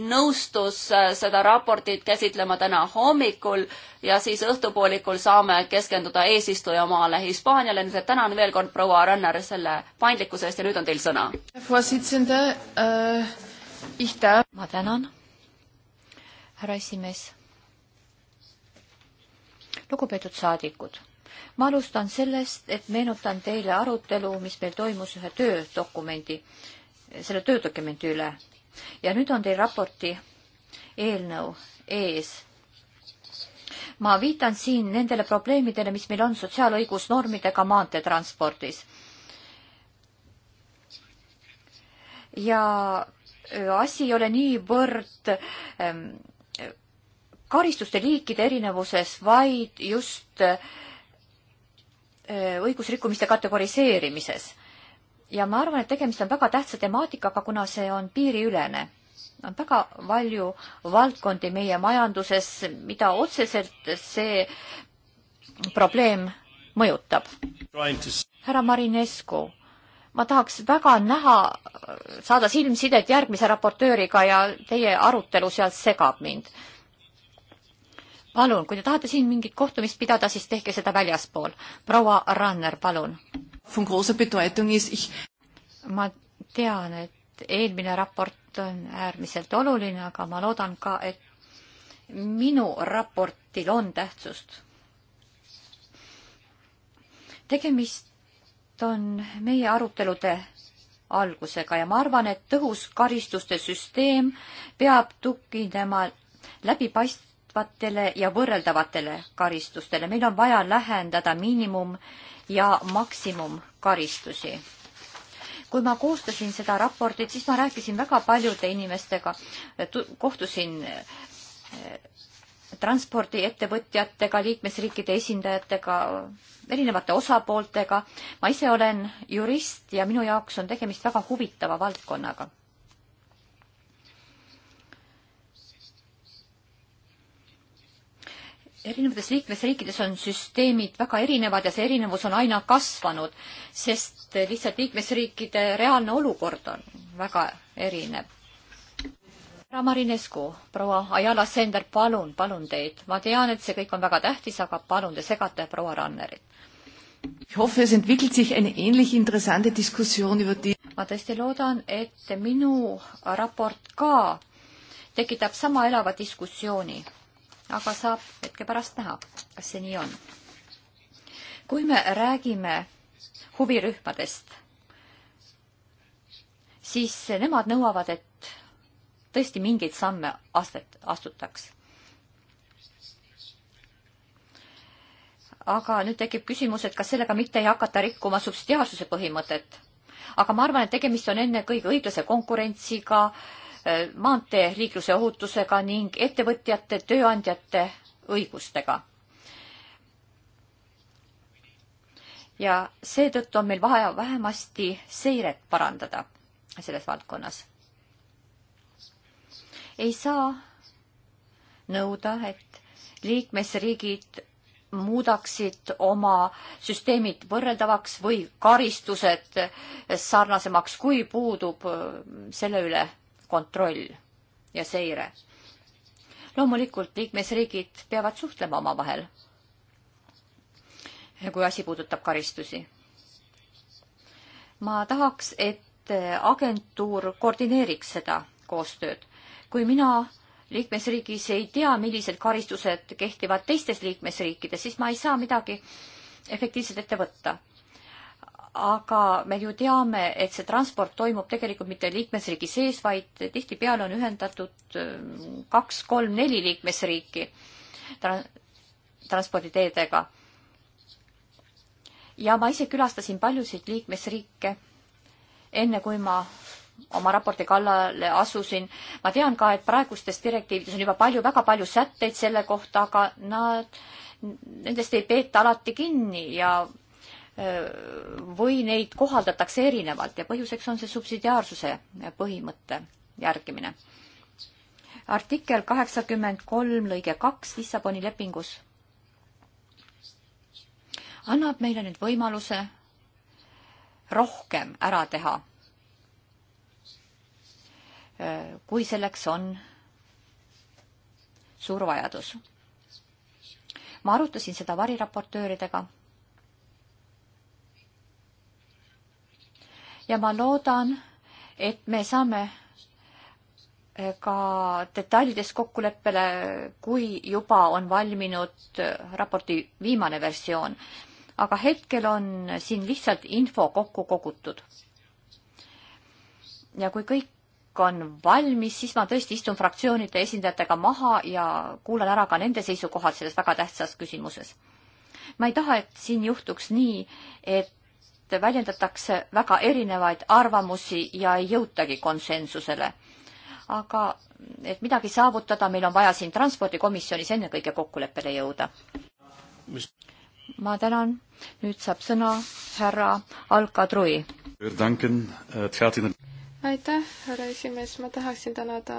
nõustus äh, seda raportit käsitlema täna hommikul ja siis õhtupoolikul saame keskenduda eesistujamaale Hispaaniale, nii et tänan veel kord proua Ranner selle paindlikkuse eest ja nüüd on teil sõna. Äh, ma tänan, härra esimees. lugupeetud saadikud ma alustan sellest, et meenutan teile arutelu, mis meil toimus ühe töödokumendi, selle töödokumendi üle. ja nüüd on teil raporti eelnõu ees. ma viitan siin nendele probleemidele, mis meil on sotsiaalõigusnormidega maanteetranspordis. ja asi ei ole niivõrd ähm, karistuste liikide erinevuses, vaid just äh, Äh, õigusrikkumiste kategoriseerimises. ja ma arvan, et tegemist on väga tähtsa temaatikaga, kuna see on piiriülene. on väga palju valdkondi meie majanduses, mida otseselt see probleem mõjutab. härra Marinescu, ma tahaks väga näha, saada silmsidet järgmise raportööriga ja teie arutelu sealt segab mind palun, kui te tahate siin mingit kohtumist pidada, siis tehke seda väljaspool. proua Ranner, palun. ma tean, et eelmine raport on äärmiselt oluline, aga ma loodan ka, et minu raportil on tähtsust. tegemist on meie arutelude algusega ja ma arvan, et tõhus karistuste süsteem peab tuginema läbipaist-, katvatele ja võrreldavatele karistustele. meil on vaja lähendada miinimum ja maksimumkaristusi. kui ma koostasin seda raportit, siis ma rääkisin väga paljude inimestega, kohtusin eh, transpordiettevõtjatega, liikmesriikide esindajatega, erinevate osapooltega. ma ise olen jurist ja minu jaoks on tegemist väga huvitava valdkonnaga erinevates liikmesriikides on süsteemid väga erinevad ja see erinevus on aina kasvanud, sest lihtsalt liikmesriikide reaalne olukord on väga erinev. härra Marinescu, proua Ajala Sender, palun, palun teid, ma tean, et see kõik on väga tähtis, aga palun, te segate proua Rannerit. ma tõesti loodan, et minu raport ka tekitab sama elava diskussiooni aga saab hetke pärast näha, kas see nii on. kui me räägime huvirühmadest, siis nemad nõuavad, et tõesti mingeid samme astet, astutaks. aga nüüd tekib küsimus, et kas sellega mitte ei hakata rikkuma subsidiaarsuse põhimõtet. aga ma arvan, et tegemist on ennekõike õiglase konkurentsiga äh,, maanteeriikluse ohutusega ning ettevõtjate, tööandjate õigustega. ja seetõttu on meil vaja vähemasti seiret parandada selles valdkonnas. ei saa nõuda, et liikmesriigid muudaksid oma süsteemid võrreldavaks või karistused sarnasemaks, kui puudub selle üle kontroll ja seire. loomulikult liikmesriigid peavad suhtlema omavahel, kui asi puudutab karistusi. ma tahaks, et agentuur koordineeriks seda koostööd. kui mina liikmesriigis ei tea, millised karistused kehtivad teistes liikmesriikides, siis ma ei saa midagi efektiivselt ette võtta aga me ju teame, et see transport toimub tegelikult mitte liikmesriigi sees, vaid tihtipeale on ühendatud mm, kaks, kolm, neli liikmesriiki tra transporditeedega. ja ma ise külastasin paljusid liikmesriike, enne kui ma oma raporti kallale asusin. ma tean ka, et praegustes direktiivides on juba palju, väga palju sätteid selle kohta, aga nad, nendest ei peeta alati kinni ja või neid kohaldatakse erinevalt ja põhjuseks on see subsidiaarsuse põhimõtte järgimine. artikkel kaheksakümmend kolm lõige kaks Lissaboni lepingus annab meile nüüd võimaluse rohkem ära teha, kui selleks on suur vajadus. ma arutasin seda variraportööridega ja ma loodan, et me saame eh, ka detailides kokkuleppele, kui juba on valminud eh, raporti viimane versioon. aga hetkel on siin lihtsalt info kokku kogutud. ja kui kõik on valmis, siis ma tõesti istun fraktsioonide esindajatega maha ja kuulan ära ka nende seisukohad selles väga tähtsas küsimuses. ma ei taha, et siin juhtuks nii, et et väljendatakse väga erinevaid arvamusi ja ei jõutagi konsensusele. aga et midagi saavutada, meil on vaja siin transpordikomisjonis ennekõike kokkuleppele jõuda. ma tänan, nüüd saab sõna härra Alka-Trui. Äh, aitäh, härra esimees, ma tahaksin tänada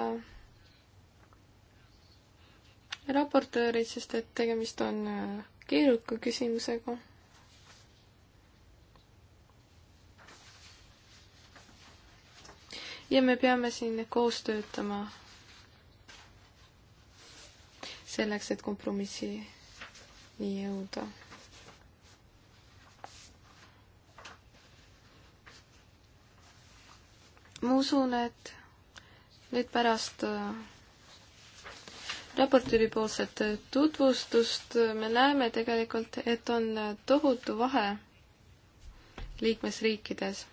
raportöörid, sest et tegemist on äh, keeruka küsimusega. ja me peame siin koos töötama selleks, et kompromissini jõuda. ma usun, et nüüd pärast äh, raportööri poolset tutvustust me näeme tegelikult, et on tohutu vahe liikmesriikides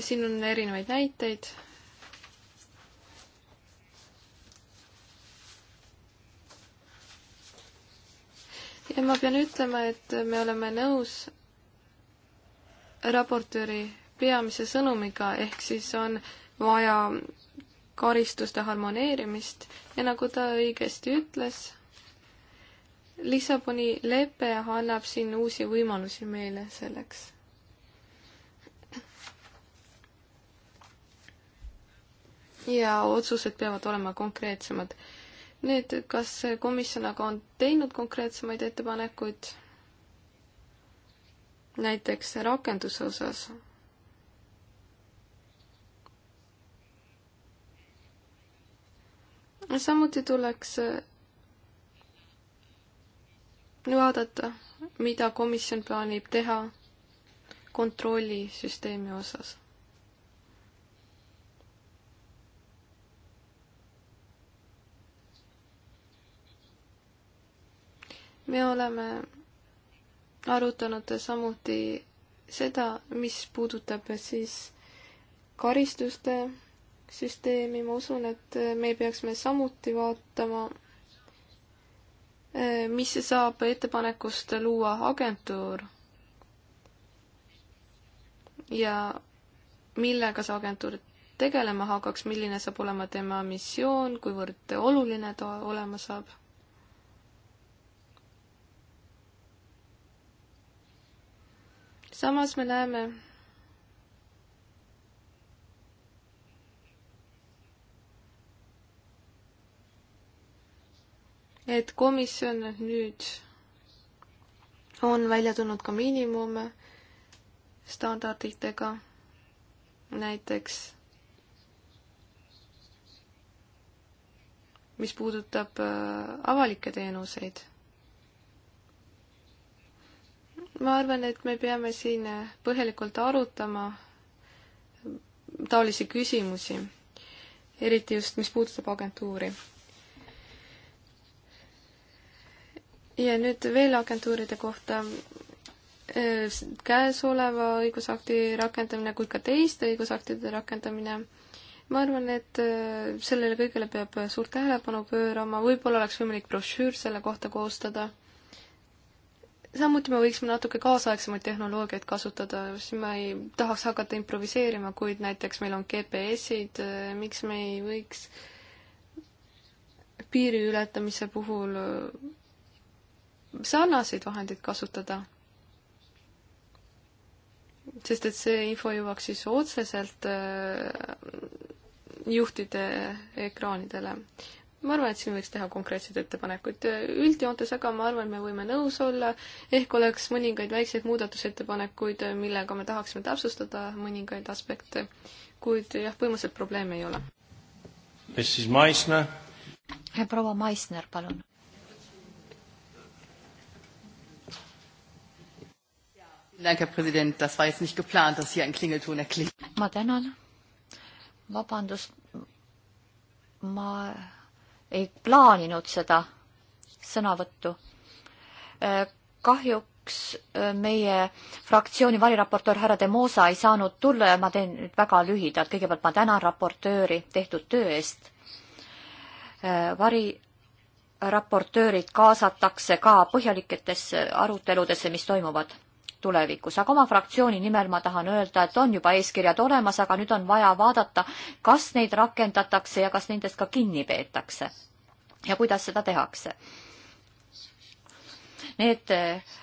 siin on erinevaid näiteid. ja ma pean ütlema, et me oleme nõus raportööri peamise sõnumiga, ehk siis on vaja karistuste harmoneerimist ja nagu ta õigesti ütles, Lissaboni lepe annab siin uusi võimalusi meile selleks ja otsused peavad olema konkreetsemad. Need, kas komisjon aga on teinud konkreetsemaid ettepanekuid näiteks rakenduse osas? samuti tuleks vaadata, mida komisjon plaanib teha kontrollisüsteemi osas me oleme arutanud samuti seda, mis puudutab siis karistuste süsteemi, ma usun, et me peaksime samuti vaatama, mis saab ettepanekust luua agentuur ja millega see agentuur tegelema hakkaks, milline saab olema tema missioon, kuivõrd oluline ta olema saab samas me näeme, et komisjon nüüd on välja tulnud ka miinimumstandarditega, näiteks mis puudutab äh, avalikke teenuseid ma arvan, et me peame siin põhjalikult arutama taolisi küsimusi, eriti just, mis puudutab agentuuri. ja nüüd veel agentuuride kohta. käesoleva õigusakti rakendamine kui ka teiste õigusaktide rakendamine ma arvan, et sellele kõigele peab suurt tähelepanu pöörama, võib-olla oleks võimalik brošüür selle kohta koostada samuti me võiksime natuke kaasaegsemaid tehnoloogiaid kasutada, siis ma ei tahaks hakata improviseerima, kuid näiteks meil on GPS-id, eh, miks me ei võiks piiri ületamise puhul eh, sarnaseid vahendeid kasutada? sest et see info jõuaks siis otseselt eh, juhtide ekraanidele ma arvan, et siin võiks teha konkreetseid ettepanekuid. üldjoontes aga ma arvan, me võime nõus olla, ehk oleks mõningaid väikseid muudatusettepanekuid, millega me tahaksime täpsustada mõningaid aspekte, kuid jah, põhimõtteliselt probleeme ei ole. Mrs Maisner. Äh, proua Maisner, palun. ma tänan. vabandust, ma ei plaaninud seda sõnavõttu. Äh, kahjuks äh, meie fraktsiooni variraportöör härra Demosa ei saanud tulla ja ma teen nüüd väga lühidalt. kõigepealt ma tänan raportööri tehtud töö eest. Äh, vari raportöörid kaasatakse ka põhjaliketesse aruteludesse, mis toimuvad tulevikus, aga oma fraktsiooni nimel ma tahan öelda, et on juba eeskirjad olemas, aga nüüd on vaja vaadata, kas neid rakendatakse ja kas nendest ka kinni peetakse ja kuidas seda tehakse. Need eh,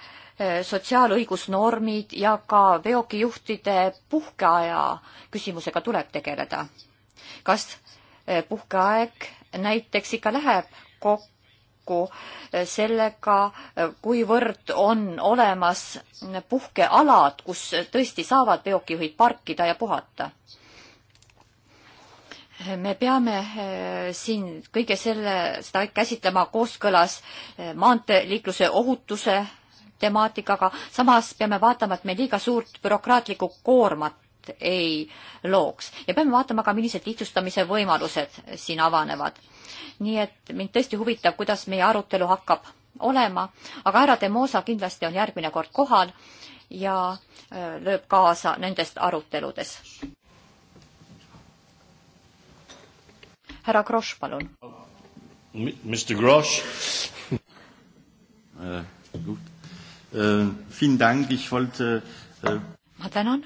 sotsiaalõigusnormid ja ka veokijuhtide puhkeaja küsimusega tuleb tegeleda. kas eh, puhkeaeg näiteks ikka läheb kokku kokku eh, sellega, eh, kuivõrd on olemas puhkealad, kus tõesti saavad veokijuhid parkida ja puhata. me peame eh, siin kõige selle, seda käsitlema kooskõlas maanteeliikluse ohutuse temaatikaga, samas peame vaatama, et me liiga suurt bürokraatlikku koormat ei looks ja peame vaatama ka, millised lihtsustamise võimalused siin avanevad nii et mind tõesti huvitab, kuidas meie arutelu hakkab olema, aga härra Demosa kindlasti on järgmine kord kohal ja äh, lööb kaasa nendest aruteludes. härra Grosch, palun. Mr Grosch äh,. Gut äh,. Vielen Dank, ich wollte äh.... ma tänan.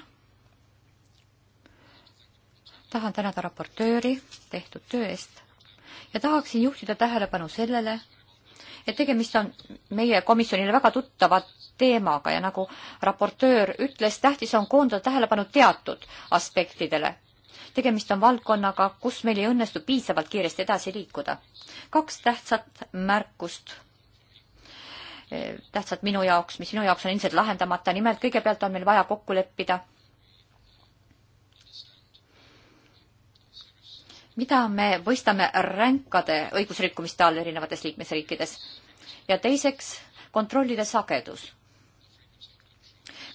tahan tänada raportööri tehtud töö eest ja tahaksin juhtida tähelepanu sellele, et tegemist on meie komisjonile väga tuttava teemaga ja nagu raportöör ütles, tähtis on koondada tähelepanu teatud aspektidele. tegemist on valdkonnaga, kus meil ei õnnestu piisavalt kiiresti edasi liikuda. kaks tähtsat märkust eh, tähtsad minu jaoks, mis minu jaoks on ilmselt lahendamata, nimelt kõigepealt on meil vaja kokku leppida mida me võistame ränkade õigusrikkumiste all erinevates liikmesriikides. ja teiseks, kontrollide sagedus.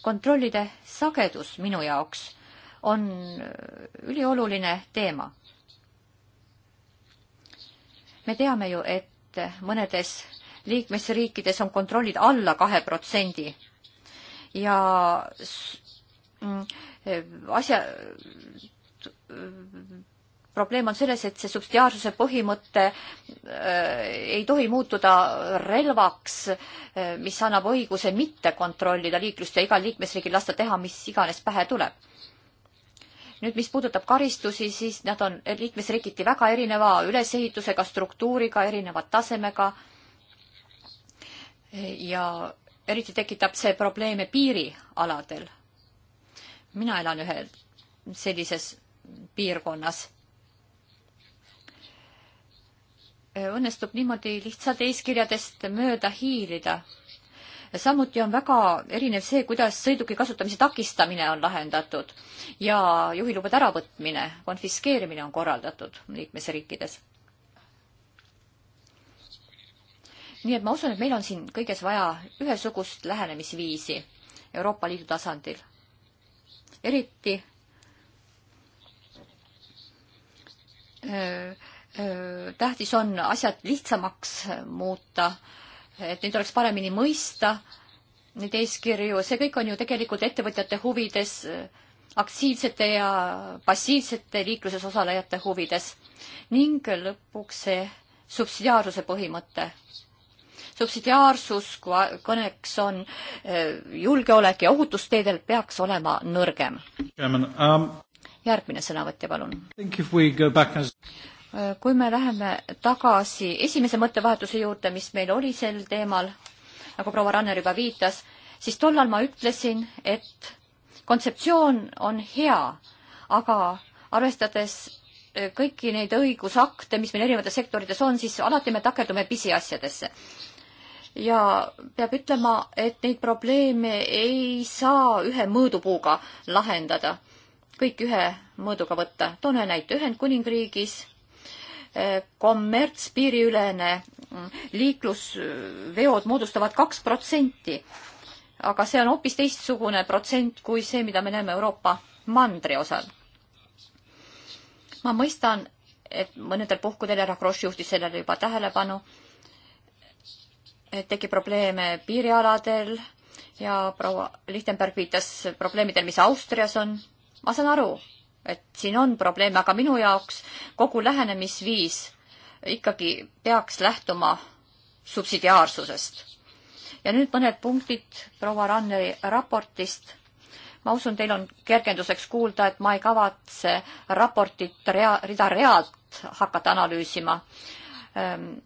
kontrollide sagedus minu jaoks on äh, ülioluline teema. me teame ju, et mõnedes liikmesriikides on kontrollid alla kahe protsendi ja mm, asja probleem on selles, et see subsidiaarsuse põhimõte äh, ei tohi muutuda relvaks äh,, mis annab õiguse mitte kontrollida liiklust ja igal liikmesriigil lasta teha, mis iganes pähe tuleb. nüüd, mis puudutab karistusi, siis nad on liikmesriigiti väga erineva ülesehitusega, struktuuriga, erineva tasemega ja eriti tekitab see probleeme piirialadel. mina elan ühel sellises piirkonnas Äh, õnnestub niimoodi lihtsalt eeskirjadest mööda hiilida. samuti on väga erinev see, kuidas sõiduki kasutamise takistamine on lahendatud ja juhilubade äravõtmine, konfiskeerimine on korraldatud liikmesriikides. nii et ma usun, et meil on siin kõiges vaja ühesugust lähenemisviisi Euroopa Liidu tasandil. eriti öö, äh, tähtis on asjad lihtsamaks muuta, et neid oleks paremini mõista, neid eeskirju, see kõik on ju tegelikult ettevõtjate huvides, aktiivsete ja passiivsete liikluses osalejate huvides ning lõpuks see subsidiaarsuse põhimõte. subsidiaarsus, kui kõneks on julgeolek ja ohutus teedel, peaks olema nõrgem. Um, järgmine sõnavõtja, palun. As kui me läheme tagasi esimese mõttevahetuse juurde, mis meil oli sel teemal, nagu proua Ranner juba viitas, siis tollal ma ütlesin, et kontseptsioon on hea, aga arvestades e, kõiki neid õigusakte, mis meil erinevates sektorites on, siis alati me takerdume pisiasjadesse. ja peab ütlema, et neid probleeme ei saa ühe mõõdupuuga lahendada, kõik ühe mõõduga võtta. toon ühe näite, Ühendkuningriigis kommertspiiriülene mm, liiklusveod moodustavad kaks protsenti. aga see on hoopis teistsugune protsent kui see, mida me näeme Euroopa mandri osal. ma mõistan, et mõnedel puhkudel härra Kross juhtis sellele juba tähelepanu, et tekib probleeme piirialadel ja proua Lichtenberg viitas probleemidel, mis Austrias on. ma saan aru et siin on probleeme, aga minu jaoks kogu lähenemisviis ikkagi peaks lähtuma subsidiaarsusest. ja nüüd mõned punktid proua Ranneri raportist. ma usun, teil on kergenduseks kuulda, et ma ei kavatse raportit rea, rida realt hakata analüüsima ähm,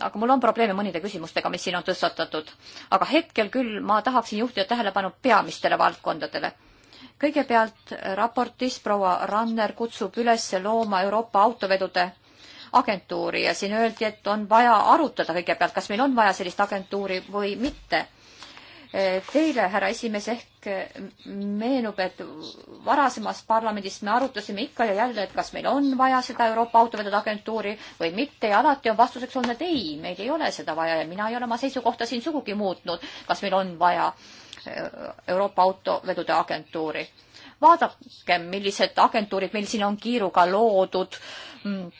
aga mul on probleeme mõnede küsimustega, mis siin on tõstatatud. aga hetkel küll ma tahaksin juhtida tähelepanu peamistele valdkondadele kõigepealt raportis proua Ranner kutsub üles looma Euroopa autovedude agentuuri ja siin öeldi, et on vaja arutada kõigepealt, kas meil on vaja sellist agentuuri või mitte. Teile, härra esimees, ehk meenub, et varasemas parlamendis me arutasime ikka ja jälle, et kas meil on vaja seda Euroopa autovedude agentuuri või mitte ja alati on vastuseks olnud ei, meil ei ole seda vaja ja mina ei ole oma seisukohta siin sugugi muutnud, kas meil on vaja äh, Euroopa Autovedude Agentuuri. vaadakem, millised agentuurid meil siin on kiiruga loodud mm,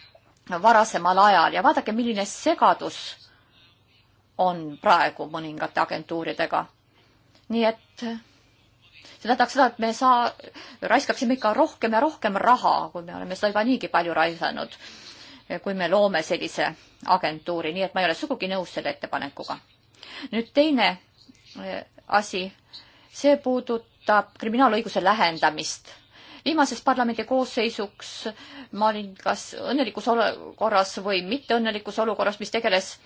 varasemal ajal ja vaadake, milline segadus on praegu mõningate agentuuridega. nii et see tähendab seda, et me saa-, raiskaksime ikka rohkem ja rohkem raha, kui me oleme seda juba niigi palju raisanud, kui me loome sellise agentuuri, nii et ma ei ole sugugi nõus selle ettepanekuga. nüüd teine asi. see puudutab kriminaalõiguse lähendamist. viimases parlamendi koosseisuks ma olin kas õnnelikus olukorras või mitteõnnelikus olukorras, mis tegeles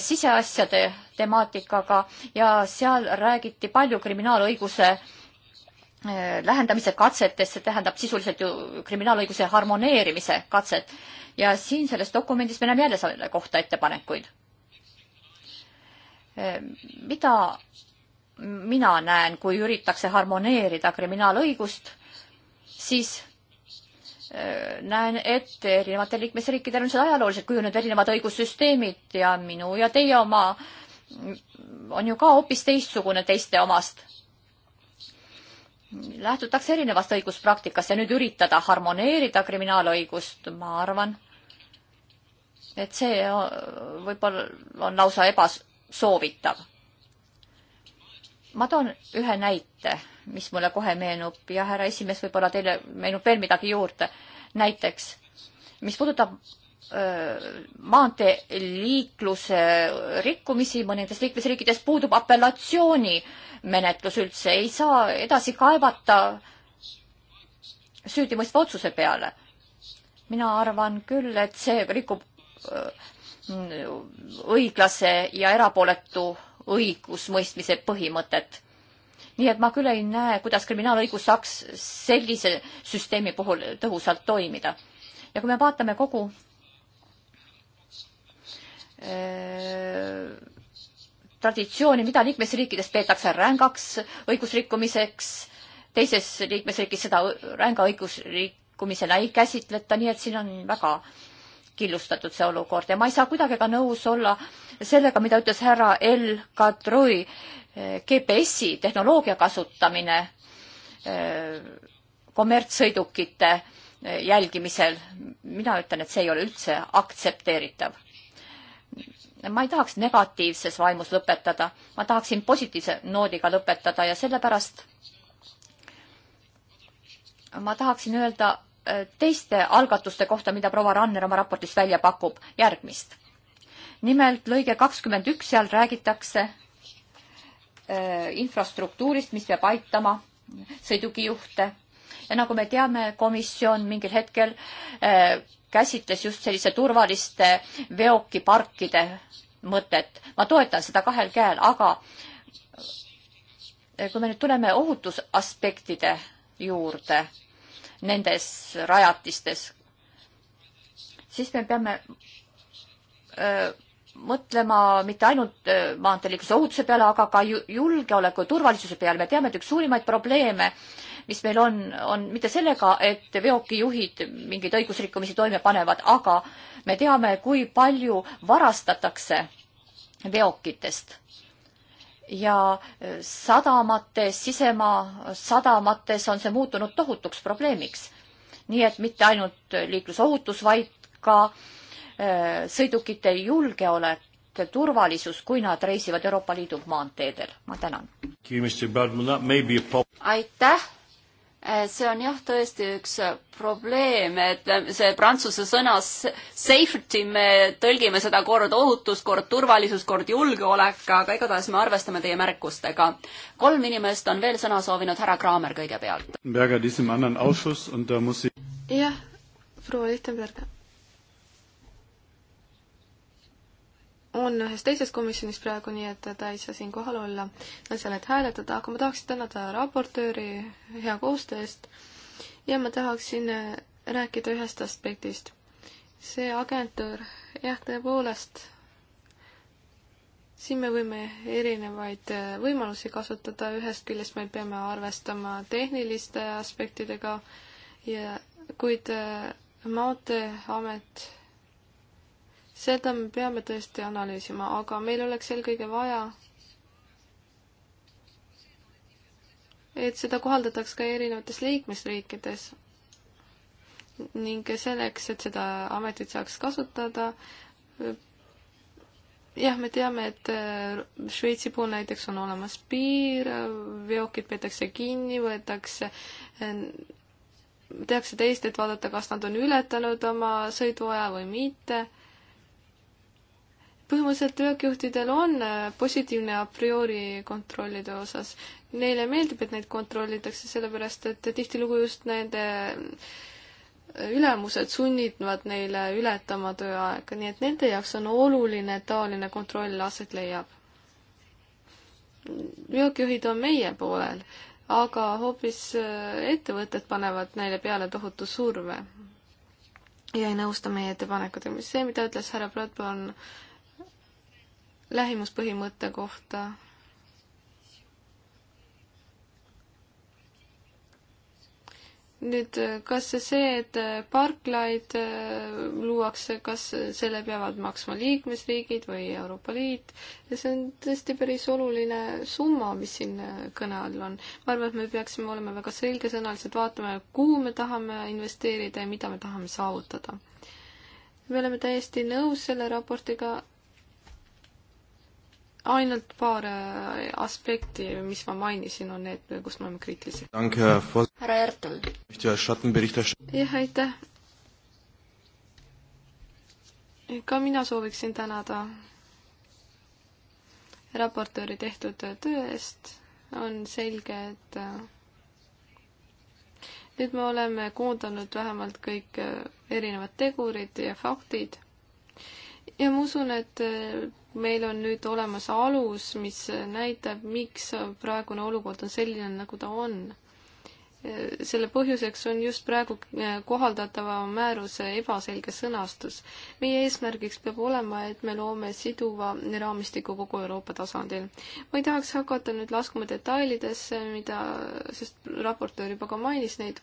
siseasjade temaatikaga ja seal räägiti palju kriminaalõiguse eh, lähendamise katsetest, see tähendab sisuliselt ju kriminaalõiguse harmoneerimise katset. ja siin selles dokumendis me näeme jälle selle kohta ettepanekuid. Eh, mida mina näen, kui üritatakse harmoneerida kriminaalõigust, siis äh, näen ette erinevatel liikmesriikidel on seal ajalooliselt kujunenud erinevad õigussüsteemid ja minu ja teie oma on ju ka hoopis teistsugune teiste omast. lähtutakse erinevast õiguspraktikast ja nüüd üritada harmoneerida kriminaalõigust, ma arvan, et see äh, võib-olla on lausa ebasoovitav ma toon ühe näite, mis mulle kohe meenub ja härra esimees, võib-olla teile meenub veel midagi juurde. näiteks, mis puudutab maanteeliikluse rikkumisi mõnedes liikmesriikides puudub apellatsioonimenetlus üldse, ei saa edasi kaevata süüdimõistva otsuse peale. mina arvan küll, et see rikub õiglase ja erapooletu õigusmõistmise põhimõtet. nii et ma küll ei näe, kuidas kriminaalõigus saaks sellise süsteemi puhul tõhusalt toimida. ja kui me vaatame kogu öö, äh, traditsiooni, mida liikmesriikides peetakse rängaks õigusrikkumiseks, teises liikmesriigis seda ränga õigusrikkumisena ei käsitleta, nii et siin on väga killustatud see olukord ja ma ei saa kuidagi ka nõus olla sellega, mida ütles härra El Kadri, GPS-i tehnoloogia kasutamine eh, kommertssõidukite eh, jälgimisel, mina ütlen, et see ei ole üldse aktsepteeritav. ma ei tahaks negatiivses vaimus lõpetada, ma tahaksin positiivse noodiga lõpetada ja sellepärast ma tahaksin öelda teiste algatuste kohta, mida proua Ranner oma raportis välja pakub, järgmist. nimelt lõige kakskümmend üks, seal räägitakse äh, infrastruktuurist, mis peab aitama sõidukijuhte ja nagu me teame, komisjon mingil hetkel äh, käsitles just sellise turvaliste veokiparkide mõtet. ma toetan seda kahel käel, aga äh, kui me nüüd tuleme ohutusaspektide juurde nendes rajatistes, siis me peame öö, mõtlema mitte ainult maanteeliikluse ohutuse peale, aga ka julgeoleku ja turvalisuse peale. me teame, et üks suurimaid probleeme, mis meil on, on mitte sellega, et veokijuhid mingeid õigusrikkumisi toime panevad, aga me teame, kui palju varastatakse veokitest ja äh, sadamates, sisemaa sadamates on see muutunud tohutuks probleemiks. nii et mitte ainult liiklusohutus, vaid ka äh, sõidukite julgeolek, turvalisus, kui nad reisivad Euroopa Liidu maanteedel. ma tänan. aitäh Äh, see on jah, tõesti üks äh, probleem, et äh, see prantsuse sõna safety, me tõlgime seda kord ohutus, kord turvalisus, kord julgeolek, aga igatahes me arvestame teie märkustega. kolm inimest on veel sõna soovinud, härra Kraamer kõigepealt. jah, proua Lichtenberg on ühes teises komisjonis praegu, nii et ta ei saa siin kohal olla, seal, et hääletada, aga ma tahaksin tänada raportööri hea koostöö eest ja ma tahaksin äh, rääkida ühest aspektist. see agentuur, jah, tõepoolest, siin me võime erinevaid äh, võimalusi kasutada, ühest küljest me peame arvestama tehniliste aspektidega ja kuid äh, Maanteeamet seda me peame tõesti analüüsima, aga meil oleks eelkõige vaja, et seda kohaldataks ka erinevates liikmesriikides. ning selleks, et seda ametit saaks kasutada, jah, me teame, et äh, Šveitsi puhul näiteks on olemas piir, veokid peetakse kinni, võetakse, äh, tehakse test, et vaadata, kas nad on ületanud oma sõiduaja või mitte põhimõtteliselt veokijuhtidel on äh, positiivne a priori kontrollide osas. Neile meeldib, et neid kontrollitakse, sellepärast et tihtilugu just nende äh, ülemused sunnivad neile ületama tööaega, nii et nende jaoks on oluline, et taoline kontroll aset leiab. veokijuhid on meie poolel, aga hoopis äh, ettevõtted panevad neile peale tohutu surve ja ei nõusta meie ettepanekutega, mis see, mida ütles härra Bradburn lähimuspõhimõtte kohta. nüüd, kas see, et parklaid äh, luuakse, kas selle peavad maksma liikmesriigid või Euroopa Liit, see on tõesti päris oluline summa, mis siin äh, kõne all on. ma arvan, et me peaksime olema väga selgesõnalised, vaatame, kuhu me tahame investeerida ja mida me tahame saavutada me oleme täiesti nõus selle raportiga ainult paar äh, aspekti, mis ma mainisin, on need, kus me oleme kriitilised. härra Ertul. jah, aitäh. ka mina sooviksin tänada raportööri tehtud töö eest. on selge, et äh, nüüd me oleme koondanud vähemalt kõik äh, erinevad tegurid ja faktid. ja ma usun, et meil on nüüd olemas alus, mis näitab, miks praegune olukord on selline, nagu ta on. selle põhjuseks on just praegu eh, kohaldatava määruse ebaselge sõnastus. meie eesmärgiks peab olema, et me loome siduva raamistiku kogu Euroopa tasandil. ma ei tahaks hakata nüüd laskma detailidesse, mida, sest raportöör juba ka mainis neid,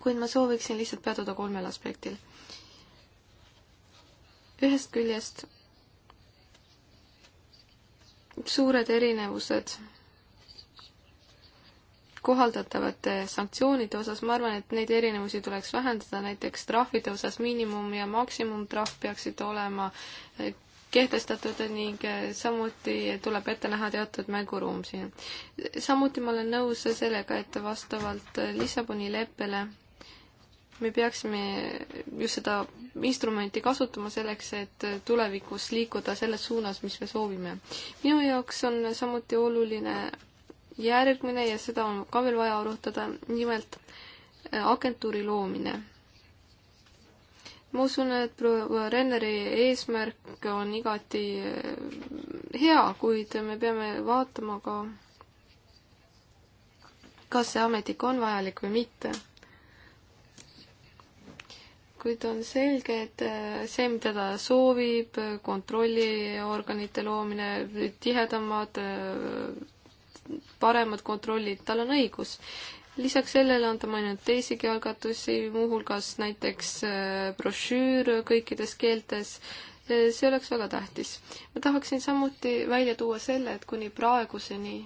kuid ma sooviksin lihtsalt peatuda kolmel aspektil. ühest küljest suured erinevused kohaldatavate sanktsioonide osas, ma arvan, et neid erinevusi tuleks vähendada, näiteks trahvide osas miinimum- ja maksimumtrahv peaksid olema kehtestatud ning samuti tuleb ette näha teatud mänguruum siin. samuti ma olen nõus sellega, et vastavalt Lissaboni leppele me peaksime just seda instrumenti kasutama selleks, et tulevikus liikuda selles suunas, mis me soovime. minu jaoks on samuti oluline järgmine ja seda on ka veel vaja arutada, nimelt äh, agentuuri loomine. ma usun, et proua Renneri eesmärk on igati äh, hea, kuid me peame vaatama ka, kas see ametnik on vajalik või mitte kuid on selge, et äh, see, mida ta soovib, kontrolliorganite loomine, tihedamad, äh, paremad kontrollid, tal on õigus. lisaks sellele on ta maininud teisigi algatusi, muuhulgas näiteks äh, brošüür kõikides keeltes, see oleks väga tähtis. ma tahaksin samuti välja tuua selle, et kuni praeguseni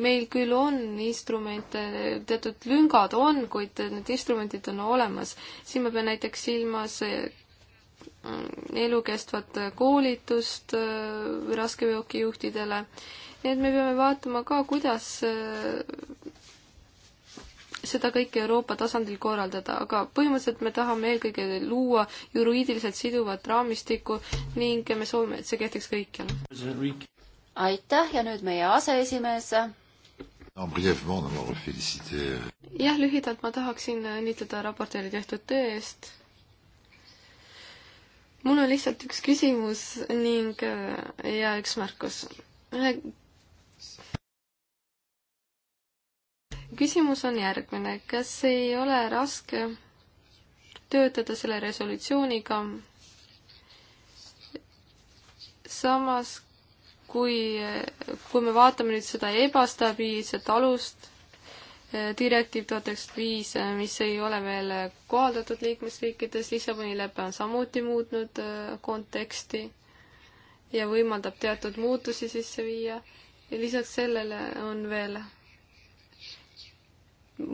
meil küll on instrumente, teatud lüngad on, kuid need instrumendid on olemas. siin ma pean näiteks silmas mm, elukestvat koolitust äh, raskeveokijuhtidele. nii et me peame vaatama ka, kuidas äh, seda kõike Euroopa tasandil korraldada, aga põhimõtteliselt me tahame eelkõige luua juriidiliselt siduvat raamistikku ning me soovime, et see kehtiks kõikjal. aitäh ja nüüd meie aseesimees Euh, jah, lühidalt ma tahaksin õnnitleda raportööri tehtud töö eest. mul on lihtsalt üks küsimus ning äh, ja üks märkus. Äh, küsimus on järgmine, kas ei ole raske töötada selle resolutsiooniga samas kui, kui me vaatame nüüd seda ebastabiilset alust, eh, direktiiv tuhat üheksasada viis, eh, mis ei ole veel kohaldatud liikmesriikides, Lissaboni lepe on samuti muutnud eh, konteksti ja võimaldab teatud muutusi sisse viia ja lisaks sellele on veel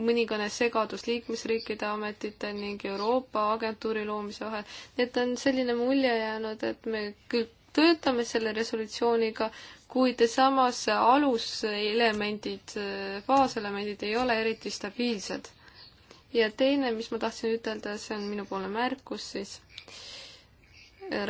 mõningane segadus liikmesriikide ametite ning Euroopa agentuuri loomise vahel. et on selline mulje jäänud, et me küll töötame selle resolutsiooniga, kuid samas aluselemendid, baaselemendid ei ole eriti stabiilsed. ja teine, mis ma tahtsin ütelda, see on minupoolne märkus siis,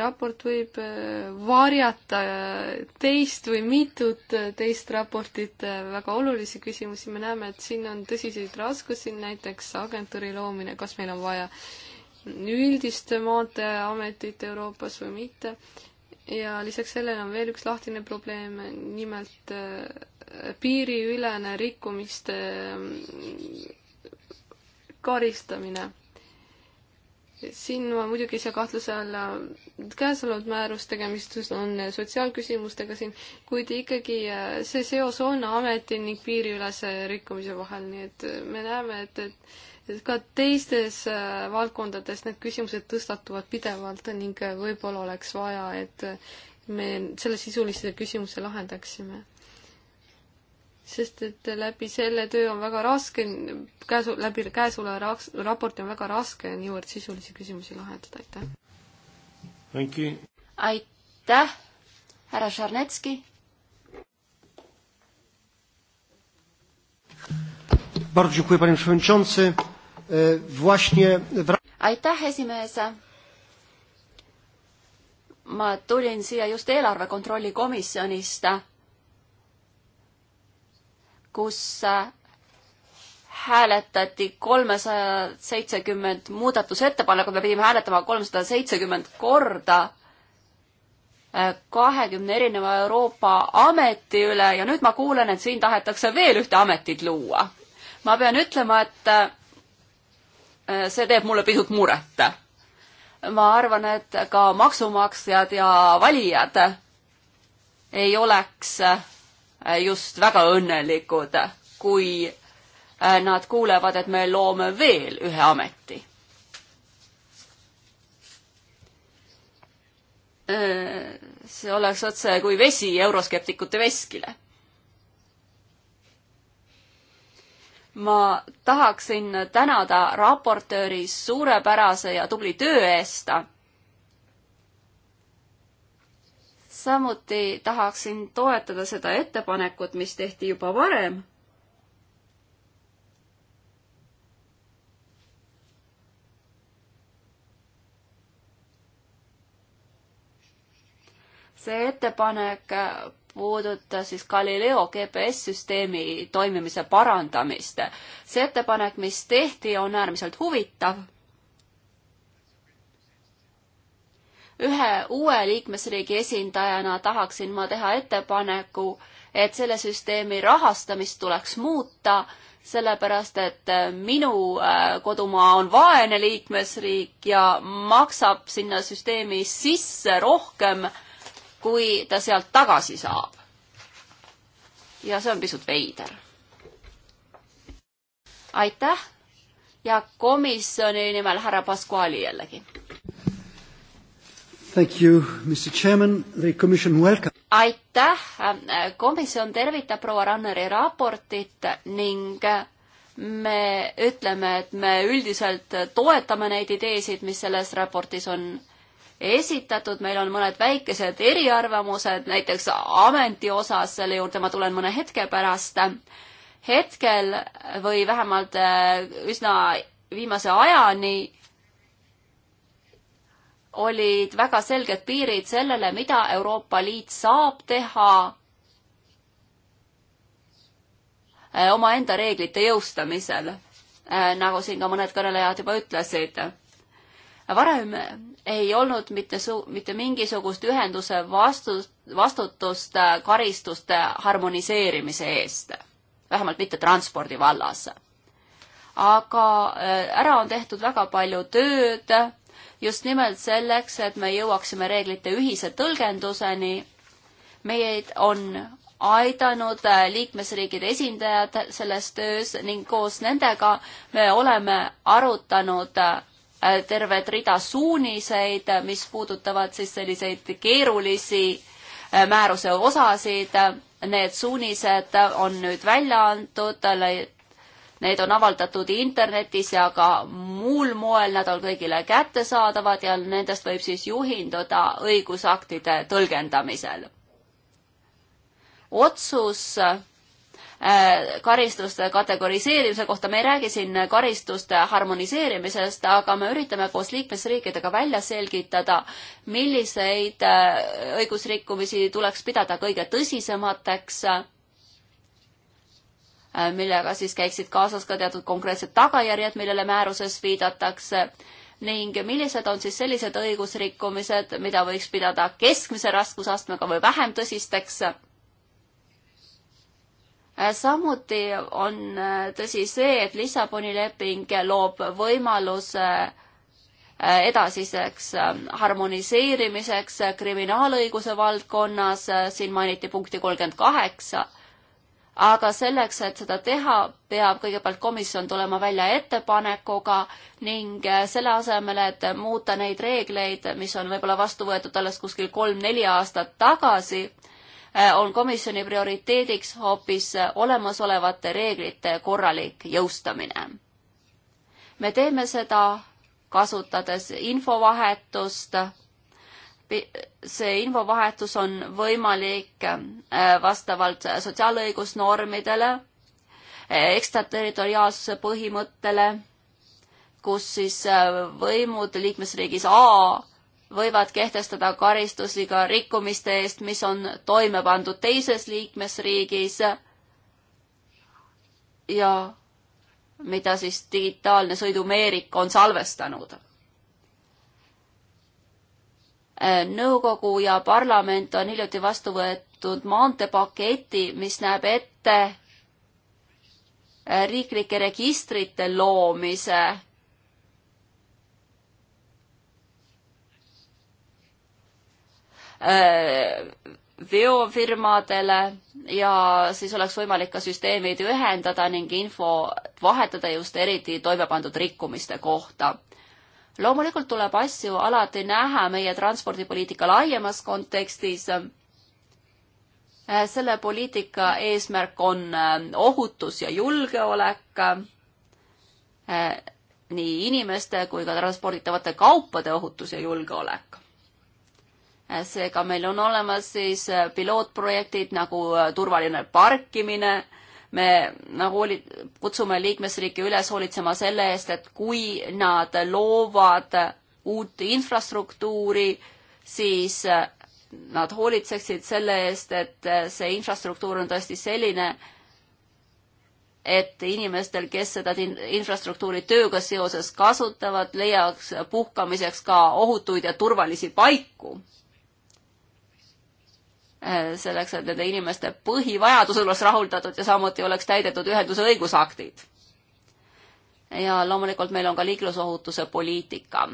raport võib äh, varjata äh, teist või mitut äh, teist raportit väga olulisi küsimusi, me näeme, et siin on tõsiseid raskusi, näiteks agentuuri loomine, kas meil on vaja üldist maanteeametit Euroopas või mitte ja lisaks sellele on veel üks lahtine probleem, nimelt äh, piiriülene rikkumiste äh, karistamine. siin ma muidugi ei saa kahtluse alla käesolevat määrust, tegemist on sotsiaalküsimustega siin, kuid ikkagi äh, see seos on ameti ning piiriülese rikkumise vahel, nii et me näeme, et, et ka teistes äh, valdkondades need küsimused tõstatuvad pidevalt ning äh, võib-olla oleks vaja, et me selle sisulise küsimuse lahendaksime. sest et läbi selle töö on väga raske, käesu, läbi käesoleva raporti on väga raske niivõrd sisulisi küsimusi lahendada, aitäh! aitäh, härra Šarnetski! Bardzo dziękuję panie przewodniczący. E, właśnie... aitäh, esimees! ma tulin siia just eelarve kontrolli komisjonist, kus hääletati kolmesaja seitsekümmend muudatusettepanekut, me pidime hääletama kolmsada seitsekümmend korda e, kahekümne erineva Euroopa ameti üle ja nüüd ma kuulen, et siin tahetakse veel ühte ametit luua. ma pean ütlema, et Äh, see teeb mulle pisut muret. ma arvan, et ka maksumaksjad ja valijad ei oleks äh, just väga õnnelikud, kui äh, nad kuulevad, et me loome veel ühe ameti. see oleks otse kui vesi euroskeptikute veskile ma tahaksin tänada raportööri suurepärase ja tubli töö eest. samuti tahaksin toetada seda ettepanekut, mis tehti juba varem. see ettepanek puudutas siis Galileo GPS-süsteemi toimimise parandamist. see ettepanek, mis tehti, on äärmiselt huvitav. ühe uue liikmesriigi esindajana tahaksin ma teha ettepaneku, et selle süsteemi rahastamist tuleks muuta, sellepärast et äh, minu äh, kodumaa on vaene liikmesriik ja maksab sinna süsteemi sisse rohkem äh, kui ta sealt tagasi saab. ja see on pisut veider. aitäh ja komisjoni nimel härra Pasquali jällegi. Thank you, Mr Chairman, the commission welcome. aitäh, komisjon tervitab proua Ranneri raportit ning me ütleme, et me üldiselt toetame neid ideesid, mis selles raportis on esitatud, meil on mõned väikesed eriarvamused, näiteks ameti osas, selle juurde ma tulen mõne hetke pärast. hetkel või vähemalt äh, üsna viimase ajani olid väga selged piirid sellele, mida Euroopa Liit saab teha äh, omaenda reeglite jõustamisel, äh, nagu siin ka mõned kõnelejad juba ütlesid. varem ei olnud mitte su-, mitte mingisugust ühenduse vastu-, vastutust äh, karistuste harmoniseerimise eest. vähemalt mitte transpordi vallas. aga äh, ära on tehtud väga palju tööd just nimelt selleks, et me jõuaksime reeglite ühise tõlgenduseni. meid on aidanud äh, liikmesriikide esindajad selles töös ning koos nendega me oleme arutanud äh, Äh, tervet rida suuniseid, mis puudutavad siis selliseid keerulisi äh, määruse osasid. Need suunised on nüüd välja antud, need on avaldatud internetis ja ka muul moel, nad on kõigile kättesaadavad ja nendest võib siis juhinduda õigusaktide tõlgendamisel. otsus Äh, karistuste kategoriseerimise kohta, me ei räägi siin karistuste harmoniseerimisest, aga me üritame koos liikmesriikidega välja selgitada, milliseid äh, õigusrikkumisi tuleks pidada kõige tõsisemateks äh, millega siis käiksid kaasas ka teatud konkreetsed tagajärjed, millele määruses viidatakse ning millised on siis sellised õigusrikkumised, mida võiks pidada keskmise raskusastmega või vähem tõsisteks samuti on äh, tõsi see, et Lissaboni leping loob võimaluse äh, edasiseks äh, harmoniseerimiseks kriminaalõiguse valdkonnas, siin mainiti punkti kolmkümmend kaheksa, aga selleks, et seda teha, peab kõigepealt komisjon tulema välja ettepanekuga ning selle asemel, et muuta neid reegleid, mis on võib-olla vastu võetud alles kuskil kolm-neli aastat tagasi, Äh, on komisjoni prioriteediks hoopis äh, olemasolevate reeglite korralik jõustamine. me teeme seda kasutades infovahetust. see infovahetus on võimalik äh, vastavalt sotsiaalõigusnormidele, ekstraterritoriaalsuse põhimõttele, kus siis võimud liikmesriigis A võivad kehtestada karistusliga rikkumiste eest, mis on toime pandud teises liikmesriigis ja mida siis digitaalne sõidumeerik on salvestanud. Äh, nõukogu ja parlament on hiljuti vastu võetud maanteepaketi, mis näeb ette äh, riiklike registrite loomise Äh, veofirmadele ja siis oleks võimalik ka süsteemid ühendada ning info vahetada just eriti toime pandud rikkumiste kohta. loomulikult tuleb asju alati näha meie transpordipoliitika laiemas kontekstis. Äh, selle poliitika eesmärk on äh, ohutus ja julgeolek nii inimeste kui ka transporditavate kaupade ohutus ja julgeolek Äh, seega meil on olemas siis äh, pilootprojektid nagu äh, turvaline parkimine, me nagu oli, kutsume liikmesriike üles hoolitsema selle eest, et kui nad loovad uut infrastruktuuri, siis nad hoolitseksid selle eest, et see infrastruktuur on tõesti selline, et inimestel, kes seda infrastruktuuri tööga seoses kasutavad, leiaks puhkamiseks ka ohutuid ja turvalisi paiku. Äh, selleks, et nende inimeste põhivajadused oleks rahuldatud ja samuti oleks täidetud ühenduse õigusaktid. ja loomulikult meil on ka liiklusohutuse poliitika.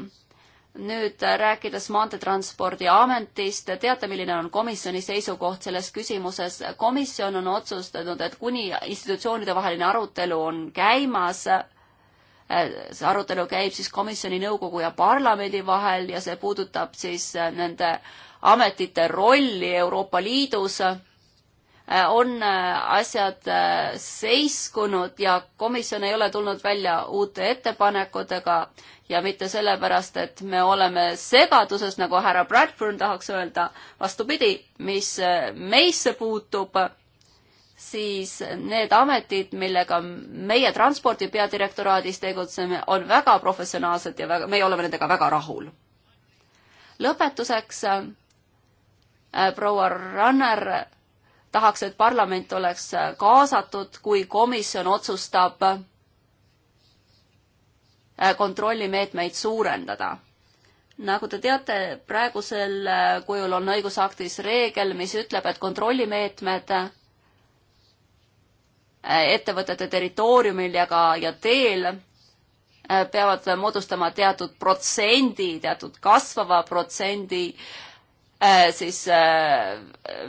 nüüd äh, rääkides Maanteetranspordiametist, teate, milline on komisjoni seisukoht selles küsimuses? komisjon on otsustanud, et kuni institutsioonide vaheline arutelu on käimas, äh, see arutelu käib siis komisjoni, nõukogu ja parlamendi vahel ja see puudutab siis nende äh, ametite rolli Euroopa Liidus, äh, on äh, asjad äh, seiskunud ja komisjon ei ole tulnud välja uute ettepanekutega ja mitte sellepärast, et me oleme segaduses, nagu härra Bradburn tahaks öelda, vastupidi, mis meisse puutub, siis need ametid, millega meie transpordi peadirektoraadis tegutseme, on väga professionaalsed ja väga, meie oleme nendega väga rahul. lõpetuseks Äh, proua Ranner tahaks, et parlament oleks äh, kaasatud, kui komisjon otsustab äh, kontrollimeetmeid suurendada. nagu te teate, praegusel kujul on õigusaktis reegel, mis ütleb, et kontrollimeetmed ettevõtete territooriumil ja ka, ja teel peavad moodustama teatud protsendi, teatud kasvava protsendi äh, Äh, siis äh,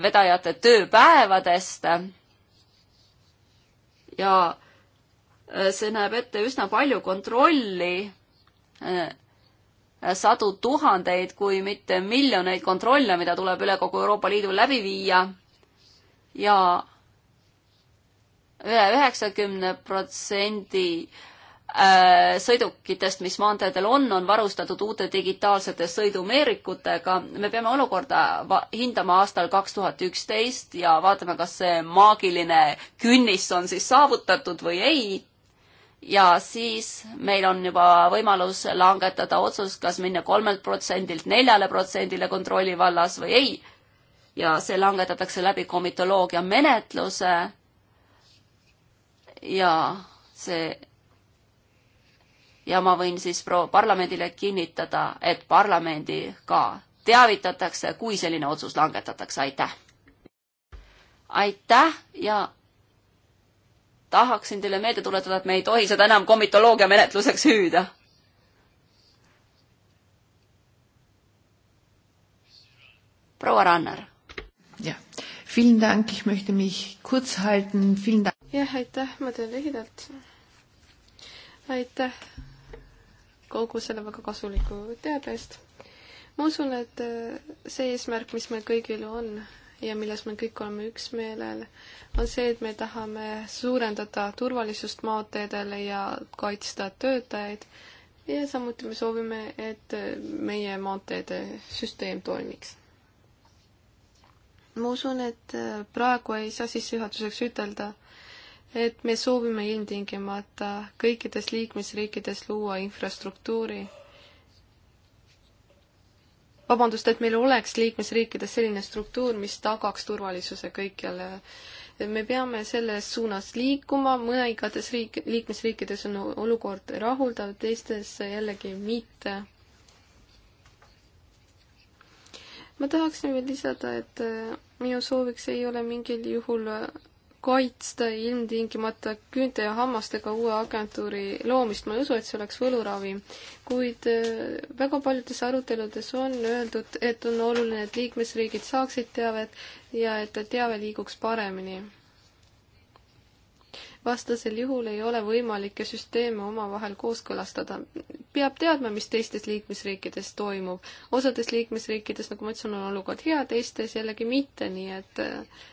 vedajate tööpäevadest. ja äh, see näeb ette üsna palju kontrolli, sadu tuhandeid, kui mitte miljoneid kontrolle, mida tuleb üle kogu Euroopa Liidu läbi viia ja üle üheksakümne protsendi Äh, sõidukitest, mis maanteedel on, on varustatud uute digitaalsete sõidumeerikutega. me peame olukorda hindama aastal kaks tuhat üksteist ja vaatame, kas see maagiline künnis on siis saavutatud või ei ja siis meil on juba võimalus langetada otsus, kas minna kolmelt protsendilt neljale protsendile kontrolli vallas või ei. ja see langetatakse läbi komitoloogia menetluse. ja see ja ma võin siis proua parlamendile kinnitada, et parlamendi ka teavitatakse, kui selline otsus langetatakse, aitäh! aitäh ja tahaksin teile meelde tuletada, et me ei tohi seda enam komitoloogia menetluseks hüüda. proua Ranner. jah, vielen dank, ich möchte mich kurz halten, vielen dank. jah, aitäh, ma teen lühidalt. aitäh kogu selle väga kasuliku teabe eest. ma usun, et äh, see eesmärk, mis meil kõigil on ja milles me kõik oleme üksmeelel, on see, et me tahame suurendada turvalisust maanteedel ja kaitsta töötajaid ja samuti me soovime, et äh, meie maanteede süsteem toimiks ma usun, et äh, praegu ei saa sissejuhatuseks ütelda, et me soovime ilmtingimata kõikides liikmesriikides luua infrastruktuuri. vabandust, et meil oleks liikmesriikides selline struktuur, mis tagaks turvalisuse kõikjal. me peame selles suunas liikuma, mõningates riik, liikmesriikides on olukord rahuldav, teistes jällegi mitte. ma tahaksin veel lisada, et minu sooviks ei ole mingil juhul kaitsta ilmtingimata küünte ja hammastega uue agentuuri loomist, ma ei usu, et see oleks võluravim. kuid äh, väga paljudes aruteludes on öeldud, et on oluline, et liikmesriigid saaksid teavet ja et teave liiguks paremini. vastasel juhul ei ole võimalikke süsteeme omavahel kooskõlastada. peab teadma, mis teistes liikmesriikides toimub. osades liikmesriikides, nagu ma ütlesin, on olukord hea, teistes jällegi mitte, nii et äh,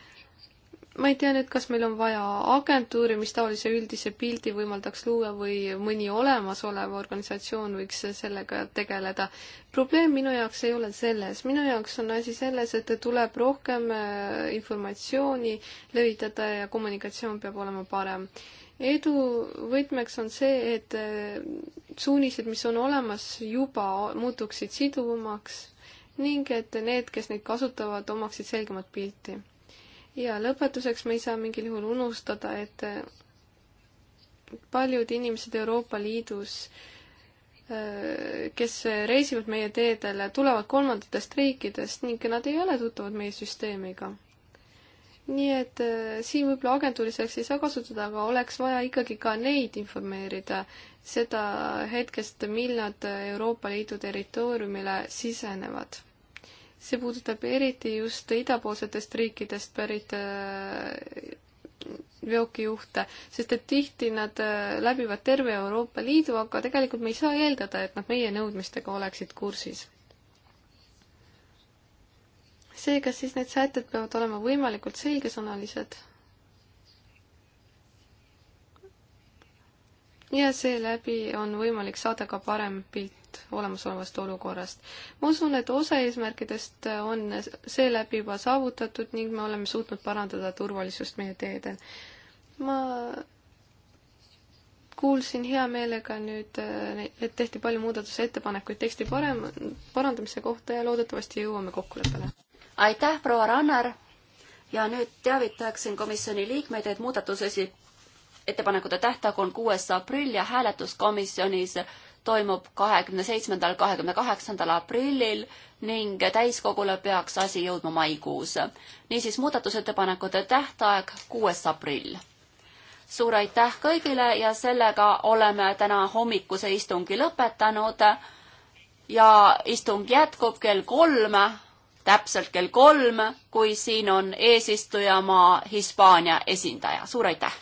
ma ei tea nüüd, kas meil on vaja agentuuri, mis taolise üldise pildi võimaldaks luua või mõni olemasolev organisatsioon võiks sellega tegeleda. probleem minu jaoks ei ole selles, minu jaoks on asi selles, et tuleb rohkem äh, informatsiooni levitada ja kommunikatsioon peab olema parem. edu võtmeks on see, et äh, suunised, mis on olemas juba, muutuksid siduvamaks ning et need, kes neid kasutavad, omaksid selgemat pilti ja lõpetuseks me ei saa mingil juhul unustada, et äh, paljud inimesed Euroopa Liidus, äh, kes reisivad meie teedele, tulevad kolmandatest riikidest ning nad ei ole tuttavad meie süsteemiga. nii et äh, siin võib-olla agentuuri selleks ei saa kasutada, aga oleks vaja ikkagi ka neid informeerida seda hetkest, mil nad Euroopa Liidu territooriumile sisenevad see puudutab eriti just idapoolsetest riikidest pärit äh, veokijuhte, sest et tihti nad äh, läbivad terve Euroopa Liidu, aga tegelikult me ei saa eeldada, et nad meie nõudmistega oleksid kursis. seega siis need sätted peavad olema võimalikult selgesõnalised. ja seeläbi on võimalik saada ka parem pilt tulenevalt olemasolevast olukorrast. ma usun, et osa eesmärkidest on seeläbi juba saavutatud ning me oleme suutnud parandada turvalisust meie teedel. ma kuulsin hea meelega nüüd, et tehti palju muudatusettepanekuid teksti parem, parandamise kohta ja loodetavasti jõuame kokkuleppele. aitäh, proua Rannar! ja nüüd teavitaksin komisjoni liikmeid, et muudatusesi ettepanekute tähtaeg on kuues aprill ja hääletus komisjonis toimub kahekümne seitsmendal, kahekümne kaheksandal aprillil ning täiskogule peaks asi jõudma maikuus. niisiis muudatusettepanekute tähtaeg kuues aprill. suur aitäh kõigile ja sellega oleme täna hommikuse istungi lõpetanud ja istung jätkub kell kolm, täpselt kell kolm, kui siin on eesistujamaa Hispaania esindaja. suur aitäh!